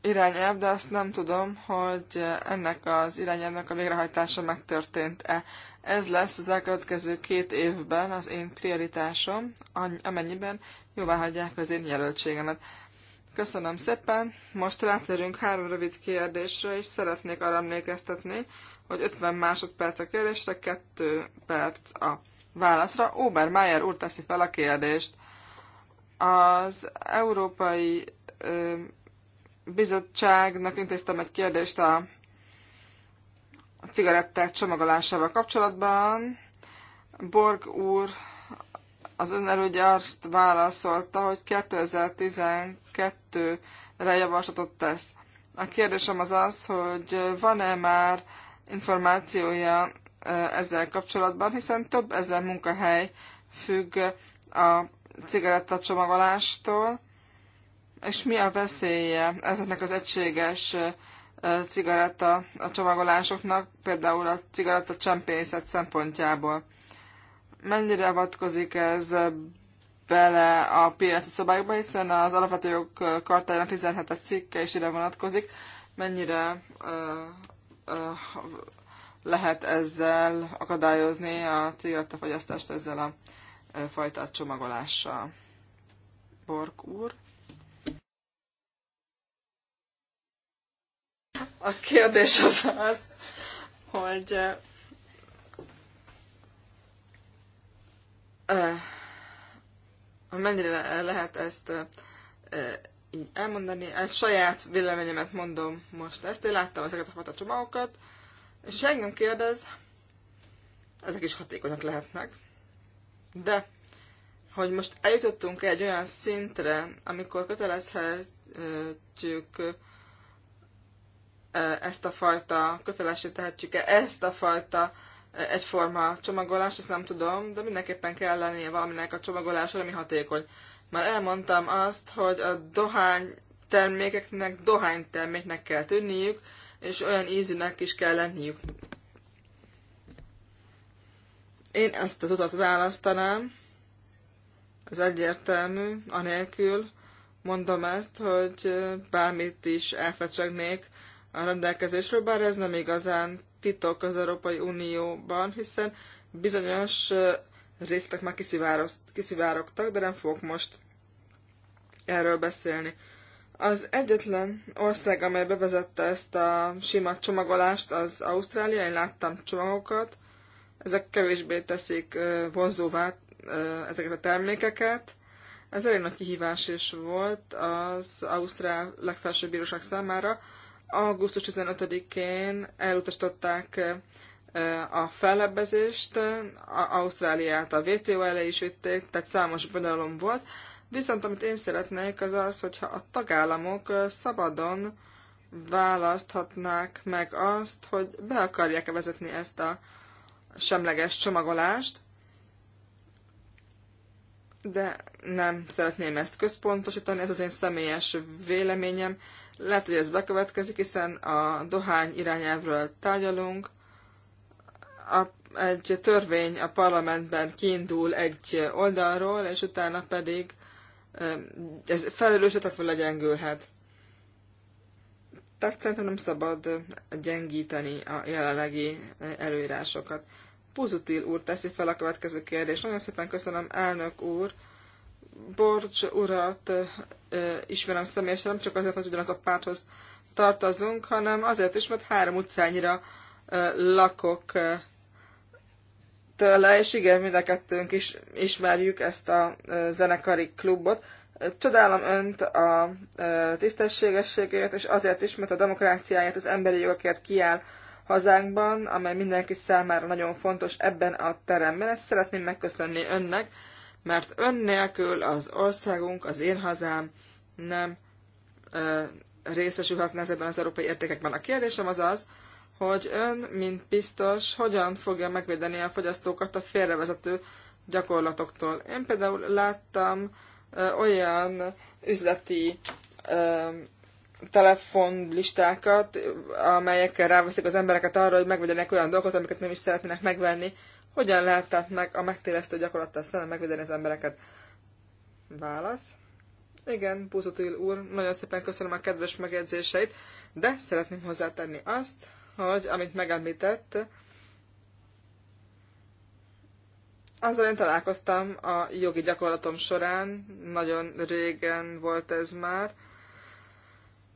irányelv, de azt nem tudom, hogy ennek az irányelvnek a végrehajtása megtörtént-e. Ez lesz az elkövetkező két évben az én prioritásom, amennyiben jóvá hagyják az én jelöltségemet. Köszönöm szépen, most rátérünk három rövid kérdésre, és szeretnék arra emlékeztetni, hogy 50 másodperc a kérdésre, 2 perc a válaszra. Obermeier úr teszi fel a kérdést. Az európai bizottságnak intéztem egy kérdést a cigaretták csomagolásával kapcsolatban. Borg úr az önerőgy azt válaszolta, hogy 2012-re javaslatot tesz. A kérdésem az az, hogy van-e már információja ezzel kapcsolatban, hiszen több ezer munkahely függ a cigarettacsomagolástól, és mi a veszélye ezeknek az egységes cigaretta a csomagolásoknak, például a cigaretta csempészet szempontjából? Mennyire avatkozik ez bele a piaci szabályokba, hiszen az alapvető jog kartájának 17. cikke is ide vonatkozik. Mennyire uh, uh, lehet ezzel akadályozni a cigarettafogyasztást ezzel a fajta csomagolással? Bork úr. A kérdés az az, hogy mennyire lehet ezt így elmondani. Ezt saját véleményemet mondom most ezt. Én láttam ezeket a fajta csomagokat, és ha engem kérdez, ezek is hatékonyak lehetnek. De, hogy most eljutottunk egy olyan szintre, amikor kötelezhetjük E, ezt a fajta kötelesé tehetjük-e, ezt a fajta e, egyforma csomagolást, ezt nem tudom, de mindenképpen kell lennie valaminek a csomagolásra, ami hatékony. Már elmondtam azt, hogy a dohány termékeknek dohány terméknek kell tűnniük, és olyan ízűnek is kell lenniük. Én ezt az utat választanám, az egyértelmű, anélkül mondom ezt, hogy e, bármit is elfecsegnék a rendelkezésről, bár ez nem igazán titok az Európai Unióban, hiszen bizonyos részletek már kiszivárogtak, de nem fogok most erről beszélni. Az egyetlen ország, amely bevezette ezt a sima csomagolást, az Ausztrália. Én láttam csomagokat. Ezek kevésbé teszik vonzóvá ezeket a termékeket. Ez elég nagy kihívás is volt az Ausztrál legfelsőbb bíróság számára, Augusztus 15-én elutasították a fellebbezést, Ausztráliát a WTO elé is vitték, tehát számos bonyolom volt. Viszont amit én szeretnék, az az, hogyha a tagállamok szabadon választhatnák meg azt, hogy be akarják-e vezetni ezt a semleges csomagolást, de nem szeretném ezt központosítani, ez az én személyes véleményem. Lehet, hogy ez bekövetkezik, hiszen a dohány irányelvről tárgyalunk. A, egy törvény a parlamentben kiindul egy oldalról, és utána pedig ez felelősödhet vagy legyengülhet. Tehát szerintem nem szabad gyengíteni a jelenlegi előírásokat. Puzutil úr teszi fel a következő kérdést. Nagyon szépen köszönöm, elnök úr. Borcs urat ismerem személyesen, nem csak azért, mert ugyanaz a párthoz tartozunk, hanem azért is, mert három utcányira lakok tőle, és igen, mind a kettőnk is ismerjük ezt a zenekari klubot. Csodálom önt a tisztességességét és azért is, mert a demokráciáját, az emberi jogokért kiáll hazánkban, amely mindenki számára nagyon fontos ebben a teremben. Ezt szeretném megköszönni önnek, mert ön nélkül az országunk, az én hazám nem ö, részesülhetne ezekben az európai értékekben. A kérdésem az az, hogy ön, mint biztos, hogyan fogja megvédeni a fogyasztókat a félrevezető gyakorlatoktól. Én például láttam ö, olyan üzleti ö, telefonlistákat, amelyekkel ráveszik az embereket arra, hogy megvegyenek olyan dolgokat, amiket nem is szeretnének megvenni hogyan lehet tehát meg a megtévesztő gyakorlattal szemben megvédeni az embereket? Válasz. Igen, Búzutil úr, nagyon szépen köszönöm a kedves megjegyzéseit, de szeretném hozzátenni azt, hogy amit megemlített, azzal én találkoztam a jogi gyakorlatom során, nagyon régen volt ez már,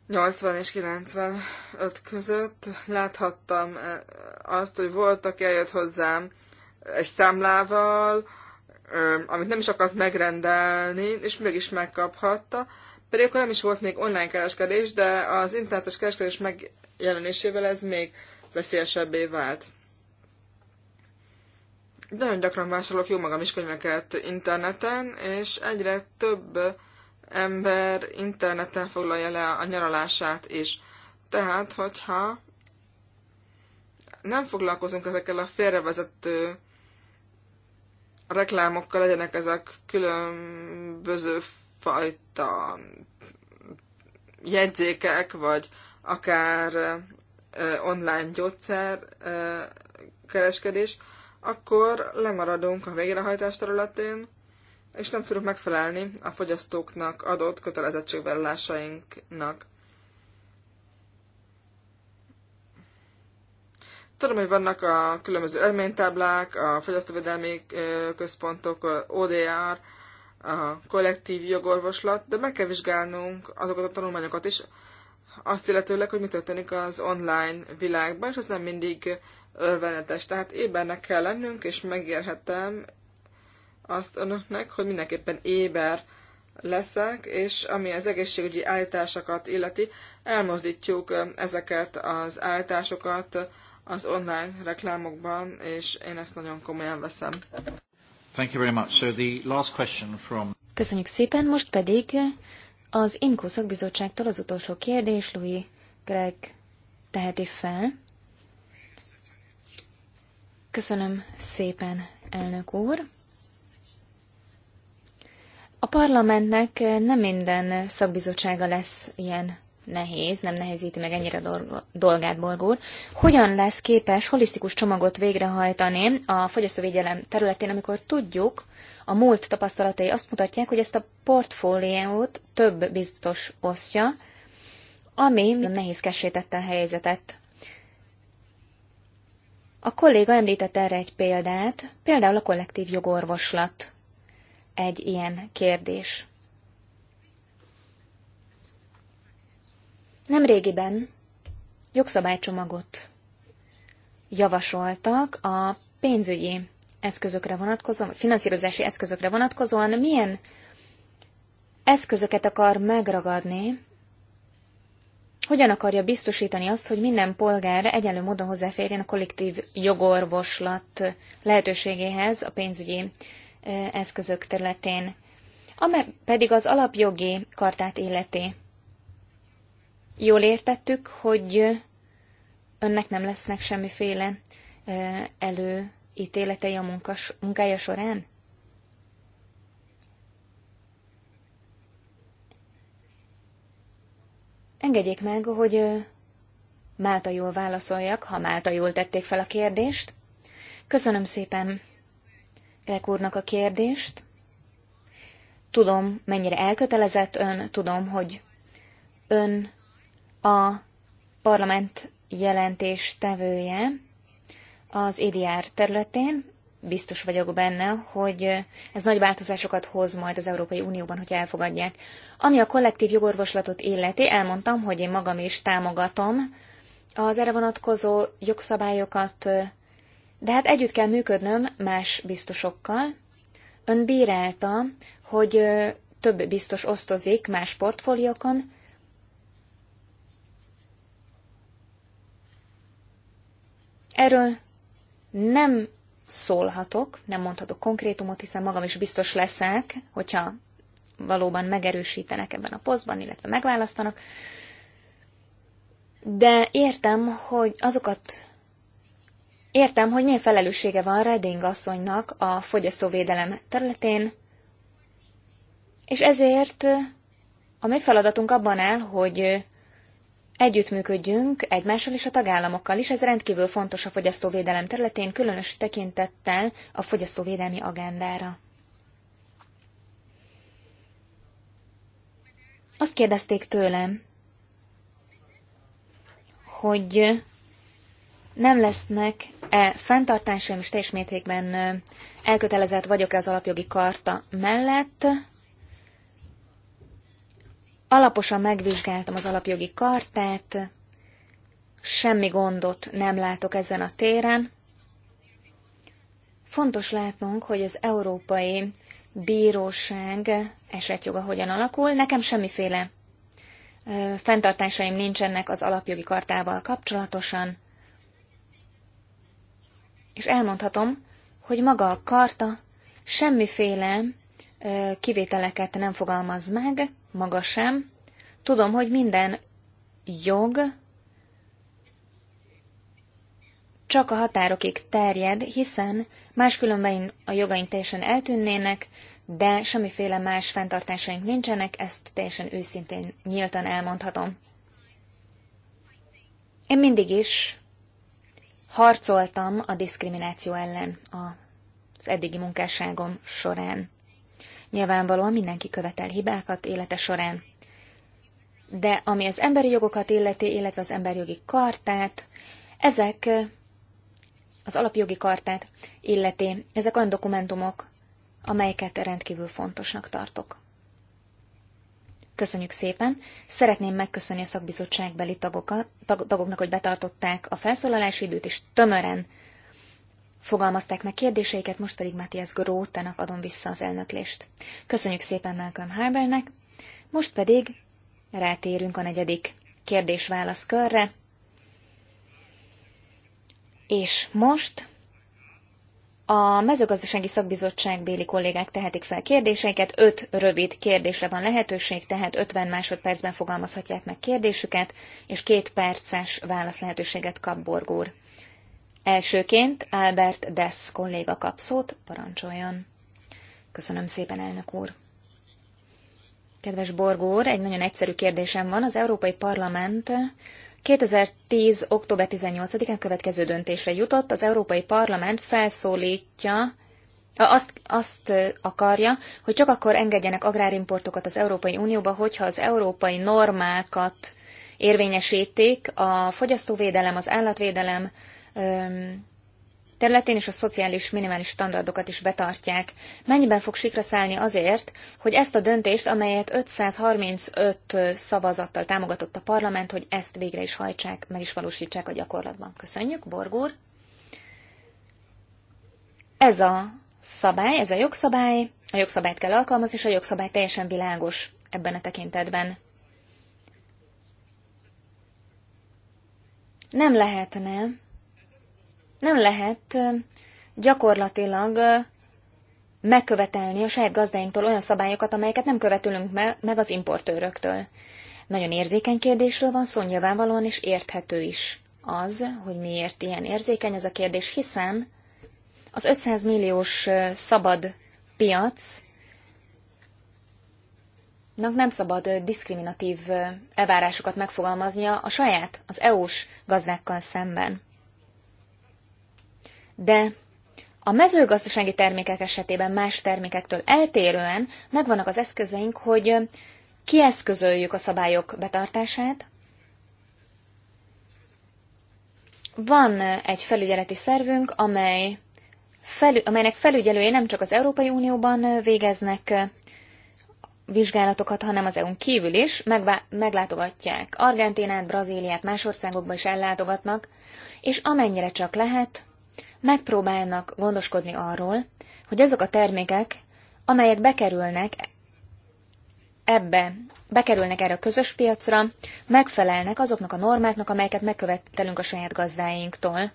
80 és 95 között láthattam eh, azt, hogy voltak aki eljött hozzám egy számlával, amit nem is akart megrendelni, és mégis megkaphatta. Pedig akkor nem is volt még online kereskedés, de az internetes kereskedés megjelenésével ez még veszélyesebbé vált. Nagyon gyakran vásárolok jó magam is könyveket interneten, és egyre több ember interneten foglalja le a nyaralását is. Tehát, hogyha nem foglalkozunk ezekkel a félrevezető reklámokkal legyenek ezek különböző fajta jegyzékek, vagy akár online gyógyszer kereskedés, akkor lemaradunk a végrehajtás területén, és nem tudunk megfelelni a fogyasztóknak adott kötelezettségvállalásainknak. Tudom, hogy vannak a különböző eredménytáblák, a fogyasztóvédelmi központok, ODR, a kollektív jogorvoslat, de meg kell vizsgálnunk azokat a tanulmányokat is, azt illetőleg, hogy mi történik az online világban, és ez nem mindig örvenetes. Tehát ébernek kell lennünk, és megérhetem azt önöknek, hogy mindenképpen éber leszek, és ami az egészségügyi állításokat illeti, elmozdítjuk ezeket az állításokat az online reklámokban, és én ezt nagyon komolyan veszem.
Thank you very much. So the last question from... Köszönjük szépen, most pedig az INKO szakbizottságtól az utolsó kérdés, Louis Greg teheti fel. Köszönöm szépen, elnök úr. A parlamentnek nem minden szakbizottsága lesz ilyen nehéz, nem nehezíti meg ennyire dolgát Borgúr. Hogyan lesz képes holisztikus csomagot végrehajtani a fogyasztóvédelem területén, amikor tudjuk, a múlt tapasztalatai azt mutatják, hogy ezt a portfóliót több biztos osztja, ami nehézkessé tette a helyzetet. A kolléga említett erre egy példát, például a kollektív jogorvoslat. Egy ilyen kérdés. Nemrégiben jogszabálycsomagot javasoltak a pénzügyi eszközökre vonatkozóan, finanszírozási eszközökre vonatkozóan, milyen eszközöket akar megragadni, hogyan akarja biztosítani azt, hogy minden polgár egyenlő módon hozzáférjen a kollektív jogorvoslat lehetőségéhez a pénzügyi eh, eszközök területén, amely pedig az alapjogi kartát illeti. Jól értettük, hogy önnek nem lesznek semmiféle előítéletei a munkas, munkája során? Engedjék meg, hogy Málta jól válaszoljak, ha Málta jól tették fel a kérdést. Köszönöm szépen Greg úrnak a kérdést. Tudom, mennyire elkötelezett ön, tudom, hogy ön a parlament jelentés tevője az EDR területén. Biztos vagyok benne, hogy ez nagy változásokat hoz majd az Európai Unióban, hogy elfogadják. Ami a kollektív jogorvoslatot illeti, elmondtam, hogy én magam is támogatom az erre vonatkozó jogszabályokat, de hát együtt kell működnöm más biztosokkal. Ön bírálta, hogy több biztos osztozik más portfóliókon, Erről nem szólhatok, nem mondhatok konkrétumot, hiszen magam is biztos leszek, hogyha valóban megerősítenek ebben a posztban, illetve megválasztanak. De értem, hogy azokat Értem, hogy milyen felelőssége van Reding asszonynak a fogyasztóvédelem területén, és ezért a mi feladatunk abban el, hogy együttműködjünk egymással és a tagállamokkal is, ez rendkívül fontos a fogyasztóvédelem területén, különös tekintettel a fogyasztóvédelmi agendára. Azt kérdezték tőlem, hogy nem lesznek-e fenntartásaim, és teljes mértékben elkötelezett vagyok-e az alapjogi karta mellett, Alaposan megvizsgáltam az alapjogi kartát, semmi gondot nem látok ezen a téren. Fontos látnunk, hogy az Európai Bíróság esetjoga hogyan alakul. Nekem semmiféle fenntartásaim nincsenek az alapjogi kartával kapcsolatosan, és elmondhatom, hogy maga a karta semmiféle kivételeket nem fogalmaz meg, maga sem. Tudom, hogy minden jog csak a határokig terjed, hiszen máskülönben a jogaink teljesen eltűnnének, de semmiféle más fenntartásaink nincsenek, ezt teljesen őszintén, nyíltan elmondhatom. Én mindig is harcoltam a diszkrimináció ellen az eddigi munkásságom során. Nyilvánvalóan mindenki követel hibákat élete során. De ami az emberi jogokat illeti, illetve az emberjogi kartát, ezek az alapjogi kartát illeti, ezek olyan dokumentumok, amelyeket rendkívül fontosnak tartok. Köszönjük szépen! Szeretném megköszönni a szakbizottságbeli tagokat, tag, tagoknak, hogy betartották a felszólalási időt, és tömören fogalmazták meg kérdéseiket, most pedig Matthias Grótenak adom vissza az elnöklést. Köszönjük szépen Malcolm Harbernek, most pedig rátérünk a negyedik kérdés-válasz körre, és most a mezőgazdasági szakbizottság béli kollégák tehetik fel kérdéseiket, öt rövid kérdésre van lehetőség, tehát 50 másodpercben fogalmazhatják meg kérdésüket, és két perces válasz lehetőséget kap Borgúr. Elsőként Albert Dess kolléga kap szót, parancsoljon. Köszönöm szépen, elnök úr. Kedves Borgó úr, egy nagyon egyszerű kérdésem van. Az Európai Parlament 2010. október 18-án következő döntésre jutott. Az Európai Parlament felszólítja, azt, azt akarja, hogy csak akkor engedjenek agrárimportokat az Európai Unióba, hogyha az európai normákat érvényesítik, a fogyasztóvédelem, az állatvédelem, területén és a szociális minimális standardokat is betartják. Mennyiben fog sikra szállni azért, hogy ezt a döntést, amelyet 535 szavazattal támogatott a parlament, hogy ezt végre is hajtsák, meg is valósítsák a gyakorlatban. Köszönjük, Borgúr! Ez a szabály, ez a jogszabály, a jogszabályt kell alkalmazni, és a jogszabály teljesen világos ebben a tekintetben. Nem lehetne nem lehet gyakorlatilag megkövetelni a saját gazdáinktól olyan szabályokat, amelyeket nem követülünk meg az importőröktől. Nagyon érzékeny kérdésről van szó, nyilvánvalóan és érthető is az, hogy miért ilyen érzékeny ez a kérdés, hiszen az 500 milliós szabad piac nem szabad diszkriminatív elvárásokat megfogalmaznia a saját, az EU-s gazdákkal szemben de a mezőgazdasági termékek esetében más termékektől eltérően megvannak az eszközeink, hogy kieszközöljük a szabályok betartását. Van egy felügyeleti szervünk, amely felü- amelynek felügyelői nem csak az Európai Unióban végeznek vizsgálatokat, hanem az EU-n kívül is meglátogatják. Argentinát, Brazíliát, más országokba is ellátogatnak, és amennyire csak lehet, megpróbálnak gondoskodni arról, hogy azok a termékek, amelyek bekerülnek ebbe, bekerülnek erre a közös piacra, megfelelnek azoknak a normáknak, amelyeket megkövetelünk a saját gazdáinktól.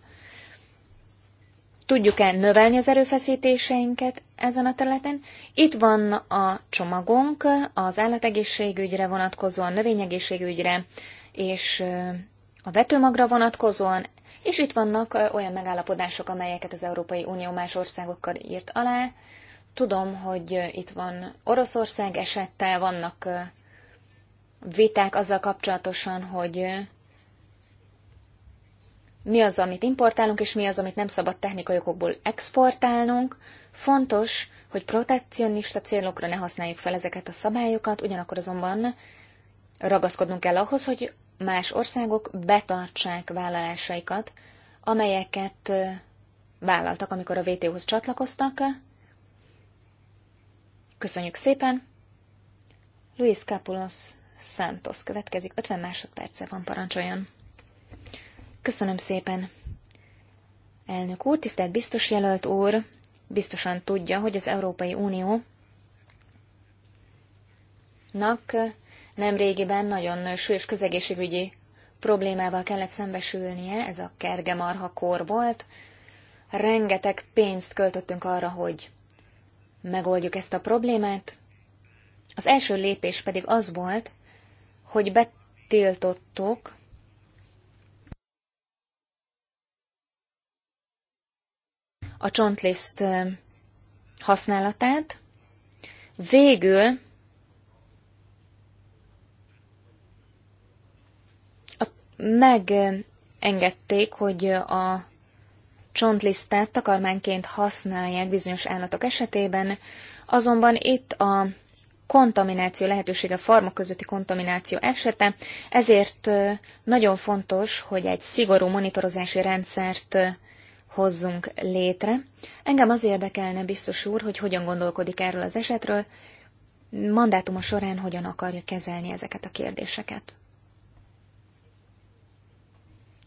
Tudjuk-e növelni az erőfeszítéseinket ezen a területen? Itt van a csomagunk az állategészségügyre vonatkozóan, növényegészségügyre és a vetőmagra vonatkozóan és itt vannak olyan megállapodások, amelyeket az Európai Unió más országokkal írt alá. Tudom, hogy itt van Oroszország esette, vannak viták azzal kapcsolatosan, hogy mi az, amit importálunk, és mi az, amit nem szabad technikai okokból exportálnunk. Fontos, hogy protekcionista célokra ne használjuk fel ezeket a szabályokat, ugyanakkor azonban ragaszkodnunk kell ahhoz, hogy más országok betartsák vállalásaikat, amelyeket vállaltak, amikor a vto hoz csatlakoztak. Köszönjük szépen! Luis Capulos Santos következik, 50 másodperce van, parancsoljon. Köszönöm szépen! Elnök úr, tisztelt biztos jelölt úr, biztosan tudja, hogy az Európai Unió ...nak Nemrégiben nagyon sős közegészségügyi problémával kellett szembesülnie, ez a kergemarha kor volt. Rengeteg pénzt költöttünk arra, hogy megoldjuk ezt a problémát. Az első lépés pedig az volt, hogy betiltottuk a csontliszt használatát. Végül megengedték, hogy a csontlisztet takarmányként használják bizonyos állatok esetében, azonban itt a kontamináció lehetősége, farmak közötti kontamináció esete, ezért nagyon fontos, hogy egy szigorú monitorozási rendszert hozzunk létre. Engem az érdekelne, biztos úr, hogy hogyan gondolkodik erről az esetről, mandátuma során hogyan akarja kezelni ezeket a kérdéseket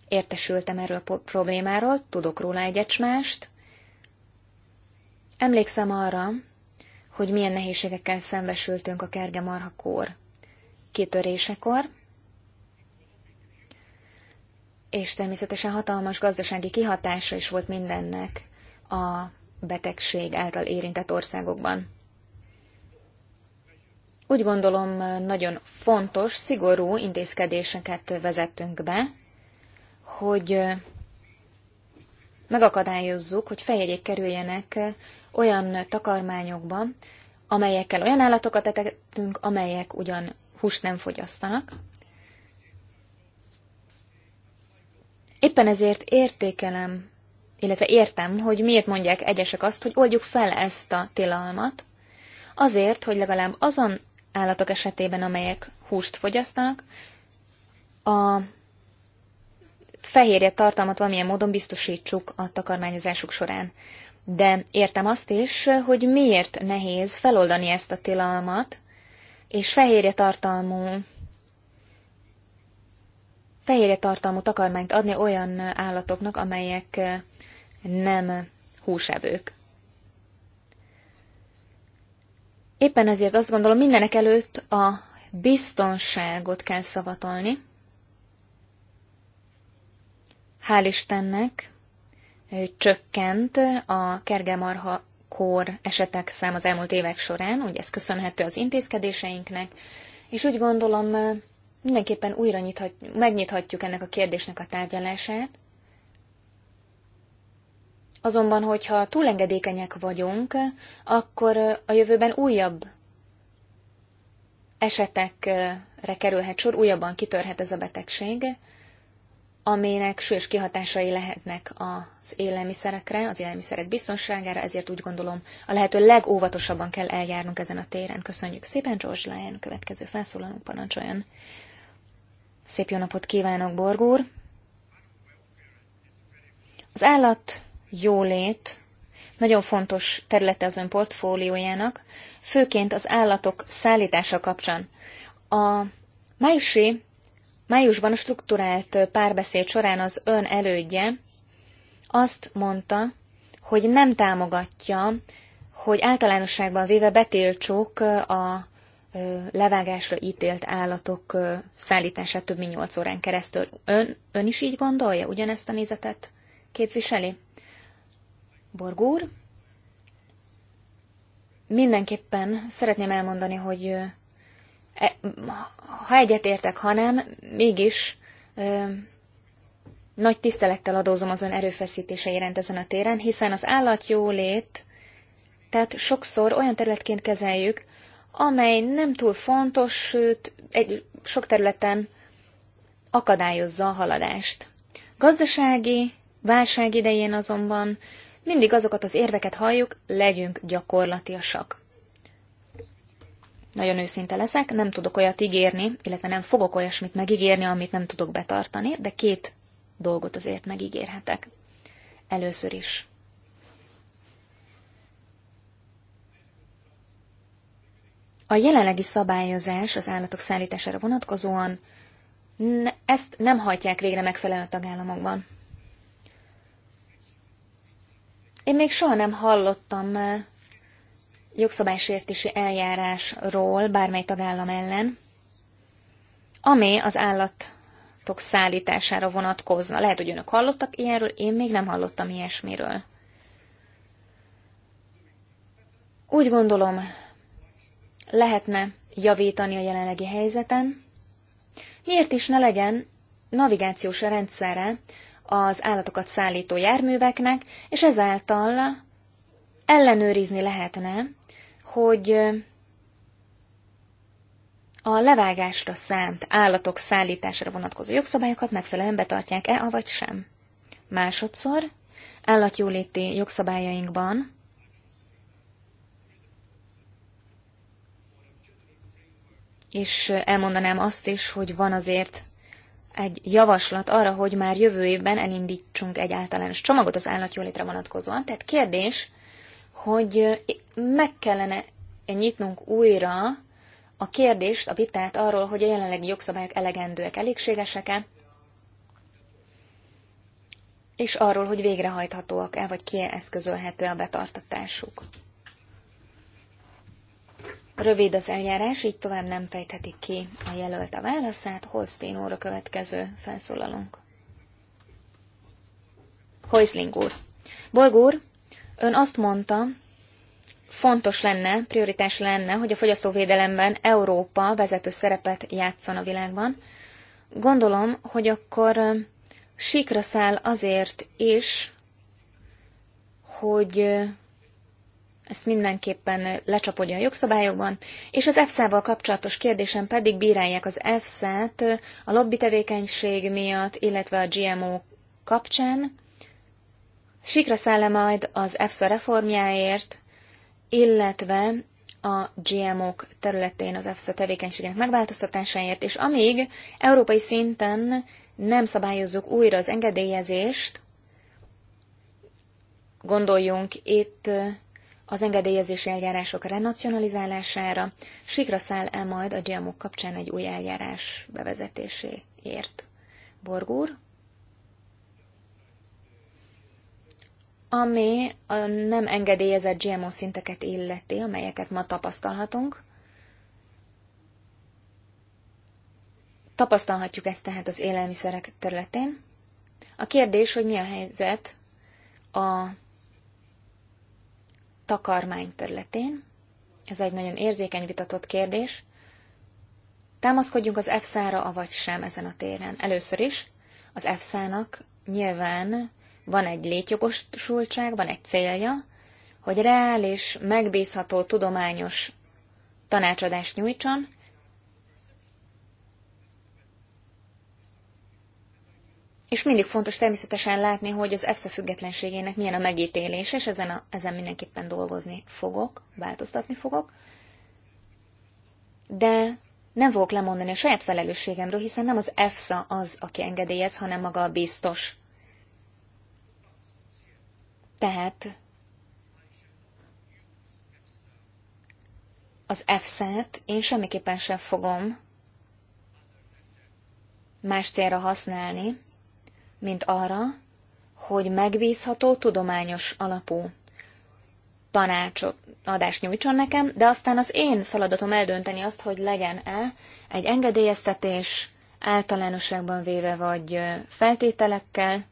értesültem erről a problémáról, tudok róla egyecsmást. Emlékszem arra, hogy milyen nehézségekkel szembesültünk a kerge marhakór kitörésekor, és természetesen hatalmas gazdasági kihatása is volt mindennek a betegség által érintett országokban. Úgy gondolom, nagyon fontos, szigorú intézkedéseket vezettünk be, hogy megakadályozzuk, hogy fehérjék kerüljenek olyan takarmányokba, amelyekkel olyan állatokat etetünk, amelyek ugyan húst nem fogyasztanak. Éppen ezért értékelem, illetve értem, hogy miért mondják egyesek azt, hogy oldjuk fel ezt a tilalmat, azért, hogy legalább azon állatok esetében, amelyek húst fogyasztanak, a fehérje tartalmat valamilyen módon biztosítsuk a takarmányozásuk során. De értem azt is, hogy miért nehéz feloldani ezt a tilalmat, és fehérje tartalmú fehérje tartalmú takarmányt adni olyan állatoknak, amelyek nem húsevők. Éppen ezért azt gondolom, mindenek előtt a biztonságot kell szavatolni, hál' Istennek csökkent a kergemarha kór esetek szám az elmúlt évek során, ugye ez köszönhető az intézkedéseinknek, és úgy gondolom, mindenképpen újra nyithat, megnyithatjuk ennek a kérdésnek a tárgyalását. Azonban, hogyha túlengedékenyek vagyunk, akkor a jövőben újabb esetekre kerülhet sor, újabban kitörhet ez a betegség, aminek sős kihatásai lehetnek az élelmiszerekre, az élelmiszerek biztonságára, ezért úgy gondolom a lehető legóvatosabban kell eljárnunk ezen a téren. Köszönjük szépen, George Lyon, következő felszólalunk parancsoljon. Szép jó napot kívánok, Borgúr! Az állat jólét nagyon fontos területe az ön portfóliójának, főként az állatok szállítása kapcsán. A májusi Májusban a strukturált párbeszéd során az ön elődje azt mondta, hogy nem támogatja, hogy általánosságban véve betiltsuk a levágásra ítélt állatok szállítását több mint 8 órán keresztül. Ön, ön is így gondolja? Ugyanezt a nézetet képviseli? Borgúr? Mindenképpen szeretném elmondani, hogy E, ha egyetértek, ha nem, mégis ö, nagy tisztelettel adózom az ön erőfeszítése iránt ezen a téren, hiszen az állatjólét, tehát sokszor olyan területként kezeljük, amely nem túl fontos, sőt, egy, sok területen akadályozza a haladást. Gazdasági válság idején azonban mindig azokat az érveket halljuk, legyünk gyakorlatiasak. Nagyon őszinte leszek, nem tudok olyat ígérni, illetve nem fogok olyasmit megígérni, amit nem tudok betartani, de két dolgot azért megígérhetek. Először is. A jelenlegi szabályozás az állatok szállítására vonatkozóan ezt nem hajtják végre megfelelően a tagállamokban. Én még soha nem hallottam eh, jogszabálysértési eljárásról bármely tagállam ellen, ami az állatok szállítására vonatkozna. Lehet, hogy önök hallottak ilyenről, én még nem hallottam ilyesmiről. Úgy gondolom, lehetne javítani a jelenlegi helyzeten. Miért is ne legyen navigációs rendszere az állatokat szállító járműveknek, és ezáltal ellenőrizni lehetne, hogy a levágásra szánt állatok szállítására vonatkozó jogszabályokat megfelelően betartják-e, avagy sem. Másodszor, állatjóléti jogszabályainkban és elmondanám azt is, hogy van azért egy javaslat arra, hogy már jövő évben elindítsunk egy általános csomagot az állatjólétre vonatkozóan. Tehát kérdés, hogy meg kellene nyitnunk újra a kérdést, a vitát arról, hogy a jelenlegi jogszabályok elegendőek, elégségesek-e, és arról, hogy végrehajthatóak-e, vagy kieszközölhető a betartatásuk. Rövid az eljárás, így tovább nem fejthetik ki a jelölt a válaszát. Holstein óra következő felszólalunk. Hoisling úr. Borg úr, Ön azt mondta, fontos lenne, prioritás lenne, hogy a fogyasztóvédelemben Európa vezető szerepet játszon a világban. Gondolom, hogy akkor sikra száll azért is, hogy ezt mindenképpen lecsapodja a jogszabályokban, és az EFSA-val kapcsolatos kérdésen pedig bírálják az EFSA-t a lobby tevékenység miatt, illetve a GMO kapcsán. Sikra száll majd az EFSA reformjáért, illetve a GMO-k területén az EFSA tevékenységének megváltoztatásáért, és amíg európai szinten nem szabályozzuk újra az engedélyezést, gondoljunk itt az engedélyezési eljárások renacionalizálására, sikra száll el majd a GMO kapcsán egy új eljárás bevezetéséért. Borgúr? ami a nem engedélyezett GMO szinteket illeti, amelyeket ma tapasztalhatunk. Tapasztalhatjuk ezt tehát az élelmiszerek területén. A kérdés, hogy mi a helyzet a takarmány területén. Ez egy nagyon érzékeny vitatott kérdés. Támaszkodjunk az EFSA-ra, avagy sem ezen a téren. Először is az EFSA-nak nyilván van egy létjogosultság, van egy célja, hogy és megbízható, tudományos tanácsadást nyújtson, És mindig fontos természetesen látni, hogy az EFSA függetlenségének milyen a megítélés, és ezen, a, ezen mindenképpen dolgozni fogok, változtatni fogok. De nem fogok lemondani a saját felelősségemről, hiszen nem az EFSA az, aki engedélyez, hanem maga a biztos. Tehát az F t én semmiképpen sem fogom más célra használni, mint arra, hogy megbízható, tudományos alapú tanácsot, adást nyújtson nekem, de aztán az én feladatom eldönteni azt, hogy legyen-e egy engedélyeztetés általánosságban véve vagy feltételekkel,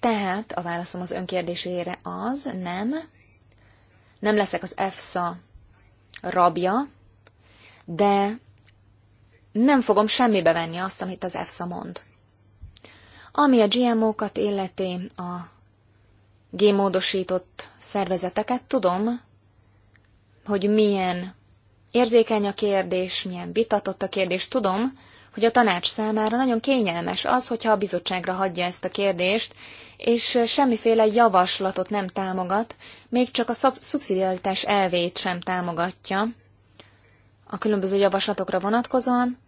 tehát a válaszom az önkérdésére az, nem, nem leszek az EFSA rabja, de nem fogom semmibe venni azt, amit az EFSA mond. Ami a GMO-kat illeti, a gémódosított szervezeteket, tudom, hogy milyen érzékeny a kérdés, milyen vitatott a kérdés, tudom, hogy a tanács számára nagyon kényelmes az, hogyha a bizottságra hagyja ezt a kérdést, és semmiféle javaslatot nem támogat, még csak a szubszidiaritás elvét sem támogatja a különböző javaslatokra vonatkozóan.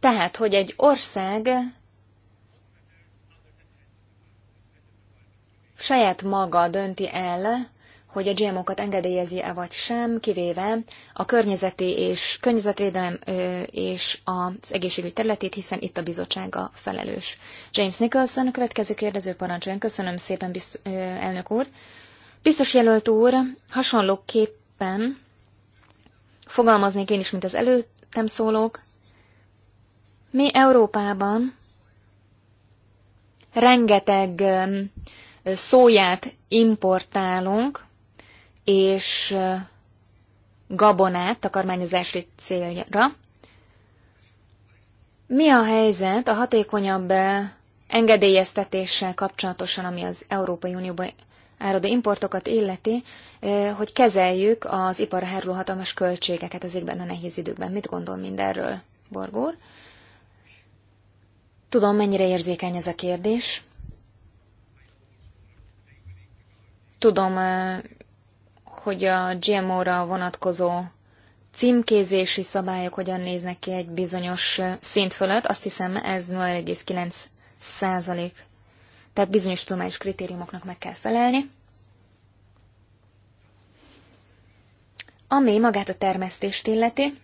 Tehát, hogy egy ország saját maga dönti el, hogy a GMO-kat engedélyezi-e vagy sem, kivéve a környezeti és környezetvédelem és az egészségügy területét, hiszen itt a bizottság a felelős. James Nicholson, a következő kérdező parancsoljon. Köszönöm szépen, bizt- elnök úr. Biztos jelölt úr, hasonlóképpen fogalmaznék én is, mint az előttem szólók. Mi Európában rengeteg szóját importálunk, és gabonát takarmányozási célra. Mi a helyzet a hatékonyabb engedélyeztetéssel kapcsolatosan, ami az Európai Unióban áradó importokat illeti, hogy kezeljük az ipar háruló hatalmas költségeket ezekben a nehéz időkben. Mit gondol mindenről, Borgór? Tudom, mennyire érzékeny ez a kérdés. Tudom, hogy a GMO-ra vonatkozó címkézési szabályok hogyan néznek ki egy bizonyos szint fölött. Azt hiszem ez 0,9 százalék. Tehát bizonyos tudományos kritériumoknak meg kell felelni. Ami magát a termesztést illeti,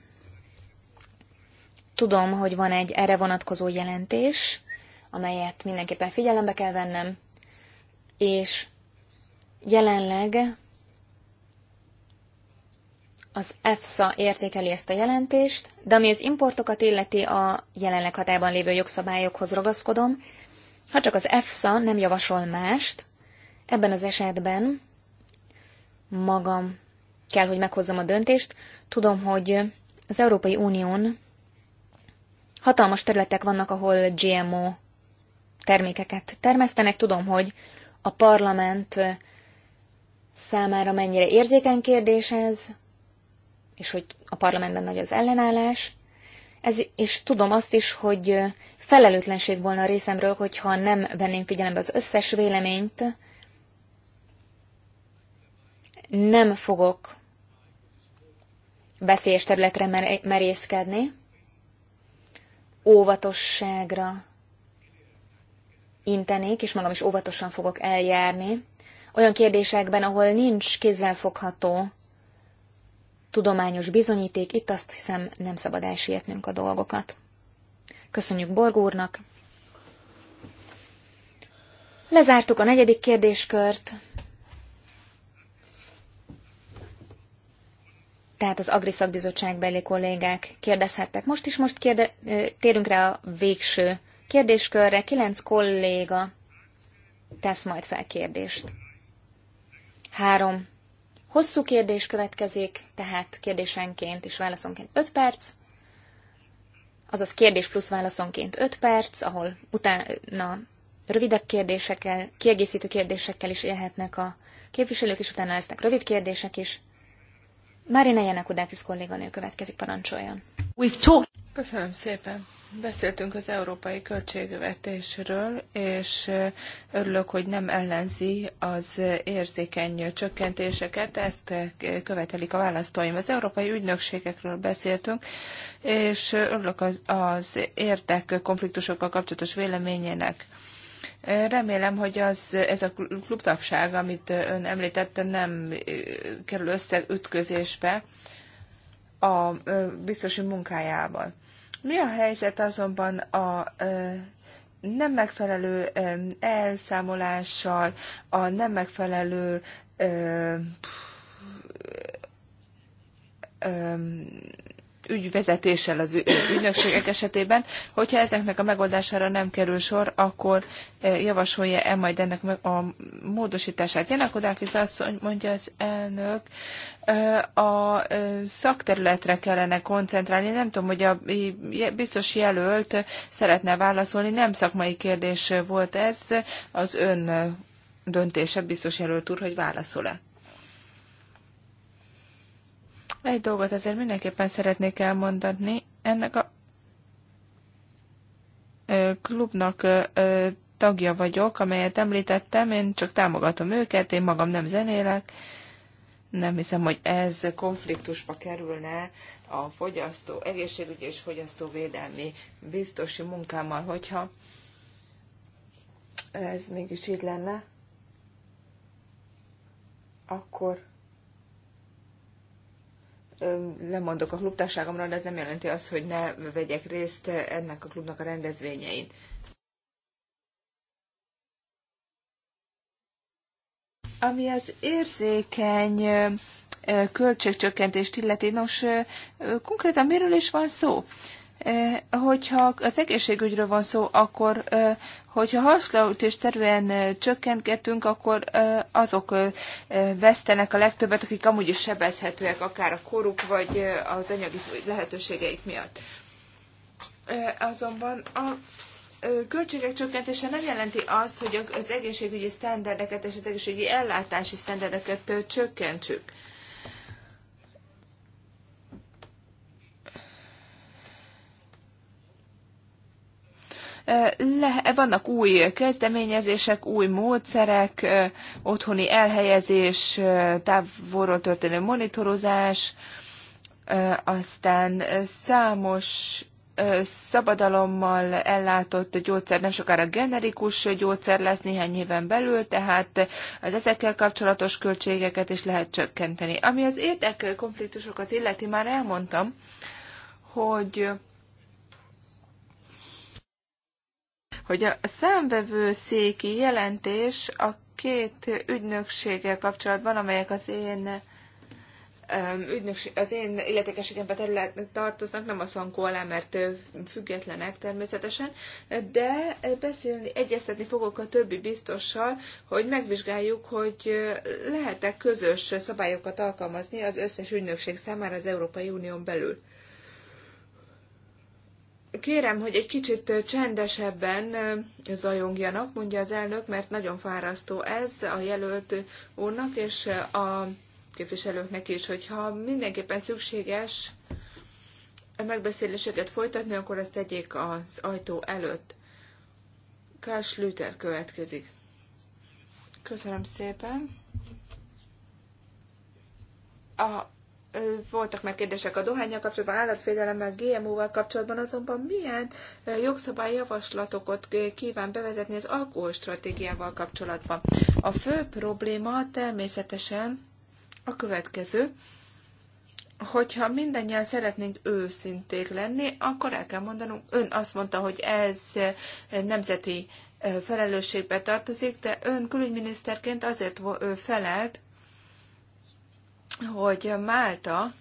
tudom, hogy van egy erre vonatkozó jelentés, amelyet mindenképpen figyelembe kell vennem, és jelenleg az EFSA értékeli ezt a jelentést, de ami az importokat illeti a jelenleg hatályban lévő jogszabályokhoz ragaszkodom, ha csak az EFSA nem javasol mást, ebben az esetben magam kell, hogy meghozzam a döntést. Tudom, hogy az Európai Unión hatalmas területek vannak, ahol GMO termékeket termesztenek. Tudom, hogy a parlament számára mennyire érzékeny kérdés ez, és hogy a parlamentben nagy az ellenállás, ez, és tudom azt is, hogy felelőtlenség volna a részemről, hogyha nem venném figyelembe az összes véleményt, nem fogok veszélyes területre merészkedni, óvatosságra intenék, és magam is óvatosan fogok eljárni, olyan kérdésekben, ahol nincs kézzelfogható tudományos bizonyíték, itt azt hiszem nem szabad elsietnünk a dolgokat. Köszönjük Borg úrnak! Lezártuk a negyedik kérdéskört, tehát az Agri Szakbizottságbeli kollégák kérdezhettek. Most is most kérde- térünk rá a végső kérdéskörre. Kilenc kolléga tesz majd fel kérdést. Három Hosszú kérdés következik, tehát kérdésenként és válaszonként 5 perc, azaz kérdés plusz válaszonként 5 perc, ahol utána rövidebb kérdésekkel, kiegészítő kérdésekkel is élhetnek a képviselők, és utána lesznek rövid kérdések is. Márina Janakudákis kolléganő következik, parancsoljon.
We've talked. Köszönöm szépen. Beszéltünk az európai költségvetésről, és örülök, hogy nem ellenzi az érzékeny csökkentéseket, ezt követelik a választóim. Az európai ügynökségekről beszéltünk, és örülök az, az érdek konfliktusokkal kapcsolatos véleményének. Remélem, hogy az, ez a klubtapság, amit ön említette, nem kerül összeütközésbe a biztosi munkájával. Mi a helyzet azonban a nem megfelelő elszámolással, a nem megfelelő ügyvezetéssel az ügynökségek esetében, hogyha ezeknek a megoldására nem kerül sor, akkor javasolja-e majd ennek a módosítását. Janakodákis asszony, mondja az elnök, a szakterületre kellene koncentrálni. Nem tudom, hogy a biztos jelölt szeretne válaszolni. Nem szakmai kérdés volt ez. Az ön döntése, biztos jelölt úr, hogy válaszol-e. Egy dolgot azért mindenképpen szeretnék elmondani. Ennek a klubnak tagja vagyok, amelyet említettem, én csak támogatom őket, én magam nem zenélek. Nem hiszem, hogy ez konfliktusba kerülne
a fogyasztó,
egészségügyi és fogyasztóvédelmi biztosi munkámmal, hogyha ez mégis így lenne, akkor lemondok a klubtárságomról, de ez nem jelenti azt, hogy ne vegyek részt ennek a klubnak a rendezvényein. Ami az érzékeny költségcsökkentést illeti, nos, konkrétan miről is van szó? Eh, hogyha az egészségügyről van szó, akkor eh, hogyha hasraütésszerűen eh, csökkentgetünk, akkor azok vesztenek a legtöbbet, akik amúgy is sebezhetőek, akár a koruk vagy az anyagi lehetőségeik miatt. Azonban a költségek csökkentése nem jelenti azt, hogy az egészségügyi sztenderdeket és az egészségügyi ellátási sztenderdeket csökkentsük Le, vannak új kezdeményezések, új módszerek, otthoni elhelyezés, távolról történő monitorozás, aztán számos szabadalommal ellátott gyógyszer nem sokára generikus gyógyszer lesz néhány éven belül, tehát az ezekkel kapcsolatos költségeket is lehet csökkenteni. Ami az konfliktusokat illeti, már elmondtam, hogy hogy a széki jelentés a két ügynökséggel kapcsolatban, amelyek az én ügynökség, az én illetékességembe területnek tartoznak, nem a szankó alá, mert függetlenek természetesen, de beszélni, egyeztetni fogok a többi biztossal, hogy megvizsgáljuk, hogy lehet-e közös szabályokat alkalmazni az összes ügynökség számára az Európai Unión belül. Kérem, hogy egy kicsit csendesebben zajongjanak, mondja az elnök, mert nagyon fárasztó ez a jelölt úrnak és a képviselőknek is, hogyha mindenképpen szükséges megbeszéléseket folytatni, akkor ezt tegyék az ajtó előtt. Karl Schlüter következik. Köszönöm szépen. A voltak már kérdések a dohányjal kapcsolatban, állatvédelemmel, GMO-val kapcsolatban, azonban milyen jogszabályjavaslatokat kíván bevezetni az alkoholstratégiával kapcsolatban? A fő probléma természetesen a következő. Hogyha mindannyian szeretnénk őszinték lenni, akkor el kell mondanunk, ön azt mondta, hogy ez nemzeti felelősségbe tartozik, de ön külügyminiszterként azért felelt, hogy Málta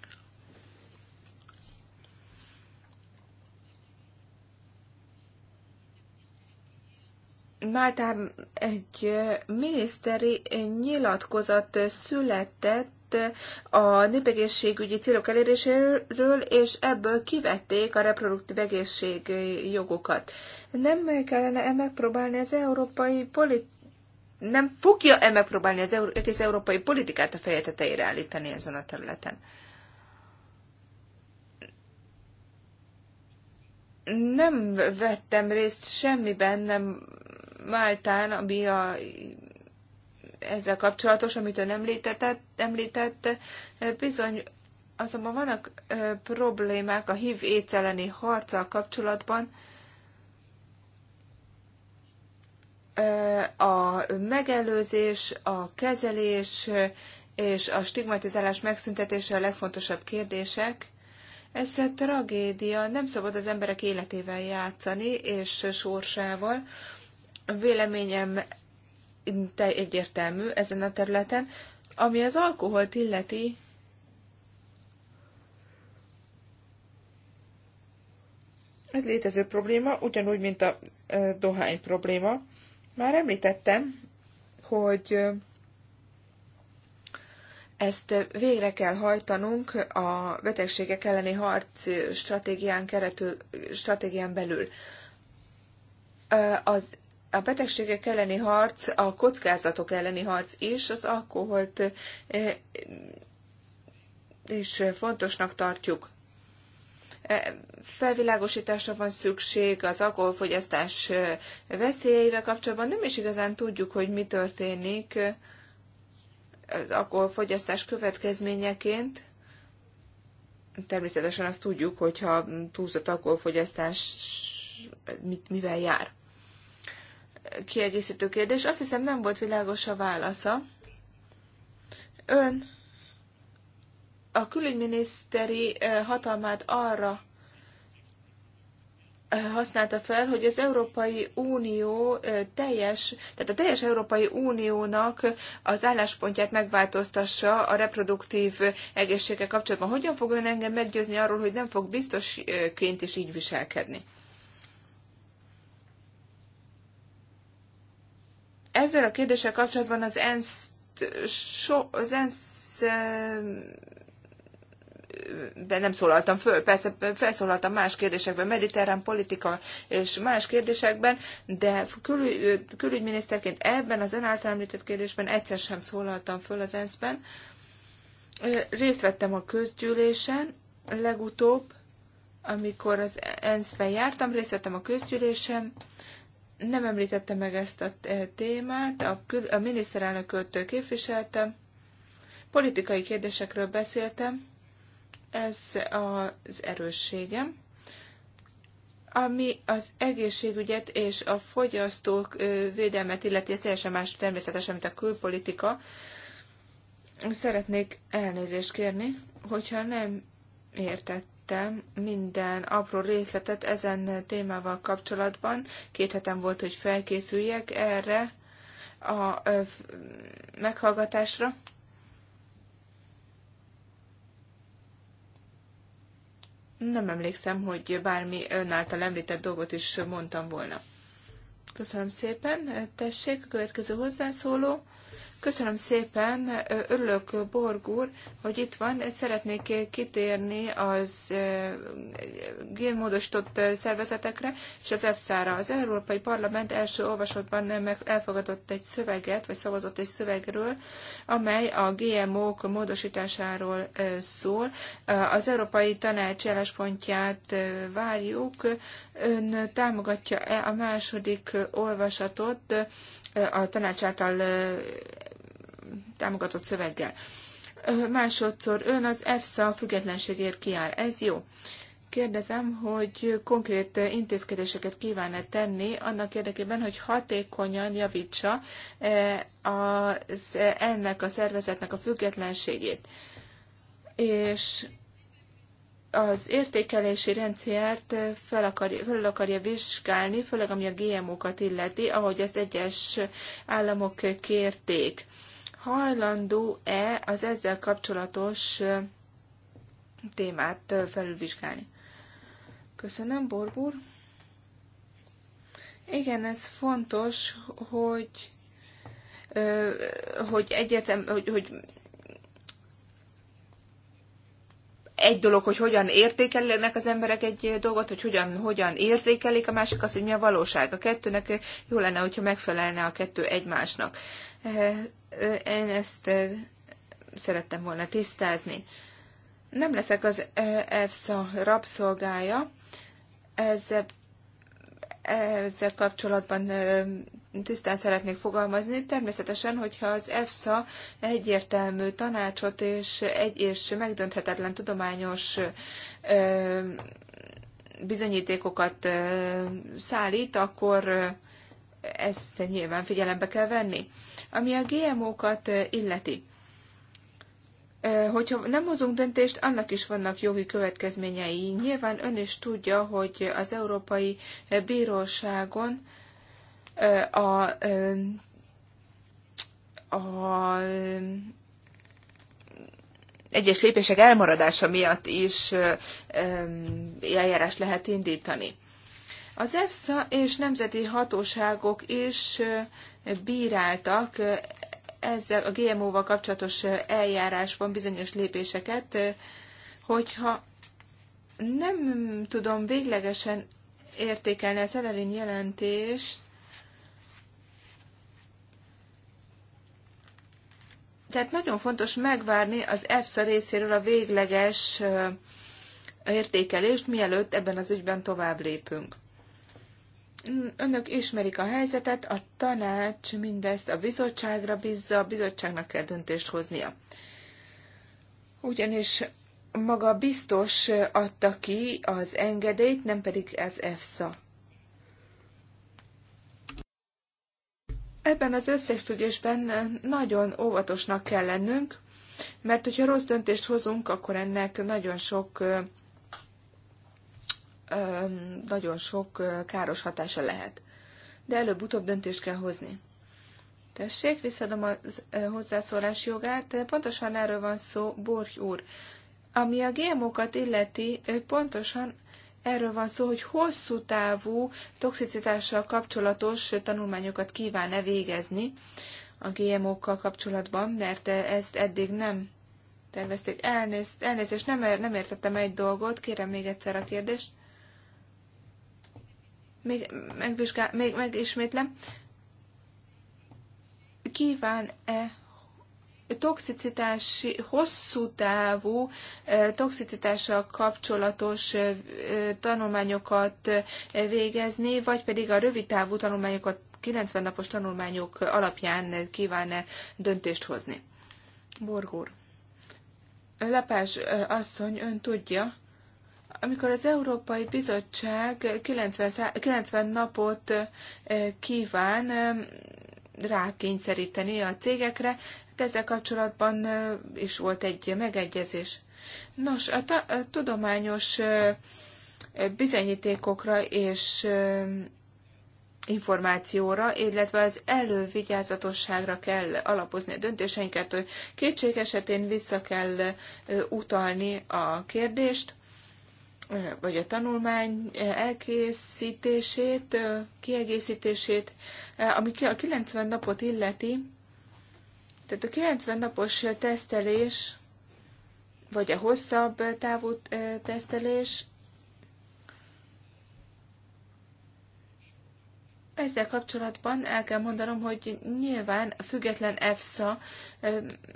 Máltán egy miniszteri nyilatkozat született a népegészségügyi célok eléréséről, és ebből kivették a reproduktív egészség jogokat. Nem kellene megpróbálni az európai politikát? nem fogja-e megpróbálni az egész európai politikát a feje tetejére állítani ezen a területen? Nem vettem részt semmiben, nem Máltán, ami a, ezzel kapcsolatos, amit ön említett, említett bizony azonban vannak problémák a HIV éceleni harccal kapcsolatban, a megelőzés, a kezelés és a stigmatizálás megszüntetése a legfontosabb kérdések. Ez egy tragédia, nem szabad az emberek életével játszani és sorsával. Véleményem egyértelmű ezen a területen. Ami az alkoholt illeti,
ez létező probléma, ugyanúgy, mint a dohány probléma. Már említettem, hogy
ezt végre kell hajtanunk a betegségek elleni harc stratégián, keretül, stratégián belül. Az, a betegségek elleni harc, a kockázatok elleni harc is, az alkoholt és fontosnak tartjuk. E, felvilágosításra van szükség az alkoholfogyasztás e, veszélyeivel kapcsolatban. Nem is igazán tudjuk, hogy mi történik az alkoholfogyasztás következményeként. Természetesen azt tudjuk, hogyha túlzott alkoholfogyasztás mit, mivel jár. Kiegészítő kérdés. Azt hiszem nem volt világos a válasza. Ön a külügyminiszteri hatalmát arra használta fel, hogy az Európai Unió teljes, tehát a teljes Európai Uniónak az álláspontját megváltoztassa a reproduktív egészséggel kapcsolatban. Hogyan fog ön engem meggyőzni arról, hogy nem fog biztosként is így viselkedni? Ezzel a kérdéssel kapcsolatban az ENSZ, so, az ENSZ nem szólaltam föl, persze felszólaltam más kérdésekben, mediterrán politika és más kérdésekben, de kül, külügyminiszterként ebben az ön által említett kérdésben egyszer sem szólaltam föl az ENSZ-ben. Részt vettem a közgyűlésen legutóbb, amikor az ENSZ-ben jártam, részt vettem a közgyűlésen, nem említette meg ezt a témát, a, a miniszterelnököt képviseltem, politikai kérdésekről beszéltem, ez az erősségem ami az egészségügyet és a fogyasztók védelmet illeti, ez teljesen más természetesen, mint a külpolitika. Szeretnék elnézést kérni, hogyha nem értettem minden apró részletet ezen témával kapcsolatban. Két hetem volt, hogy felkészüljek erre a meghallgatásra. nem emlékszem, hogy bármi ön által említett dolgot is mondtam volna. Köszönöm szépen. Tessék, a következő hozzászóló. Köszönöm szépen, örülök Borg úr, hogy itt van. Szeretnék kitérni az génmódosított szervezetekre és az EFSA-ra. Az Európai Parlament első olvasatban elfogadott egy szöveget, vagy szavazott egy szövegről, amely a GMO-k módosításáról szól. Az Európai Tanács álláspontját várjuk. Ön támogatja-e a második olvasatot a tanács által támogatott szöveggel. Másodszor ön az EFSA függetlenségért kiáll. Ez jó. Kérdezem, hogy konkrét intézkedéseket kíván-e tenni annak érdekében, hogy hatékonyan javítsa e, az, e, ennek a szervezetnek a függetlenségét. És az értékelési rendszert fel, akarja, fel akarja vizsgálni, főleg ami a GMO-kat illeti, ahogy ezt egyes államok kérték hajlandó-e az ezzel kapcsolatos témát felülvizsgálni. Köszönöm, Borgúr. Igen, ez fontos, hogy, hogy egyetem, hogy, hogy egy dolog, hogy hogyan értékelnek az emberek egy dolgot, hogy hogyan, hogyan érzékelik, a másik az, hogy mi a valóság. A kettőnek jó lenne, hogyha megfelelne a kettő egymásnak én ezt szerettem volna tisztázni. Nem leszek az EFSA rabszolgája, ezzel, ezzel kapcsolatban tisztán szeretnék fogalmazni. Természetesen, hogyha az EFSA egyértelmű tanácsot és, egy, és megdönthetetlen tudományos bizonyítékokat szállít, akkor ezt nyilván figyelembe kell venni. Ami a GMO-kat illeti, hogyha nem hozunk döntést, annak is vannak jogi következményei. Nyilván ön is tudja, hogy az Európai Bíróságon a, a egyes lépések elmaradása miatt is eljárást lehet indítani. Az EFSA és nemzeti hatóságok is bíráltak ezzel a GMO-val kapcsolatos eljárásban bizonyos lépéseket, hogyha nem tudom véglegesen értékelni a Szelerin jelentést, Tehát nagyon fontos megvárni az EFSA részéről a végleges értékelést, mielőtt ebben az ügyben tovább lépünk. Önök ismerik a helyzetet, a tanács mindezt a bizottságra bízza, a bizottságnak kell döntést hoznia. Ugyanis maga biztos adta ki az engedélyt, nem pedig ez EFSA. Ebben az összefüggésben nagyon óvatosnak kell lennünk, mert hogyha rossz döntést hozunk, akkor ennek nagyon sok nagyon sok káros hatása lehet. De előbb-utóbb döntést kell hozni. Tessék, visszadom a hozzászólás jogát. Pontosan erről van szó, Borgy úr. Ami a GMO-kat illeti, pontosan erről van szó, hogy hosszú távú toxicitással kapcsolatos tanulmányokat kíván-e végezni a GMO-kkal kapcsolatban, mert ezt eddig nem tervezték. Elnéz, elnézést, nem, er-, nem értettem egy dolgot, kérem még egyszer a kérdést még, megvizsgál, még megismétlem, kíván-e toxicitási, hosszú távú toxicitással kapcsolatos tanulmányokat végezni, vagy pedig a rövid távú tanulmányokat, 90 napos tanulmányok alapján kíván-e döntést hozni. Borgúr. Lepás asszony, ön tudja, amikor az Európai Bizottság 90, 90 napot kíván rákényszeríteni a cégekre, hát ezzel kapcsolatban is volt egy megegyezés. Nos, a, ta, a tudományos bizonyítékokra és információra, illetve az elővigyázatosságra kell alapozni a döntéseinket, hogy kétség esetén vissza kell utalni a kérdést, vagy a tanulmány elkészítését, kiegészítését, ami a 90 napot illeti, tehát a 90 napos tesztelés, vagy a hosszabb távú tesztelés Ezzel kapcsolatban el kell mondanom, hogy nyilván a független EFSA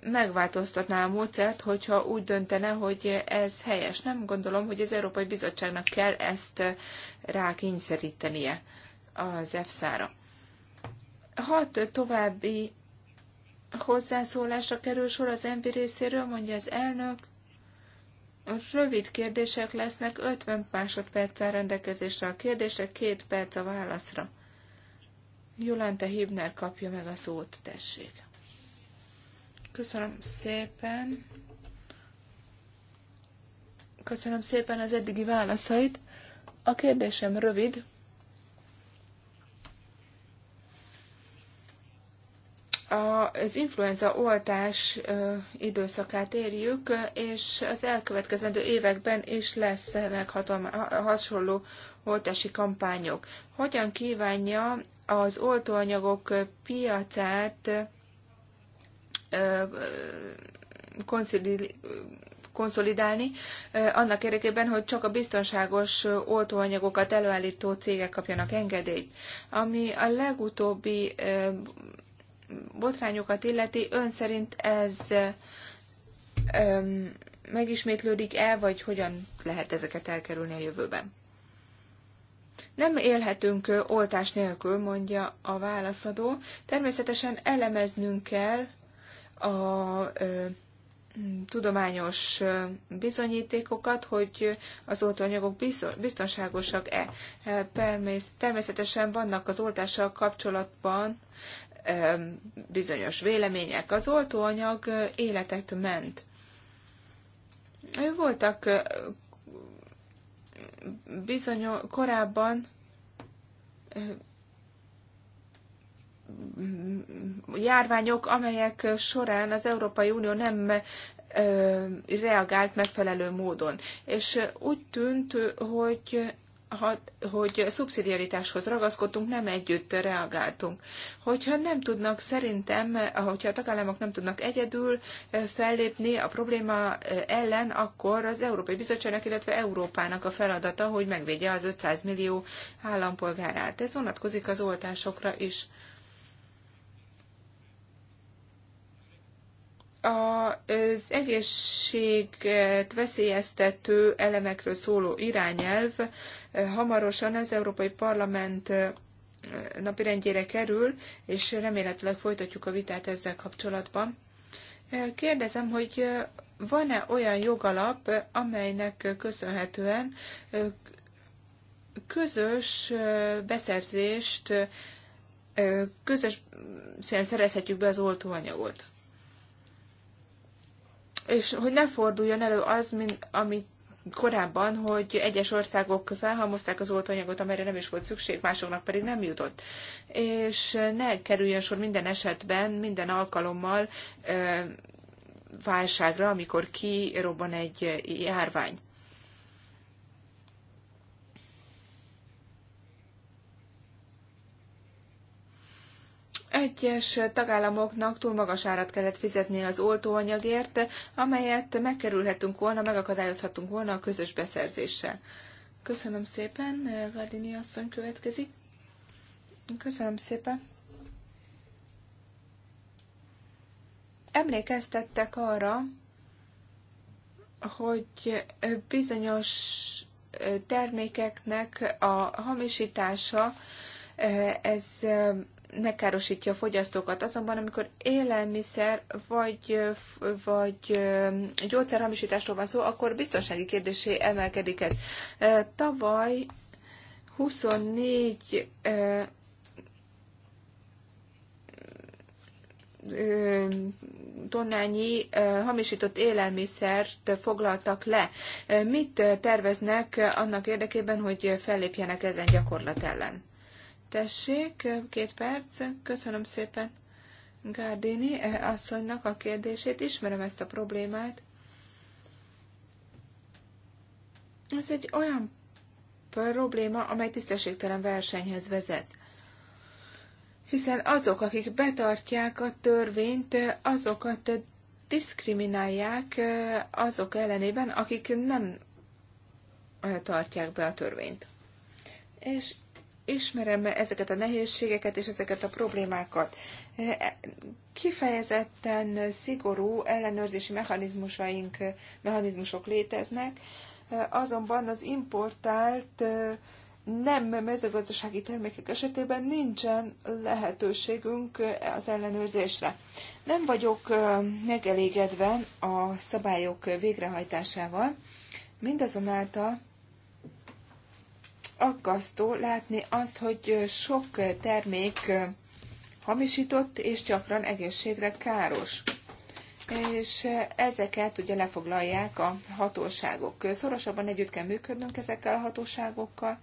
megváltoztatná a módszert, hogyha úgy döntene, hogy ez helyes. Nem gondolom, hogy az Európai Bizottságnak kell ezt rákényszerítenie az EFSA-ra. Hat további hozzászólásra kerül sor az MB részéről, mondja az elnök. Rövid kérdések lesznek, 50 másodperc áll rendelkezésre a kérdésre, két perc a válaszra. Jolanta Hibner kapja meg a szót, tessék. Köszönöm szépen. Köszönöm szépen az eddigi válaszait. A kérdésem rövid. A az influenza oltás időszakát érjük, és az elkövetkezendő években is lesz hasonló oltási kampányok. Hogyan kívánja az oltóanyagok piacát konszolidálni, annak érdekében, hogy csak a biztonságos oltóanyagokat előállító cégek kapjanak engedélyt. Ami a legutóbbi botrányokat illeti, ön szerint ez megismétlődik el, vagy hogyan lehet ezeket elkerülni a jövőben? Nem élhetünk oltás nélkül, mondja a válaszadó. Természetesen elemeznünk kell a tudományos bizonyítékokat, hogy az oltóanyagok biztonságosak-e. Természetesen vannak az oltással kapcsolatban bizonyos vélemények. Az oltóanyag életet ment. Voltak bizony korábban járványok, amelyek során az Európai Unió nem reagált megfelelő módon. És úgy tűnt, hogy hogy szubszidiaritáshoz ragaszkodtunk, nem együtt reagáltunk. Hogyha nem tudnak, szerintem, hogyha a tagállamok nem tudnak egyedül eh, fellépni a probléma eh, ellen, akkor az Európai Bizottságnak, illetve Európának a feladata, hogy megvédje az 500 millió állampolgárát. Ez vonatkozik az oltásokra is. az egészséget veszélyeztető elemekről szóló irányelv eh, hamarosan az Európai Parlament eh, napirendjére kerül, és remélhetőleg folytatjuk a vitát ezzel kapcsolatban. Eh, kérdezem, hogy van-e olyan jogalap, amelynek köszönhetően közös beszerzést, közös szerezhetjük be az oltóanyagot? és hogy ne forduljon elő az, mint amit korábban, hogy egyes országok felhalmozták az oltóanyagot, amelyre nem is volt szükség, másoknak pedig nem jutott. És ne kerüljön sor minden esetben, minden alkalommal válságra, amikor kirobban egy járvány. Egyes tagállamoknak túl magas árat kellett fizetni az oltóanyagért, amelyet megkerülhetünk volna, megakadályozhatunk volna a közös beszerzéssel. Köszönöm szépen, Vladini asszony következik. Köszönöm szépen. Emlékeztettek arra, hogy bizonyos termékeknek a hamisítása ez megkárosítja a fogyasztókat. Azonban, amikor élelmiszer vagy, vagy gyógyszerhamisításról van szó, akkor biztonsági kérdésé emelkedik ez. Tavaly 24 tonnányi hamisított élelmiszert foglaltak le. Mit terveznek annak érdekében, hogy fellépjenek ezen gyakorlat ellen? Tessék, két perc, köszönöm szépen Gárdini eh, asszonynak a kérdését, ismerem ezt a problémát. Ez egy olyan probléma, amely tisztességtelen versenyhez vezet. Hiszen azok, akik betartják a törvényt, eh, azokat eh, diszkriminálják azok ellenében, akik nem tartják be a törvényt. És ismerem ezeket a nehézségeket és ezeket a problémákat. E, kifejezetten szigorú ellenőrzési mechanizmusaink, mechanizmusok léteznek, e, azonban az importált e, nem mezőgazdasági termékek esetében nincsen lehetőségünk az ellenőrzésre. Nem vagyok megelégedve a szabályok végrehajtásával, mindazonáltal aggasztó látni azt, hogy sok termék hamisított és gyakran egészségre káros. És ezeket ugye lefoglalják a hatóságok. Szorosabban együtt kell működnünk ezekkel a hatóságokkal,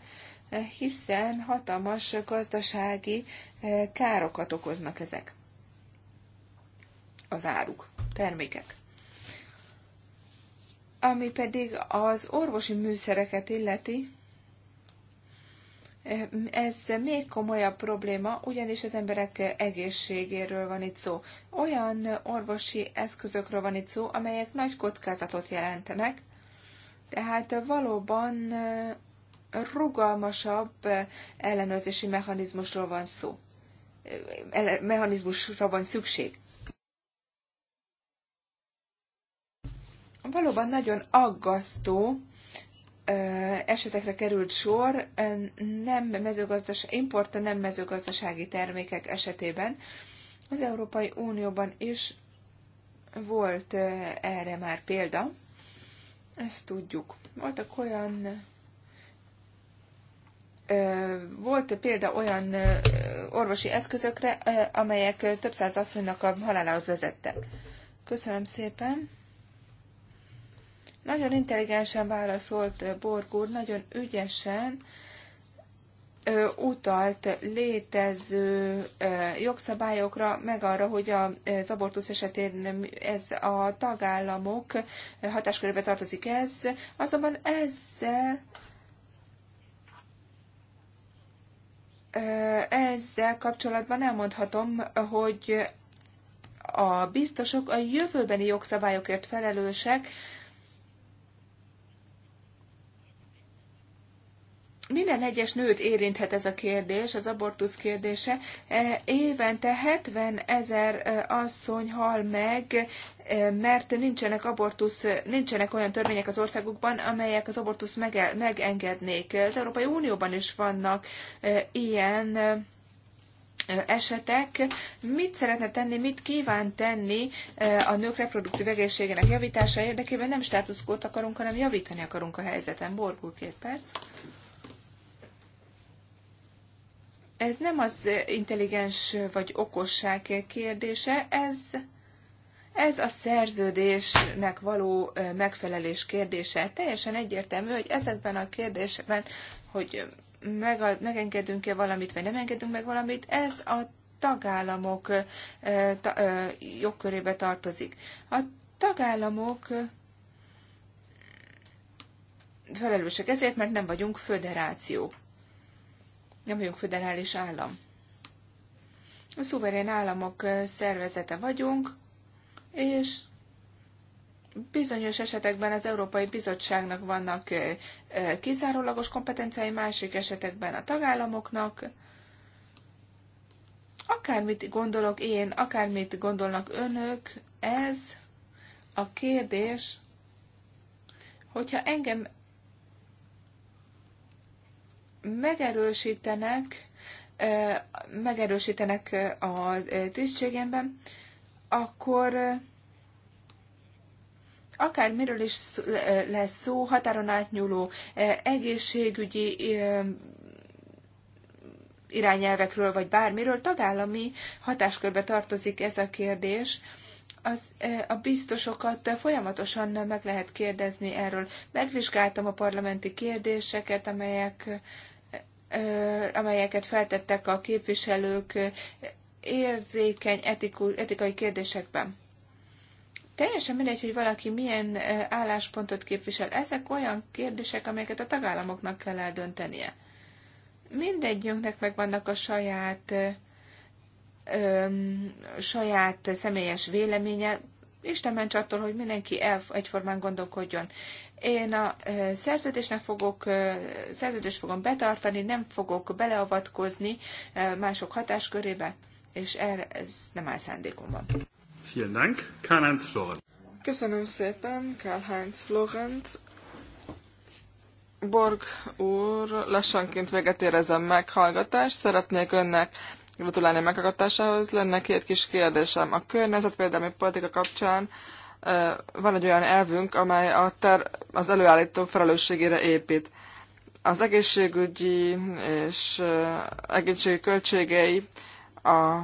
hiszen hatalmas gazdasági károkat okoznak ezek. Az áruk, termékek. Ami pedig az orvosi műszereket illeti, ez még komolyabb probléma, ugyanis az emberek egészségéről van itt szó. Olyan orvosi eszközökről van itt szó, amelyek nagy kockázatot jelentenek, tehát valóban rugalmasabb ellenőrzési mechanizmusról van szó. Mechanizmusra van szükség. Valóban nagyon aggasztó, esetekre került sor nem mezőgazdas, importa nem mezőgazdasági termékek esetében. Az Európai Unióban is volt erre már példa, ezt tudjuk. Voltak olyan volt példa olyan orvosi eszközökre, amelyek több száz asszonynak a halálához vezettek. Köszönöm szépen. Nagyon intelligensen válaszolt eh, Borg úr, nagyon ügyesen utalt létező jogszabályokra, meg arra, hogy az abortusz esetén ez a tagállamok eh, hatáskörébe tartozik ez, azonban ezzel ezzel kapcsolatban elmondhatom, hogy a biztosok a jövőbeni jogszabályokért felelősek, Minden egyes nőt érinthet ez a kérdés, az abortusz kérdése. E, évente 70 ezer e, asszony hal meg, e, mert nincsenek abortusz, nincsenek olyan törvények az országukban, amelyek az abortusz mege- megengednék. Az Európai Unióban is vannak ilyen esetek. Mit szeretne tenni, mit kíván tenni a nők reproduktív egészségének javítása érdekében? Nem státuszkót akarunk, hanem javítani akarunk a helyzeten. Borgul két perc. Ez nem az intelligens vagy okosság kérdése, ez, ez a szerződésnek való megfelelés kérdése. Teljesen egyértelmű, hogy ezekben a kérdésekben, hogy meg, megengedünk-e valamit, vagy nem engedünk meg valamit, ez a tagállamok ta, jogkörébe tartozik. A tagállamok felelősek ezért, mert nem vagyunk föderációk nem vagyunk föderális állam. A szuverén államok szervezete vagyunk, és bizonyos esetekben az Európai Bizottságnak vannak kizárólagos kompetenciái, másik esetekben a tagállamoknak. Akármit gondolok én, akármit gondolnak önök, ez a kérdés, hogyha engem megerősítenek, megerősítenek a tisztségemben, akkor akár miről is lesz szó, határon átnyúló egészségügyi irányelvekről, vagy bármiről, tagállami hatáskörbe tartozik ez a kérdés. Az, a biztosokat folyamatosan meg lehet kérdezni erről. Megvizsgáltam a parlamenti kérdéseket, amelyek amelyeket feltettek a képviselők érzékeny etikus, etikai kérdésekben. Teljesen mindegy, hogy valaki milyen álláspontot képvisel. Ezek olyan kérdések, amelyeket a tagállamoknak kell eldöntenie. Mindegyünknek megvannak a saját öm, saját személyes véleménye, Isten ments attól, hogy mindenki el, egyformán gondolkodjon. Én a szerződésnek fogok, szerződést fogom betartani, nem fogok beleavatkozni mások hatáskörébe,
és erre ez nem áll szándékomban.
Vielen Dank, Karl-Heinz Florenz.
Köszönöm szépen, Karl-Heinz Florenz. Borg úr, lassanként véget érezem meghallgatást. Szeretnék önnek gratulálni meghallgatásához. Lenne két kis kérdésem. A környezetvédelmi politika kapcsán van egy olyan elvünk, amely a ter, az előállítók felelősségére épít. Az egészségügyi és egészségügyi költségei a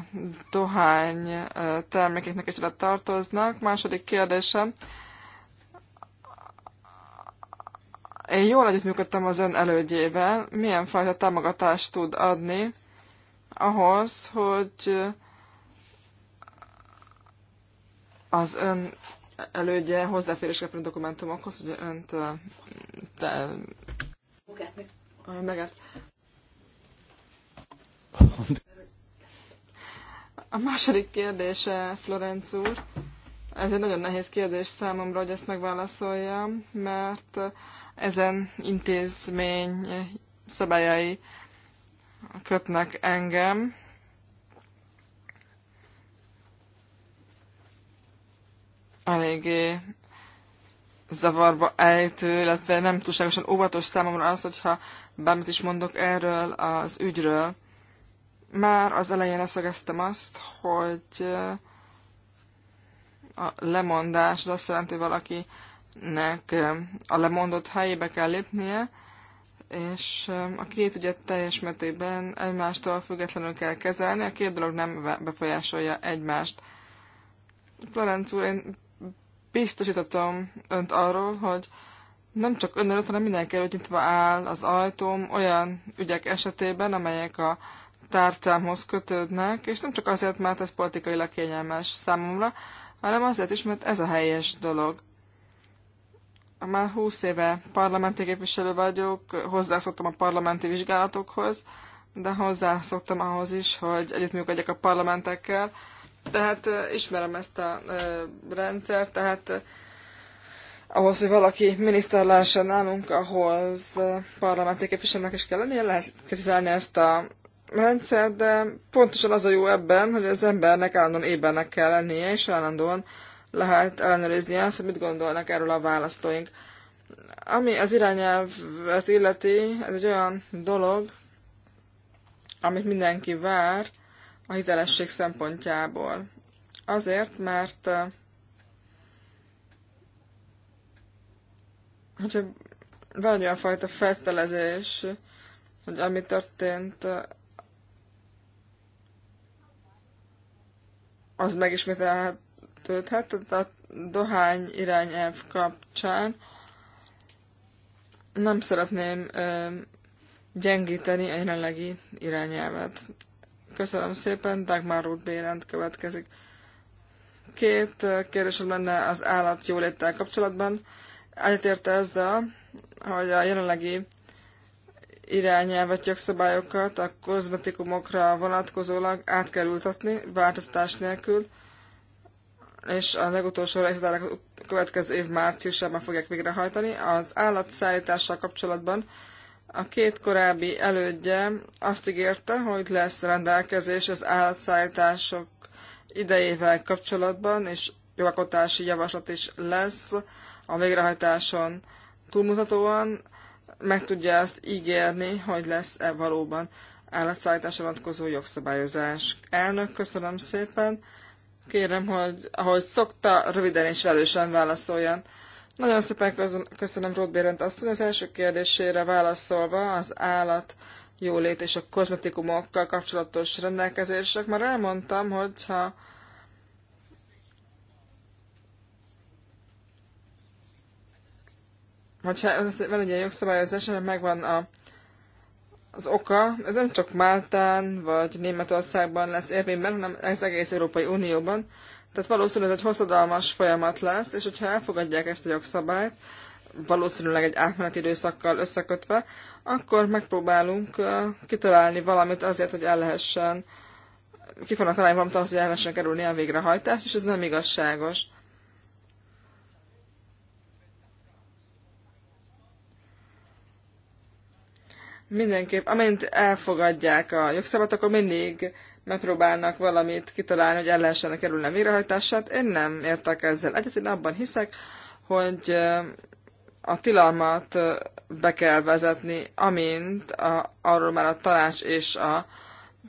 dohány termékeknek is tartoznak. Második kérdésem. Én jól együttműködtem az ön elődjével. Milyen fajta támogatást tud adni ahhoz, hogy az ön elődje hozzáférés a dokumentumokhoz, hogy önt te... Meget. A második kérdése, Florenc úr. Ez egy nagyon nehéz kérdés számomra, hogy ezt megválaszoljam, mert ezen intézmény szabályai kötnek engem. Eléggé zavarba ejtő, illetve nem túlságosan óvatos számomra az, hogyha bármit is mondok erről az ügyről. Már az elején leszögeztem azt, hogy eh, a lemondás az azt jelenti, hogy valakinek eh, a lemondott helyébe kell lépnie, és a két ügyet teljes mértékben egymástól függetlenül kell kezelni, a két dolog nem befolyásolja egymást. Florenc úr, én biztosítatom önt arról, hogy nem csak ön előtt, hanem mindenki előtt nyitva áll az ajtóm olyan ügyek esetében, amelyek a tárcámhoz kötődnek, és nem csak azért, mert ez politikailag kényelmes számomra, hanem azért is, mert ez a helyes dolog. Már 20 éve parlamenti képviselő vagyok, hozzászoktam a parlamenti vizsgálatokhoz, de hozzászoktam ahhoz is, hogy együttműködjek a parlamentekkel. Tehát ismerem ezt a rendszert, tehát ahhoz, hogy valaki miniszter lehessen nálunk, ahhoz parlamenti képviselőnek is kell lennie, lehet kritizálni ezt a rendszert, de pontosan az a jó ebben, hogy az embernek állandóan ébennek kell lennie, és állandóan lehet ellenőrizni azt, hogy mit gondolnak erről a választóink. Ami az irányelvet illeti, ez egy olyan dolog, amit mindenki vár a hitelesség szempontjából. Azért, mert eh, hogyha van olyan fajta feltelezés, hogy ami történt, eh, az megismételhet tölthetett hát a dohány irányelv kapcsán. Nem szeretném ö, gyengíteni a jelenlegi irányelvet. Köszönöm szépen, Dagmar Ruth Bérend következik. Két kérdésem lenne az állat jóléttel kapcsolatban. Egyetérte ezzel, hogy a jelenlegi irányelvet, jogszabályokat a kozmetikumokra vonatkozólag át kell ültetni, változtatás nélkül, és a legutolsó részletek a következő év márciusában fogják végrehajtani. Az állatszállítással kapcsolatban a két korábbi elődje azt ígérte, hogy lesz rendelkezés az állatszállítások idejével kapcsolatban, és jogalkotási javaslat is lesz a végrehajtáson túlmutatóan. Meg tudja ezt ígérni, hogy lesz-e valóban állatszállításra vonatkozó jogszabályozás. Elnök, köszönöm szépen! Kérem, hogy ahogy szokta, röviden és velősen válaszoljon. Nagyon szépen köszönöm Ruth Bérent asszony. Az első kérdésére válaszolva az állat jólét és a kozmetikumokkal kapcsolatos rendelkezések. Már elmondtam, hogyha hogyha van egy ilyen jogszabályozás, megvan a az oka, ez nem csak Máltán vagy Németországban lesz érvényben, hanem ez egész Európai Unióban. Tehát valószínűleg ez egy hosszadalmas folyamat lesz, és hogyha elfogadják ezt a jogszabályt, valószínűleg egy átmeneti időszakkal összekötve, akkor megpróbálunk kitalálni valamit azért, hogy el lehessen, ki fognak találni valamit ahhoz, hogy el lehessen kerülni a végrehajtást, és ez nem igazságos. mindenképp, amint elfogadják a jogszabat, akkor mindig megpróbálnak valamit kitalálni, hogy ellensenek lehessen kerülni a végrehajtását. Én nem értek ezzel egyet, én abban hiszek, hogy eh, a tilalmat eh, be kell vezetni, amint a, arról már a tanács és a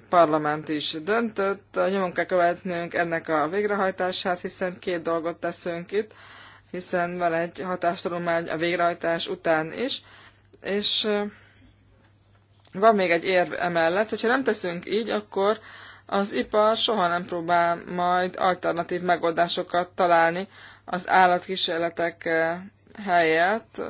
parlament is döntött. Nyomon kell követnünk ennek a végrehajtását, hiszen két dolgot teszünk itt, hiszen van egy hatástanulmány a végrehajtás után is, és eh, van még egy érv emellett, hogyha nem teszünk így, akkor az ipar soha nem próbál majd alternatív megoldásokat találni az állatkísérletek eh, helyett.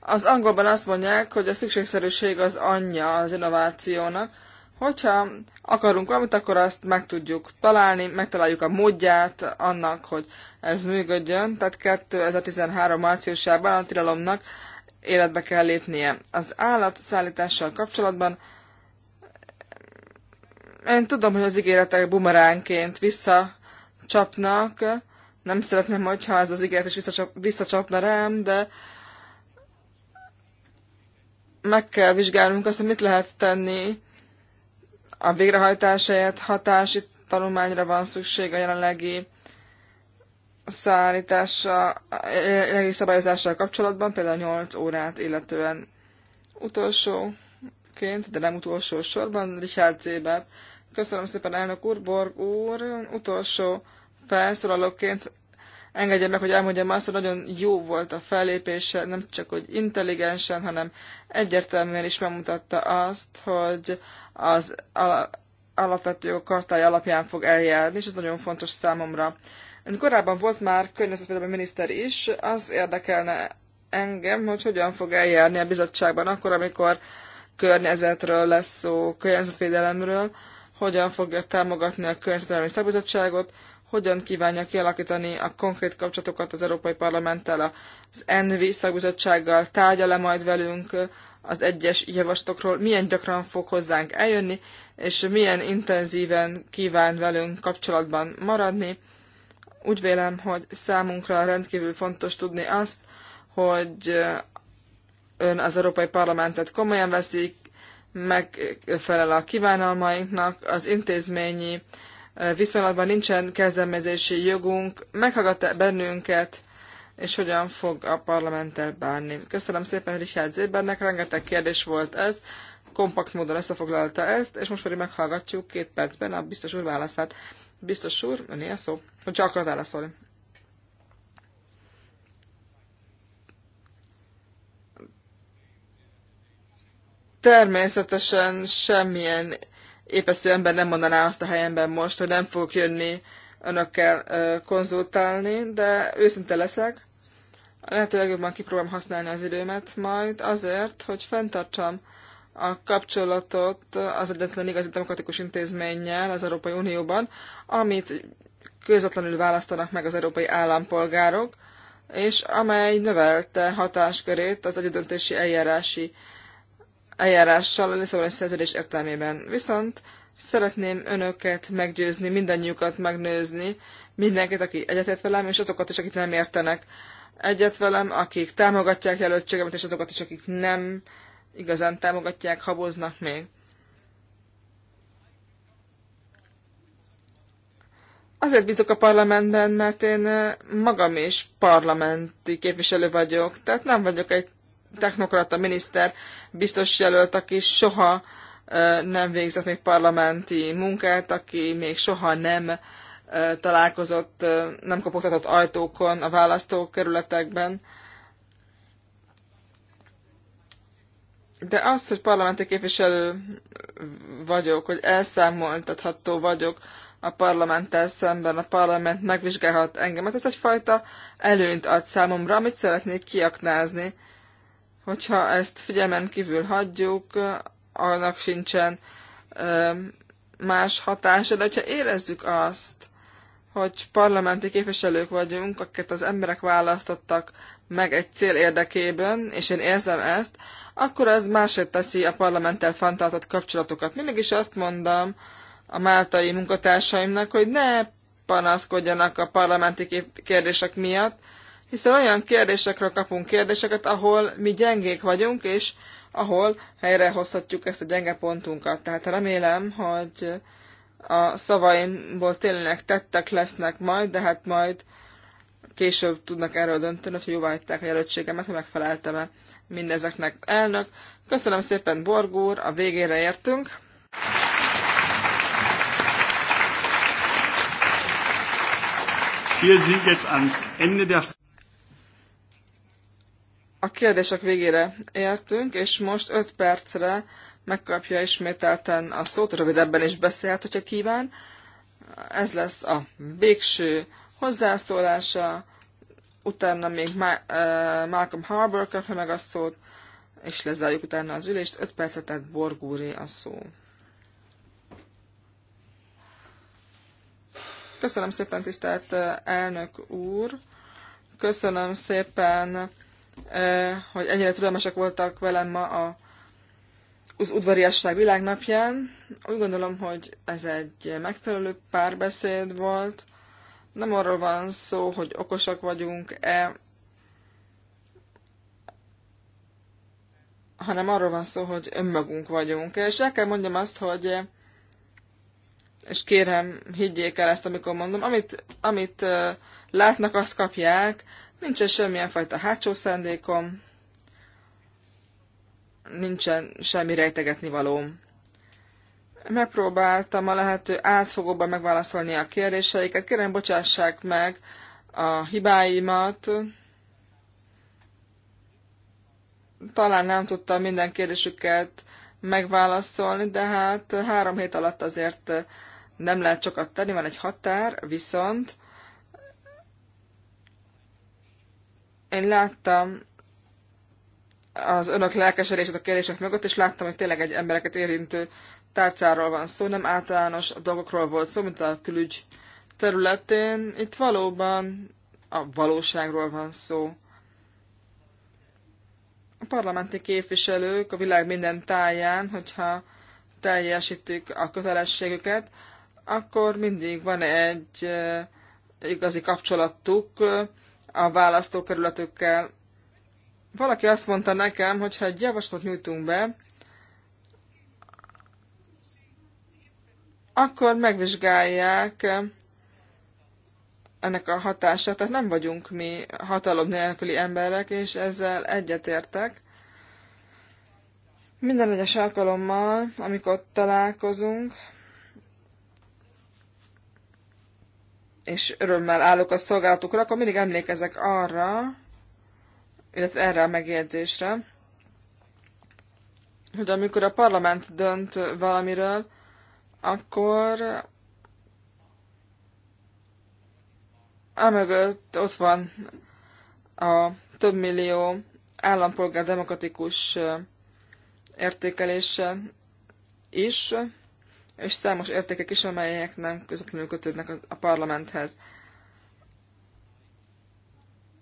Az angolban azt mondják, hogy a szükségszerűség az anyja az innovációnak, Hogyha akarunk valamit, akkor azt meg tudjuk találni, megtaláljuk a módját annak, hogy ez működjön. Tehát 2013 márciusában a tilalomnak életbe kell lépnie. Az állatszállítással kapcsolatban én tudom, hogy az ígéretek bumeránként visszacsapnak. Nem szeretném, hogyha ez az ígéret is visszacsap, visszacsapna rám, de meg kell vizsgálnunk azt, hogy mit lehet tenni a végrehajtásáért hatási tanulmányra van szükség a jelenlegi szállítása, jelenlegi szabályozással kapcsolatban, például 8 órát illetően. Utolsóként, de nem utolsó sorban, Richard Zébert. Köszönöm szépen, elnök úr, Borg úr. Utolsó felszólalóként engedje meg, hogy elmondjam azt, hogy nagyon jó volt a fellépése, nem csak, hogy intelligensen, hanem egyértelműen is megmutatta azt, hogy az alapvető kartály alapján fog eljárni, és ez nagyon fontos számomra. Ön korábban volt már környezetvédelmi miniszter is, az érdekelne engem, hogy hogyan fog eljárni a bizottságban akkor, amikor környezetről lesz szó, környezetvédelemről, hogyan fogja támogatni a környezetvédelmi szakbizottságot, hogyan kívánja kialakítani a konkrét kapcsolatokat az Európai Parlamenttel, az ENVI szakbizottsággal, tárgya le majd velünk az egyes javaslatokról, milyen gyakran fog hozzánk eljönni, és milyen intenzíven kíván velünk kapcsolatban maradni. Úgy vélem, hogy számunkra rendkívül fontos tudni azt, hogy ön az Európai Parlamentet komolyan veszik, megfelel a kívánalmainknak, az intézményi viszonylatban nincsen kezdeményezési jogunk, meghallgat bennünket, és hogyan fog a parlamenttel bánni. Köszönöm szépen Richard Zébernek, rengeteg kérdés volt ez, kompakt módon összefoglalta ezt, és most pedig meghallgatjuk két percben a biztos úr válaszát. Biztos úr, ön ilyen szó, csak akar válaszolni. Természetesen semmilyen épesző ember nem mondaná azt a helyemben most, hogy nem fogok jönni önökkel konzultálni, de őszinte leszek lehető legjobban kipróbálom használni az időmet majd azért, hogy fenntartsam a kapcsolatot az egyetlen igazi demokratikus intézménnyel az Európai Unióban, amit közvetlenül választanak meg az európai állampolgárok, és amely növelte hatáskörét az egyedöntési eljárási eljárással a Lisszaboni szerződés értelmében. Viszont szeretném önöket meggyőzni, mindannyiukat megnőzni, mindenkit, aki egyetért velem, és azokat is, akik nem értenek egyet velem, akik támogatják jelöltségemet, és azokat is, akik nem igazán támogatják, haboznak még. Azért bízok a parlamentben, mert én magam is parlamenti képviselő vagyok, tehát nem vagyok egy technokrata miniszter, biztos jelölt, aki soha nem végzett még parlamenti munkát, aki még soha nem találkozott, nem kopogtatott ajtókon a választókerületekben. De azt, hogy parlamenti képviselő vagyok, hogy elszámoltatható vagyok a parlamenttel szemben, a parlament megvizsgálhat engem, hát ez egyfajta előnyt ad számomra, amit szeretnék kiaknázni. Hogyha ezt figyelmen kívül hagyjuk, annak sincsen más hatása, de hogyha érezzük azt, hogy parlamenti képviselők vagyunk, akiket az emberek választottak meg egy cél érdekében, és én érzem ezt, akkor ez másért teszi a parlamenttel fantázott kapcsolatokat. Mindig is azt mondom a máltai munkatársaimnak, hogy ne panaszkodjanak a parlamenti kérdések miatt, hiszen olyan kérdésekről kapunk kérdéseket, ahol mi gyengék vagyunk, és ahol helyrehozhatjuk ezt a gyenge pontunkat. Tehát remélem, hogy a szavaimból tényleg tettek lesznek majd, de hát majd később tudnak erről dönteni, hogy jóvá hagyták a jelöltségemet, hogy megfeleltem-e mindezeknek elnök. Köszönöm szépen, Borgúr, a végére értünk. A kérdések végére értünk, és most 5 percre megkapja ismételten a szót, rövidebben is beszélhet, hogyha kíván. Ez lesz a végső hozzászólása, utána még Ma- uh, Malcolm Harbour kapja meg a szót, és lezárjuk utána az ülést. 5 percet tehát Borgúré a szó. Köszönöm szépen, tisztelt elnök úr! Köszönöm szépen, hogy ennyire türelmesek voltak velem ma a az udvariasság világnapján. Úgy gondolom, hogy ez egy megfelelő párbeszéd volt. Nem arról van szó, hogy okosak vagyunk-e, hanem arról van szó, hogy önmagunk vagyunk. És el kell mondjam azt, hogy és kérem, higgyék el ezt, amikor mondom, amit, amit látnak, azt kapják, nincsen semmilyen fajta hátsó szándékom, nincsen semmi rejtegetni való. Megpróbáltam a lehető átfogóban megválaszolni a kérdéseiket. Kérem, bocsássák meg a hibáimat. Talán nem tudtam minden kérdésüket megválaszolni, de hát három hét alatt azért nem lehet sokat tenni, van egy határ, viszont én láttam az önök lelkesedését a kérdések mögött, és láttam, hogy tényleg egy embereket érintő tárcáról van szó, nem általános dolgokról volt szó, mint a külügy területén. Itt valóban a valóságról van szó. A parlamenti képviselők a világ minden táján, hogyha teljesítük a kötelességüket, akkor mindig van egy eh, igazi kapcsolatuk eh, a választókerületükkel, valaki azt mondta nekem, hogy ha egy javaslatot nyújtunk be, akkor megvizsgálják ennek a hatását. Tehát nem vagyunk mi hatalom nélküli emberek, és ezzel egyetértek. Minden egyes alkalommal, amikor találkozunk, és örömmel állok a szolgálatukra, akkor mindig emlékezek arra, illetve erre a megjegyzésre, hogy amikor a parlament dönt valamiről, akkor amögött ott van a több millió állampolgár demokratikus értékelése is, és számos értékek is, amelyek nem közvetlenül kötődnek a parlamenthez.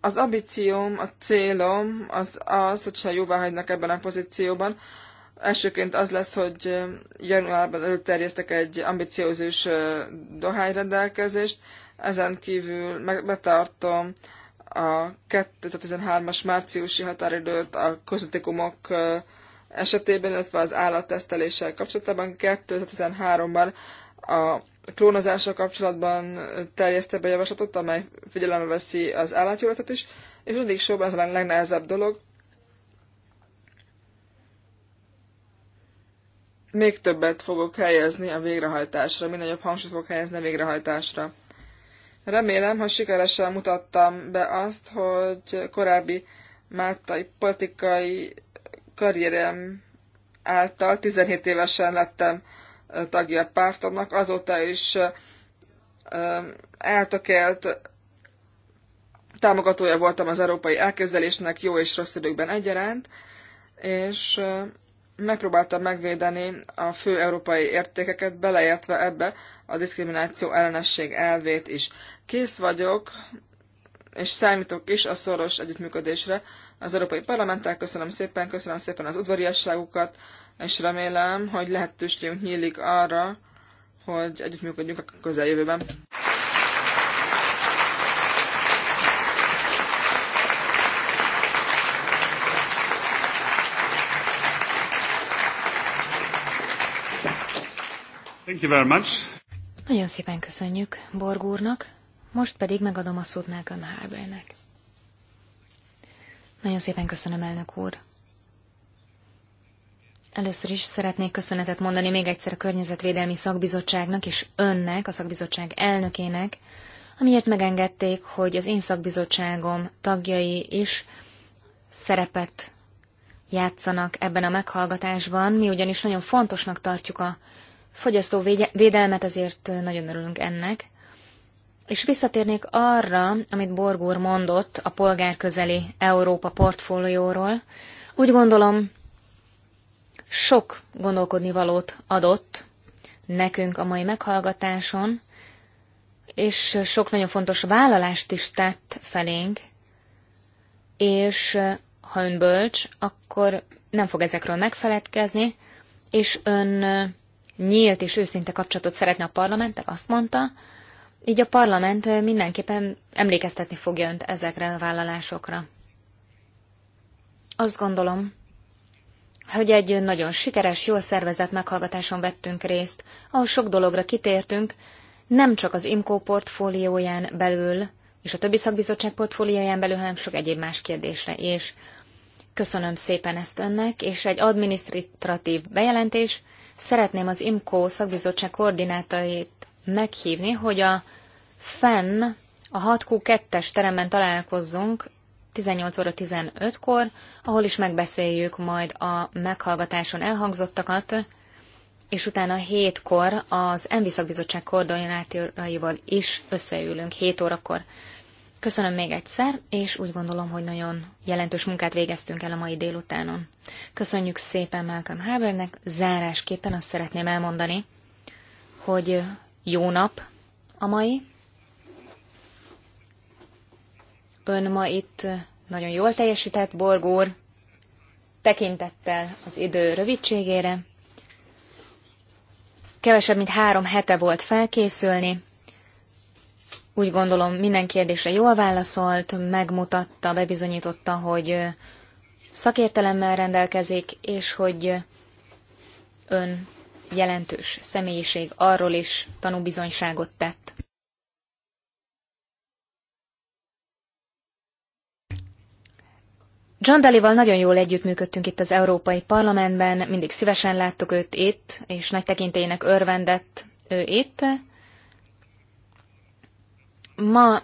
Az ambícióm, a célom az az, hogyha jóvá hagynak ebben a pozícióban, elsőként az lesz, hogy januárban előterjesztek egy ambiciózus dohányrendelkezést, ezen kívül meg betartom a 2013-as márciusi határidőt a kozmetikumok esetében, illetve az állatteszteléssel kapcsolatban 2013-ban a klónozással kapcsolatban terjeszte be javaslatot, amely figyelembe veszi az állatjóratot is, és mindig sokban ez a legnehezebb dolog. Még többet fogok helyezni a végrehajtásra, minél nagyobb hangsúlyt fogok helyezni a végrehajtásra. Remélem, hogy sikeresen mutattam be azt, hogy korábbi máltai politikai karrierem által 17 évesen lettem tagja a pártomnak, azóta is eltökelt támogatója voltam az európai elképzelésnek jó és rossz időkben egyaránt, és megpróbáltam megvédeni a fő európai értékeket, beleértve ebbe a diszkrimináció ellenesség elvét is. Kész vagyok, és számítok is a szoros együttműködésre az Európai Parlamenttel. Köszönöm szépen, köszönöm szépen az udvariasságukat, és remélem, hogy lehetőségünk nyílik arra, hogy együttműködjünk a közeljövőben. Thank you very much.
Nagyon szépen köszönjük Borg úrnak, most pedig megadom a szót Malcolm Nagyon szépen köszönöm, elnök úr. Először is szeretnék köszönetet mondani még egyszer a Környezetvédelmi Szakbizottságnak és önnek, a szakbizottság elnökének, amiért megengedték, hogy az én szakbizottságom tagjai is szerepet játszanak ebben a meghallgatásban. Mi ugyanis nagyon fontosnak tartjuk a fogyasztóvédelmet, ezért nagyon örülünk ennek. És visszatérnék arra, amit Borgúr mondott a polgárközeli Európa portfólióról. Úgy gondolom, sok gondolkodni valót adott nekünk a mai meghallgatáson, és sok nagyon fontos vállalást is tett felénk, és ha ön bölcs, akkor nem fog ezekről megfeledkezni, és ön nyílt és őszinte kapcsolatot szeretne a parlamenttel, azt mondta, így a parlament mindenképpen emlékeztetni fogja önt ezekre a vállalásokra. Azt gondolom, hogy egy nagyon sikeres, jól szervezett meghallgatáson vettünk részt, ahol sok dologra kitértünk, nem csak az IMCO portfólióján belül, és a többi szakbizottság portfólióján belül, hanem sok egyéb más kérdésre is. Köszönöm szépen ezt önnek, és egy adminisztratív bejelentés. Szeretném az IMCO szakbizottság koordinátait meghívni, hogy a FEN a 6Q2-es teremben találkozzunk 18 óra 15-kor, ahol is megbeszéljük majd a meghallgatáson elhangzottakat, és utána 7-kor az ENVI szakbizottság koordinátoraival is összeülünk 7 órakor. Köszönöm még egyszer, és úgy gondolom, hogy nagyon jelentős munkát végeztünk el a mai délutánon. Köszönjük szépen Malcolm Habernek, zárásképpen azt szeretném elmondani, hogy jó nap a mai, Ön ma itt nagyon jól teljesített, Borgór, tekintettel az idő rövidségére. Kevesebb, mint három hete volt felkészülni. Úgy gondolom, minden kérdésre jól válaszolt, megmutatta, bebizonyította, hogy szakértelemmel rendelkezik, és hogy ön jelentős személyiség arról is tanúbizonyságot tett. John Daly-val nagyon jól együttműködtünk itt az Európai Parlamentben, mindig szívesen láttuk őt itt, és nagy tekintélyének örvendett ő itt. Ma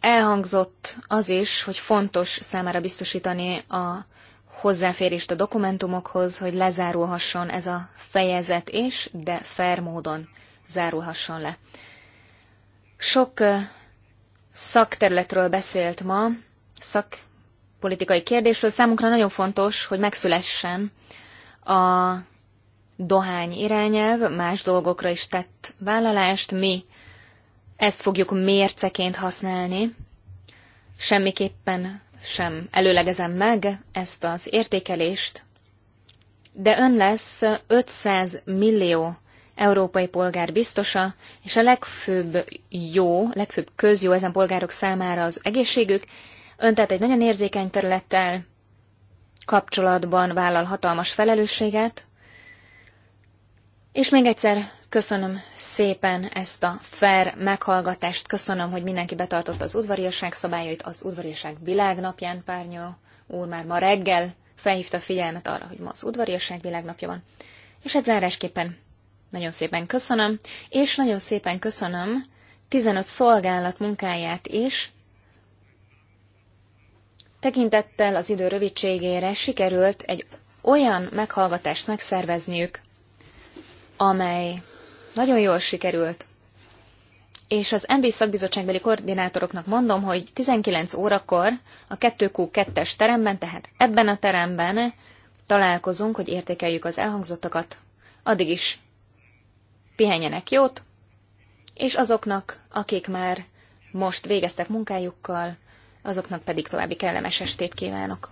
elhangzott az is, hogy fontos számára biztosítani a hozzáférést a dokumentumokhoz, hogy lezárulhasson ez a fejezet és, de fair módon zárulhasson le. Sok szakterületről beszélt ma, szak politikai kérdésről. Számunkra nagyon fontos, hogy megszülessen a dohány irányelv, más dolgokra is tett vállalást. Mi ezt fogjuk mérceként használni. Semmiképpen sem előlegezem meg ezt az értékelést, de ön lesz 500 millió európai polgár biztosa, és a legfőbb jó, legfőbb közjó ezen polgárok számára az egészségük, Ön tehát egy nagyon érzékeny területtel kapcsolatban vállal hatalmas felelősséget, és még egyszer köszönöm szépen ezt a fair meghallgatást, köszönöm, hogy mindenki betartotta az udvariasság szabályait, az udvariasság világnapján párnyó úr már ma reggel felhívta a figyelmet arra, hogy ma az udvariasság világnapja van. És egy hát zárásképpen nagyon szépen köszönöm, és nagyon szépen köszönöm 15 szolgálat munkáját is, Tekintettel az idő rövidségére sikerült egy olyan meghallgatást megszervezniük, amely nagyon jól sikerült. És az MB szakbizottságbeli koordinátoroknak mondom, hogy 19 órakor a 2Q2-es teremben, tehát ebben a teremben találkozunk, hogy értékeljük az elhangzottakat. Addig is pihenjenek jót, és azoknak, akik már most végeztek munkájukkal, azoknak pedig további kellemes estét kívánok.